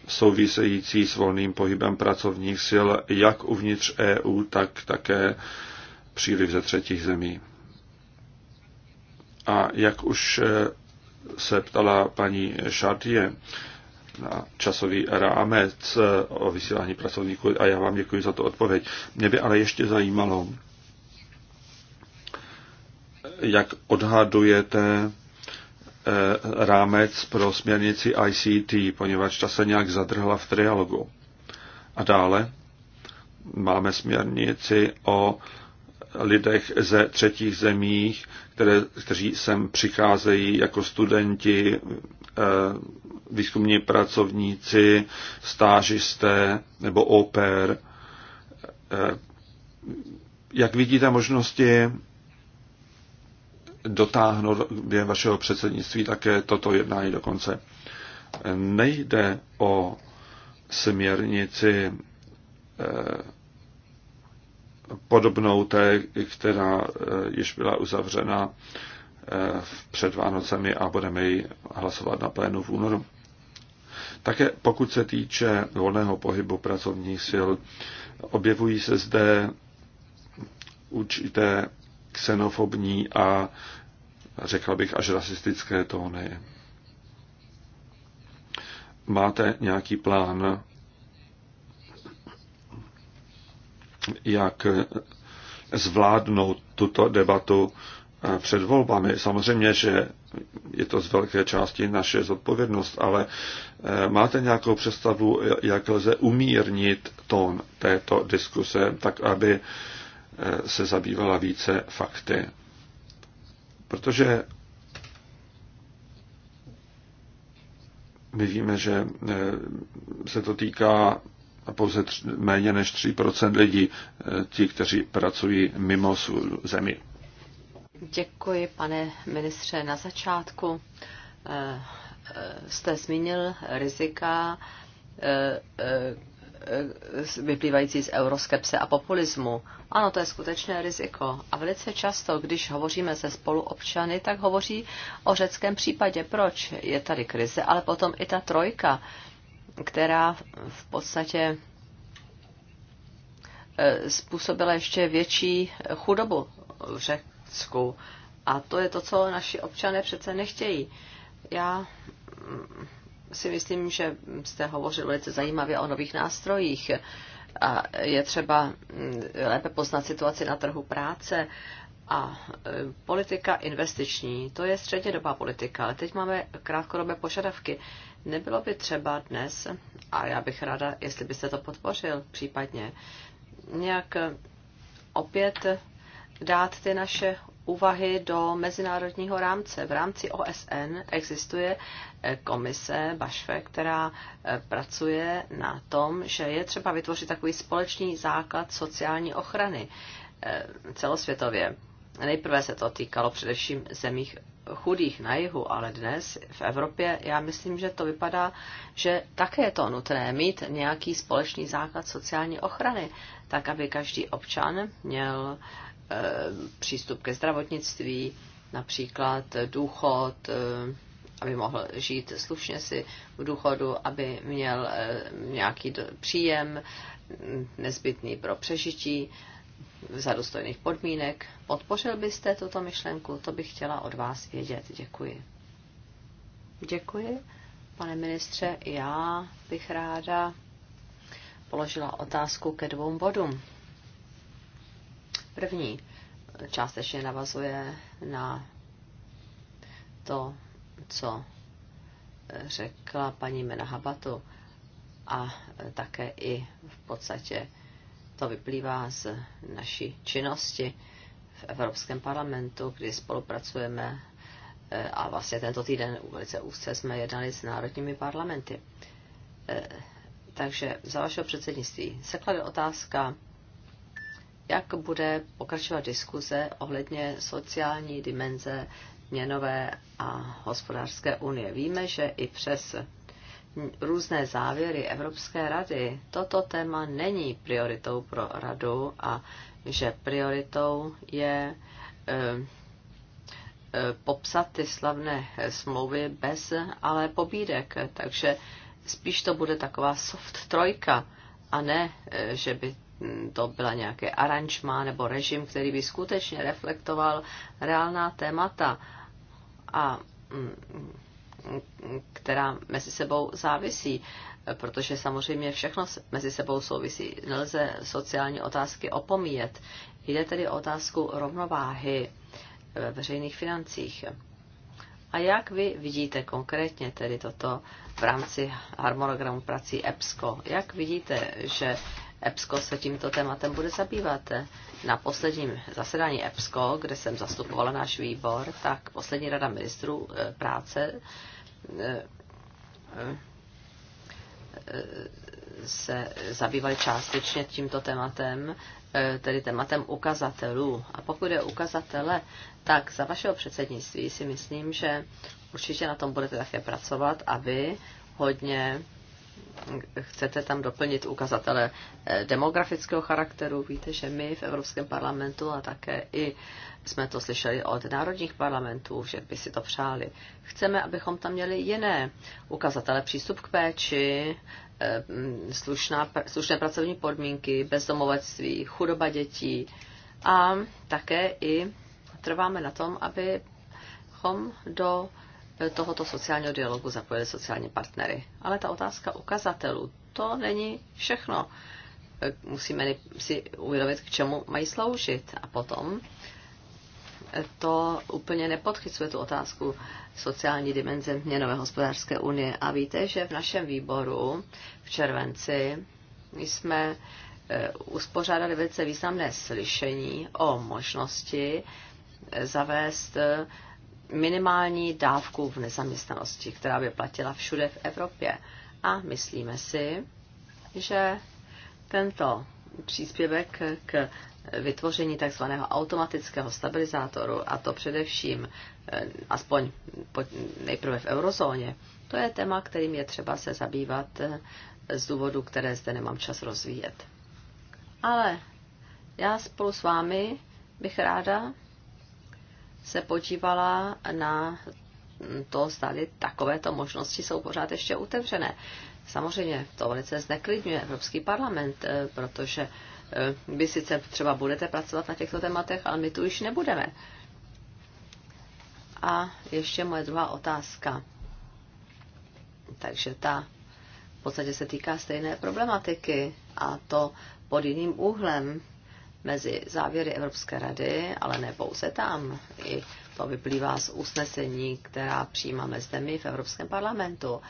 související s volným pohybem pracovních sil jak uvnitř EU, tak také příliv ze třetích zemí. A jak už eh, se ptala paní Chartier na časový rámec eh, o vysílání pracovníků a já vám děkuji za tu odpověď. Mě by ale ještě zajímalo, jak odhadujete Eh, rámec pro směrnici ICT, poněvadž ta se nějak zadrhla v trialogu. A dále máme směrnici o lidech ze třetích zemích, které, kteří sem přicházejí jako studenti, eh, výzkumní pracovníci, stážisté nebo au pair. Eh, jak vidíte možnosti dotáhnout během vašeho předsednictví také toto jednání do konce. Nejde o směrnici eh, podobnou té, která eh, již byla uzavřena eh, před Vánocemi a budeme ji hlasovat na plénu v únoru. Také pokud se týče volného pohybu pracovních sil, objevují se zde určité ksenofobní a řekla bych, až rasistické tóny. Máte nějaký plán, jak zvládnout tuto debatu eh, před volbami. Samozřejmě, že je to z velké části naše zodpovědnost, ale eh, máte nějakou představu, jak lze umírnit tón této diskuse, tak aby eh, se zabývala více fakty. Protože my víme, že eh, se to týká pouze tři, méně než 3% lidí, eh, ti, kteří pracují mimo svou zemi. Děkuji, pane ministře. Na začátku eh, jste zmínil rizika, vyplývající z euroskepse a populismu. Ano, to je skutečné riziko. A velice často, když hovoříme se spoluobčany, tak hovoří o řeckém případě. Proč? Je tady krize, ale potom i ta trojka, která v podstatě e, způsobila ještě větší chudobu v Řecku. A to je to, co naši občané přece nechtějí. Já si myslím, že jste hovořil velice zajímavě o nových nástrojích a je třeba mm, lépe poznat situaci na trhu práce a e, politika investiční, to je střednědobá politika, ale teď máme krátkodobé požadavky. Nebylo by třeba dnes, a já bych ráda, jestli byste to podpořil případně, nějak opět dát ty naše úvahy do mezinárodního rámce. V rámci OSN existuje eh, komise Bašve, která eh, pracuje na tom, že je třeba vytvořit takový společný základ sociální ochrany eh, celosvětově. Nejprve se to týkalo především zemích chudých na jihu, ale dnes v Evropě já myslím, že to vypadá, že také je to nutné mít nějaký společný základ sociální ochrany, tak aby každý občan měl eh, Eh, přístup ke zdravotnictví, například důchod, eh, aby mohl žít slušně si v důchodu, aby měl eh, nějaký příjem nezbytný pro přežití za dostojných podmínek. Podpořil byste tuto myšlenku? To bych chtěla od vás vědět. Děkuji. Děkuji. Pane ministře, já bych ráda položila otázku ke dvou bodům. První částečně navazuje na to, co eh, řekla paní Menahabatu a eh, také i v podstatě to vyplývá z naší činnosti v Evropském parlamentu, kdy spolupracujeme eh, a vlastně tento týden velice úzce jsme jednali s národními parlamenty. Takže za vašeho předsednictví se klade otázka, jak bude pokračovat diskuze ohledně sociální dimenze měnové a hospodářské unie. Víme, že i přes různé závěry Evropské rady toto téma není prioritou pro radu a že prioritou je eh, eh, popsat ty slavné smlouvy bez ale pobídek. Takže spíš to bude taková soft trojka a ne, eh, že by to byla nějaké aranžma nebo režim, který by skutečně reflektoval reálná témata a mm, která mezi sebou závisí, protože samozřejmě všechno mezi sebou souvisí. Nelze sociální otázky opomíjet. Jde tedy o otázku rovnováhy ve eh, veřejných financích. A jak vy vidíte konkrétně tedy toto v rámci harmonogramu prací EBSCO? Jak vidíte, že EPSCO se tímto tématem bude zabývat. Na posledním zasedání EPSCO, kde jsem zastupovala náš výbor, tak poslední rada ministrů e, práce e, e, se zabývali částečně tímto tématem, tedy tématem ukazatelů. A pokud je ukazatele, tak za vašeho předsednictví si myslím, že určitě na tom budete také pracovat aby hodně chcete tam doplnit ukazatele eh, demografického charakteru. Víte, že my v Evropském parlamentu a také i jsme to slyšeli od národních parlamentů, že by si to přáli. Chceme, abychom tam měli jiné ukazatele, přístup k péči, eh, slušná, slušné pracovní podmínky, bezdomovectví, chudoba dětí a také i trváme na tom, abychom do tohoto sociálního dialogu zapojili sociální partnery. Ale ta otázka ukazatelů, to není všechno. Musíme si uvědomit, k čemu mají sloužit. A potom to úplně nepodchycuje tu otázku sociální dimenze měnové hospodářské unie. A víte, že v našem výboru v červenci jsme e, uspořádali velice významné slyšení o možnosti zavést e, minimální dávku v nezaměstnanosti, která by platila všude v Evropě. A myslíme si, že tento příspěvek k vytvoření tzv. automatického stabilizátoru, a to především eh, aspoň nejprve v eurozóně, to je téma, kterým je třeba se zabývat eh, z důvodu, které zde nemám čas rozvíjet. Ale já spolu s vámi bych ráda se podívala na to, zdali takovéto možnosti jsou pořád ještě otevřené. Samozřejmě to velice zneklidňuje Evropský parlament, eh, protože eh, vy sice třeba budete pracovat na těchto tématech, ale my tu již nebudeme. A ještě moje druhá otázka. Takže ta v podstatě se týká stejné problematiky a to pod jiným úhlem mezi závěry Evropské rady, ale ne pouze tam. I to vyplývá z usnesení, která přijímáme zde my v Evropském parlamentu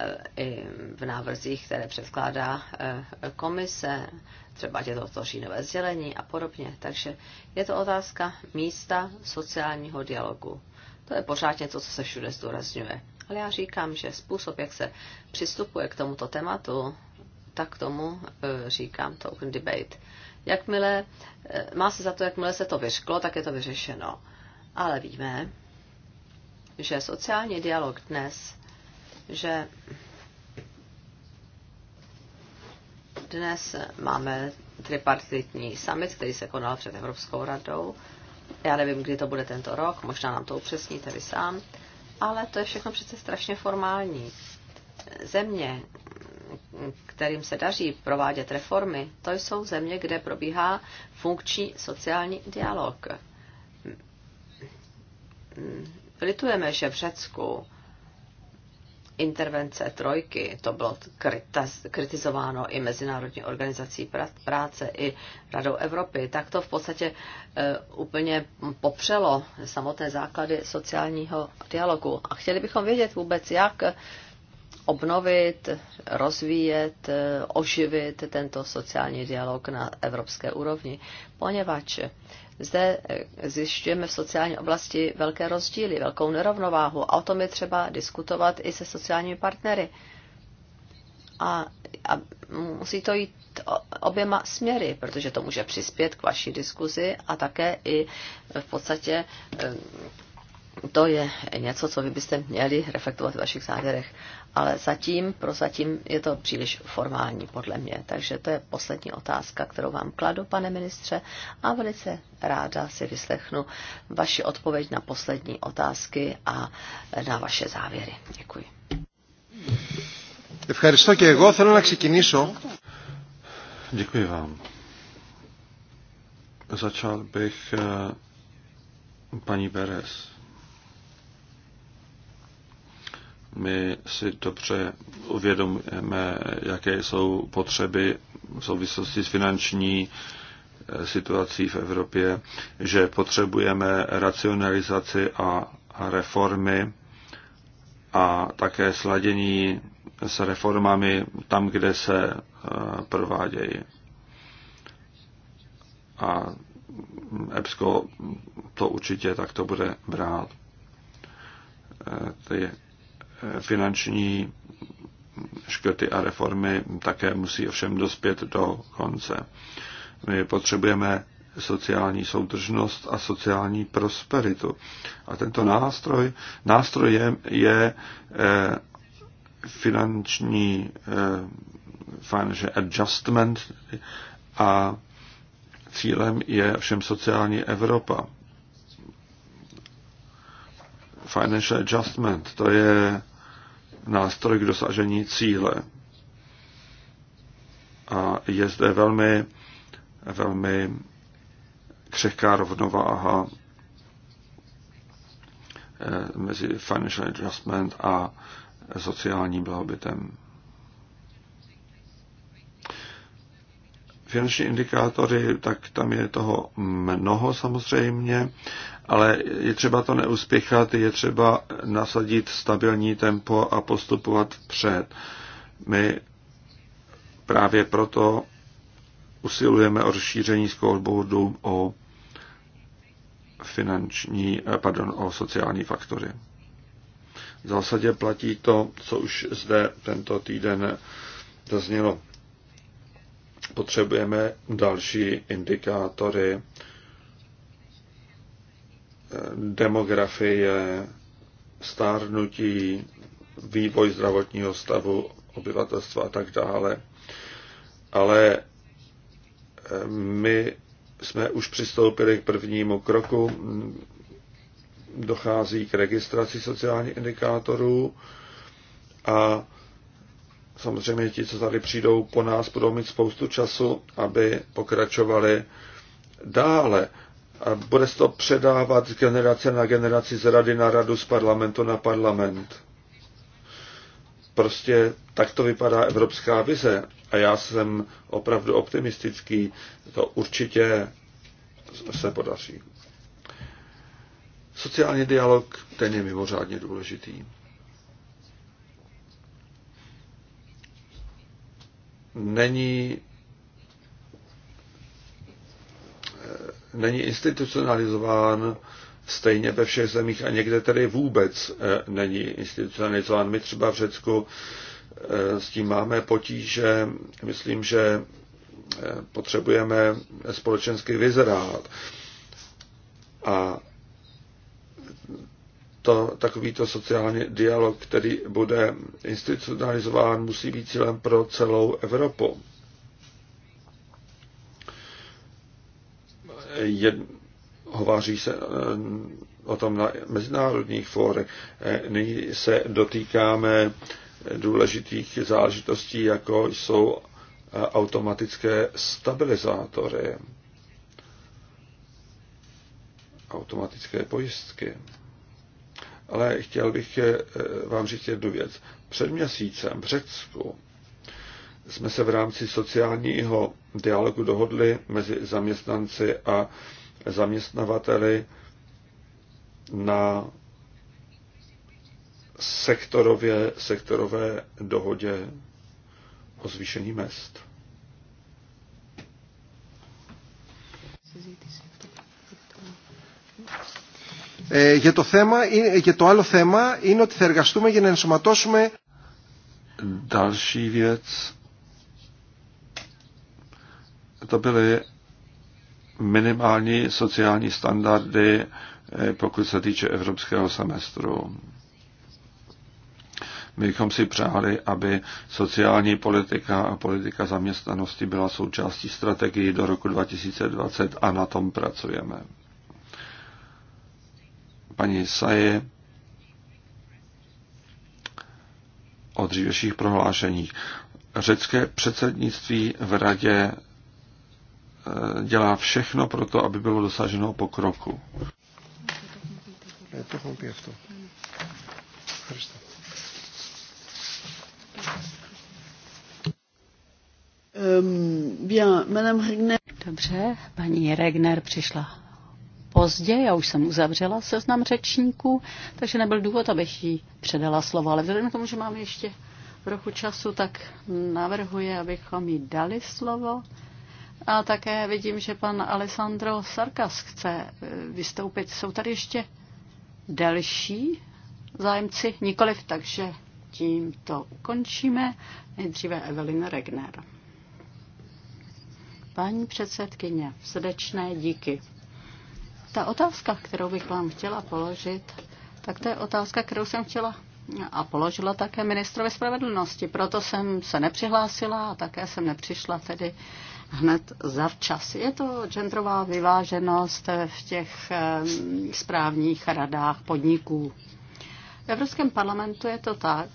eh, i v návrzích, které předkládá eh, komise, třeba je to to říjnové sdělení a podobně. Takže je to otázka místa sociálního dialogu. To je pořád něco, co se všude zdůrazňuje. Ale já říkám, že způsob, jak se přistupuje k tomuto tématu, tak tomu eh, říkám token debate jakmile, eh, má se za to, jakmile se to vyřklo, tak je to vyřešeno. Ale víme, že sociální dialog dnes, že dnes máme tripartitní summit, který se konal před Evropskou radou. Já nevím, kdy to bude tento rok, možná nám to upřesníte vy sám, ale to je všechno přece strašně formální. Země, kterým se daří provádět reformy, to jsou země, kde probíhá funkční sociální dialog. Litujeme, že v Řecku intervence trojky, to bylo kritizováno i Mezinárodní organizací práce, i Radou Evropy, tak to v podstatě eh, úplně popřelo samotné základy sociálního dialogu. A chtěli bychom vědět vůbec, jak obnovit, rozvíjet, oživit tento sociální dialog na evropské úrovni, poněvadž zde zjišťujeme v sociální oblasti velké rozdíly, velkou nerovnováhu a o tom je třeba diskutovat i se sociálními partnery. A, a musí to jít oběma směry, protože to může přispět k vaší diskuzi a také i v podstatě eh, to je něco, co vy byste měli reflektovat v vašich závěrech ale zatím, prozatím je to příliš formální podle mě. Takže to je poslední otázka, kterou vám kladu, pane ministře, a velice ráda si vyslechnu vaši odpověď na poslední otázky a na vaše závěry. Děkuji. Děkuji vám. Začal bych eh, paní Beres. My si dobře uvědomujeme, jaké jsou potřeby v souvislosti s finanční eh, situací v Evropě, že potřebujeme racionalizaci a reformy a také sladění s reformami tam, kde se eh, provádějí. A EBSCO to určitě takto bude brát. Eh, ty finanční škrty a reformy také musí ovšem dospět do konce. My potřebujeme sociální soudržnost a sociální prosperitu. A tento nástroj, nástrojem je eh, finanční eh, financial adjustment a cílem je všem sociální Evropa. Financial Adjustment, to je nástroj k dosažení cíle. A je zde velmi, velmi křehká rovnováha eh, mezi financial adjustment a sociálním blahobytem. Finanční indikátory, tak tam je toho mnoho samozřejmě ale je třeba to neuspěchat, je třeba nasadit stabilní tempo a postupovat před. My právě proto usilujeme o rozšíření scoreboardu o finanční, pardon, o sociální faktory. V zásadě platí to, co už zde tento týden zaznělo. Potřebujeme další indikátory demografie, stárnutí, vývoj zdravotního stavu obyvatelstva a tak dále. Ale eh, my jsme už přistoupili k prvnímu kroku. Dochází k registraci sociálních indikátorů a samozřejmě ti, co tady přijdou po nás, budou mít spoustu času, aby pokračovali dále. A bude se to předávat z generace na generaci, z rady na radu, z parlamentu na parlament. Prostě tak to vypadá evropská vize a já jsem opravdu optimistický, to určitě se podaří. Sociální dialog, ten je mimořádně důležitý. Není není institucionalizován stejně ve všech zemích a někde tedy vůbec eh, není institucionalizován. My třeba v Řecku eh, s tím máme potíže. Myslím, že eh, potřebujeme společensky vyzrát. A to, takovýto sociální dialog, který bude institucionalizován, musí být cílem pro celou Evropu. je, hováří se eh, o tom na mezinárodních fórech. Nyní eh, se dotýkáme důležitých záležitostí, jako jsou eh, automatické stabilizátory, automatické pojistky. Ale chtěl bych vám říct jednu věc. Před měsícem v Řecku jsme se v rámci sociálního dialogu dohodli mezi zaměstnanci a zaměstnavateli na sektorově, sektorové dohodě o zvýšení mest. Je to téma, je to το téma, θέμα είναι ότι θα εργαστούμε Další věc to byly minimální sociální standardy, eh, pokud se týče evropského semestru. My bychom si přáli, aby sociální politika a politika zaměstnanosti byla součástí strategii do roku 2020 a na tom pracujeme. Paní Saje o dřívějších prohlášeních. Řecké předsednictví v radě Eh, dělá všechno pro to, aby bylo dosaženo pokroku. Ehm, Dobře, paní Regner přišla pozdě, já už jsem uzavřela seznam řečníků, takže nebyl důvod, abych jí předala slovo, ale vzhledem k tomu, že máme ještě trochu času, tak navrhuje, abychom jí dali slovo a také vidím, že pan Alessandro Sarkas chce e, vystoupit. Jsou tady ještě další zájemci? Nikoliv, takže tím to ukončíme. Nejdříve Evelyn Regner. Paní předsedkyně, srdečné díky. Ta otázka, kterou bych vám chtěla položit, tak to je otázka, kterou jsem chtěla a položila také ministrovi spravedlnosti. Proto jsem se nepřihlásila a také jsem nepřišla tedy hned zavčas. Je to genderová vyváženost v těch správních radách podniků. V Evropském parlamentu je to tak,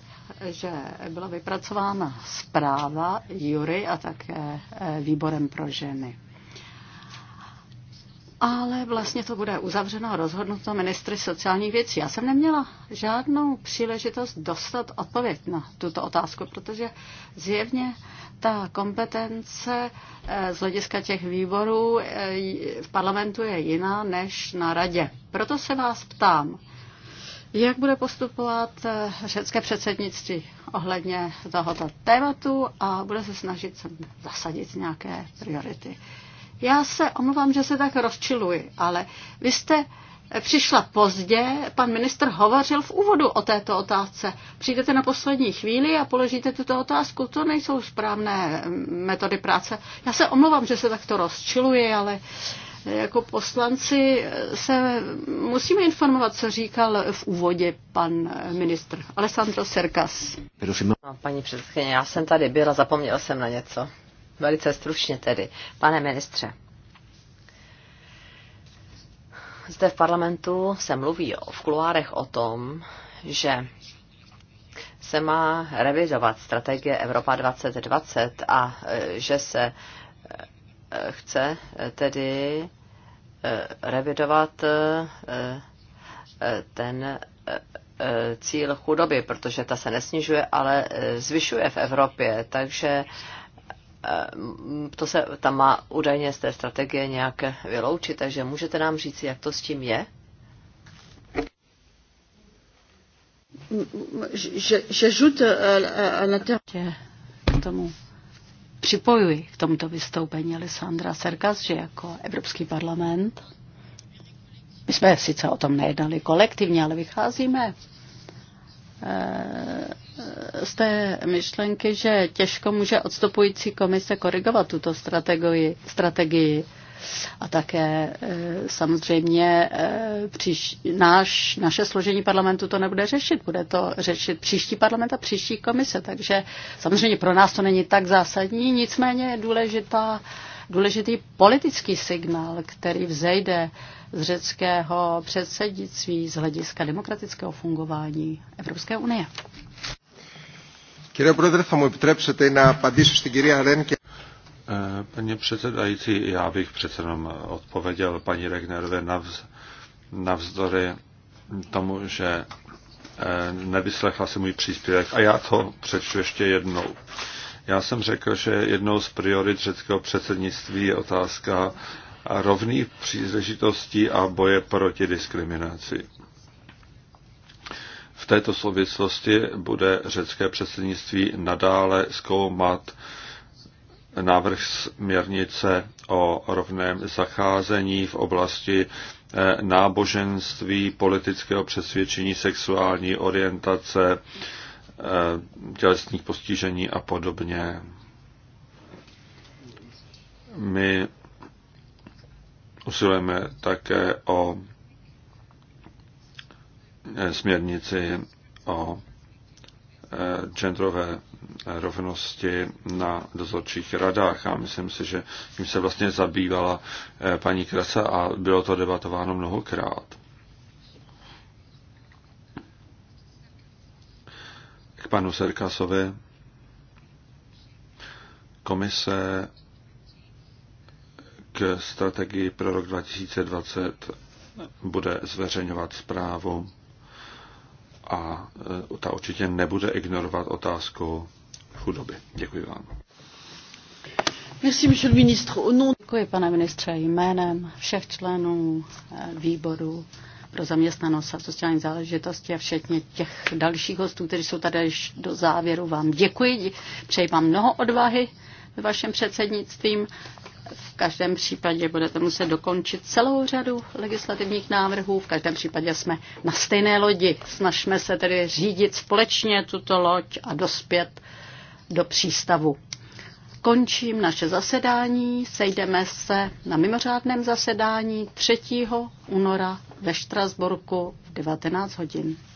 že byla vypracována zpráva Jury a také eh, výborem pro ženy ale vlastně to bude uzavřeno a rozhodnuto ministry sociálních věcí. Já jsem neměla žádnou příležitost dostat odpověď na tuto otázku, protože zjevně ta kompetence eh, z hlediska těch výborů eh, v parlamentu je jiná než na radě. Proto se vás ptám, jak bude postupovat eh, řecké předsednictví ohledně tohoto tématu a bude se snažit sem zasadit nějaké priority. Já se omlouvám, že se tak rozčiluji, ale vy jste přišla pozdě, pan ministr hovořil v úvodu o této otázce. Přijdete na poslední chvíli a položíte tuto otázku, to nejsou správné mm, metody práce. Já se omlouvám, že se takto rozčiluji, ale eh, jako poslanci eh, se musíme informovat, co říkal v úvodě pan eh, ministr Alessandro Serkas. Paní předsedkyně, já jsem tady byla, zapomněl jsem na něco. Velice stručně tedy. Pane ministře, zde v parlamentu se mluví v kuloárech o tom, že se má revizovat strategie Evropa 2020 a e, že se e, chce tedy e, revidovat ten cíl chudoby, protože ta se nesnižuje, ale zvyšuje v Evropě. Takže Eh, to se tam má údajně z té strategie nějak vyloučit, takže můžete nám říct, jak to s tím je? Že eh, eh, k tomu připojuji k tomuto vystoupení Alessandra Serkas, že jako Evropský parlament my jsme sice o tom nejednali kolektivně, ale vycházíme z té myšlenky, že těžko může odstupující komise korigovat tuto strategii. strategii. A také e, samozřejmě e, příš, náš, naše složení parlamentu to nebude řešit. Bude to řešit příští parlament a příští komise. Takže samozřejmě pro nás to není tak zásadní, nicméně je důležitá, důležitý politický signál, který vzejde z řeckého předsednictví z hlediska demokratického fungování Evropské unie. Κύριε Πρόεδρε, θα μου επιτρέψετε να απαντήσω στην κυρία Paní předsedající, já bych přece jenom odpověděl paní Regnerové navz, navzdory tomu, že e, nevyslechla si můj příspěvek. A já to přečtu ještě jednou. Já jsem řekl, že jednou z priorit řeckého předsednictví je otázka rovných příležitostí a boje proti diskriminaci. V této souvislosti bude řecké předsednictví nadále zkoumat návrh směrnice o rovném zacházení v oblasti eh, náboženství, politického přesvědčení, sexuální orientace, eh, tělesných postižení a podobně. My usilujeme také o Eh, směrnici o eh, genderové rovnosti na dozorčích radách a myslím si, že tím se vlastně zabývala eh, paní Krasa a bylo to debatováno mnohokrát. K panu Serkasovi. Komise k strategii pro rok 2020 bude zveřejňovat zprávu a e, ta určitě nebude ignorovat otázku chudoby. Děkuji vám. Děkuji, pane ministře, jménem všech členů e, výboru pro zaměstnanost a sociální záležitosti a všetně těch dalších hostů, kteří jsou tady až do závěru, vám děkuji. Přeji vám mnoho odvahy ve vašem předsednictvím v každém případě budete muset dokončit celou řadu legislativních návrhů. V každém případě jsme na stejné lodi. Snažme se tedy řídit společně tuto loď a dospět do přístavu. Končím naše zasedání. Sejdeme se na mimořádném zasedání 3. února ve Štrasburku v 19 hodin.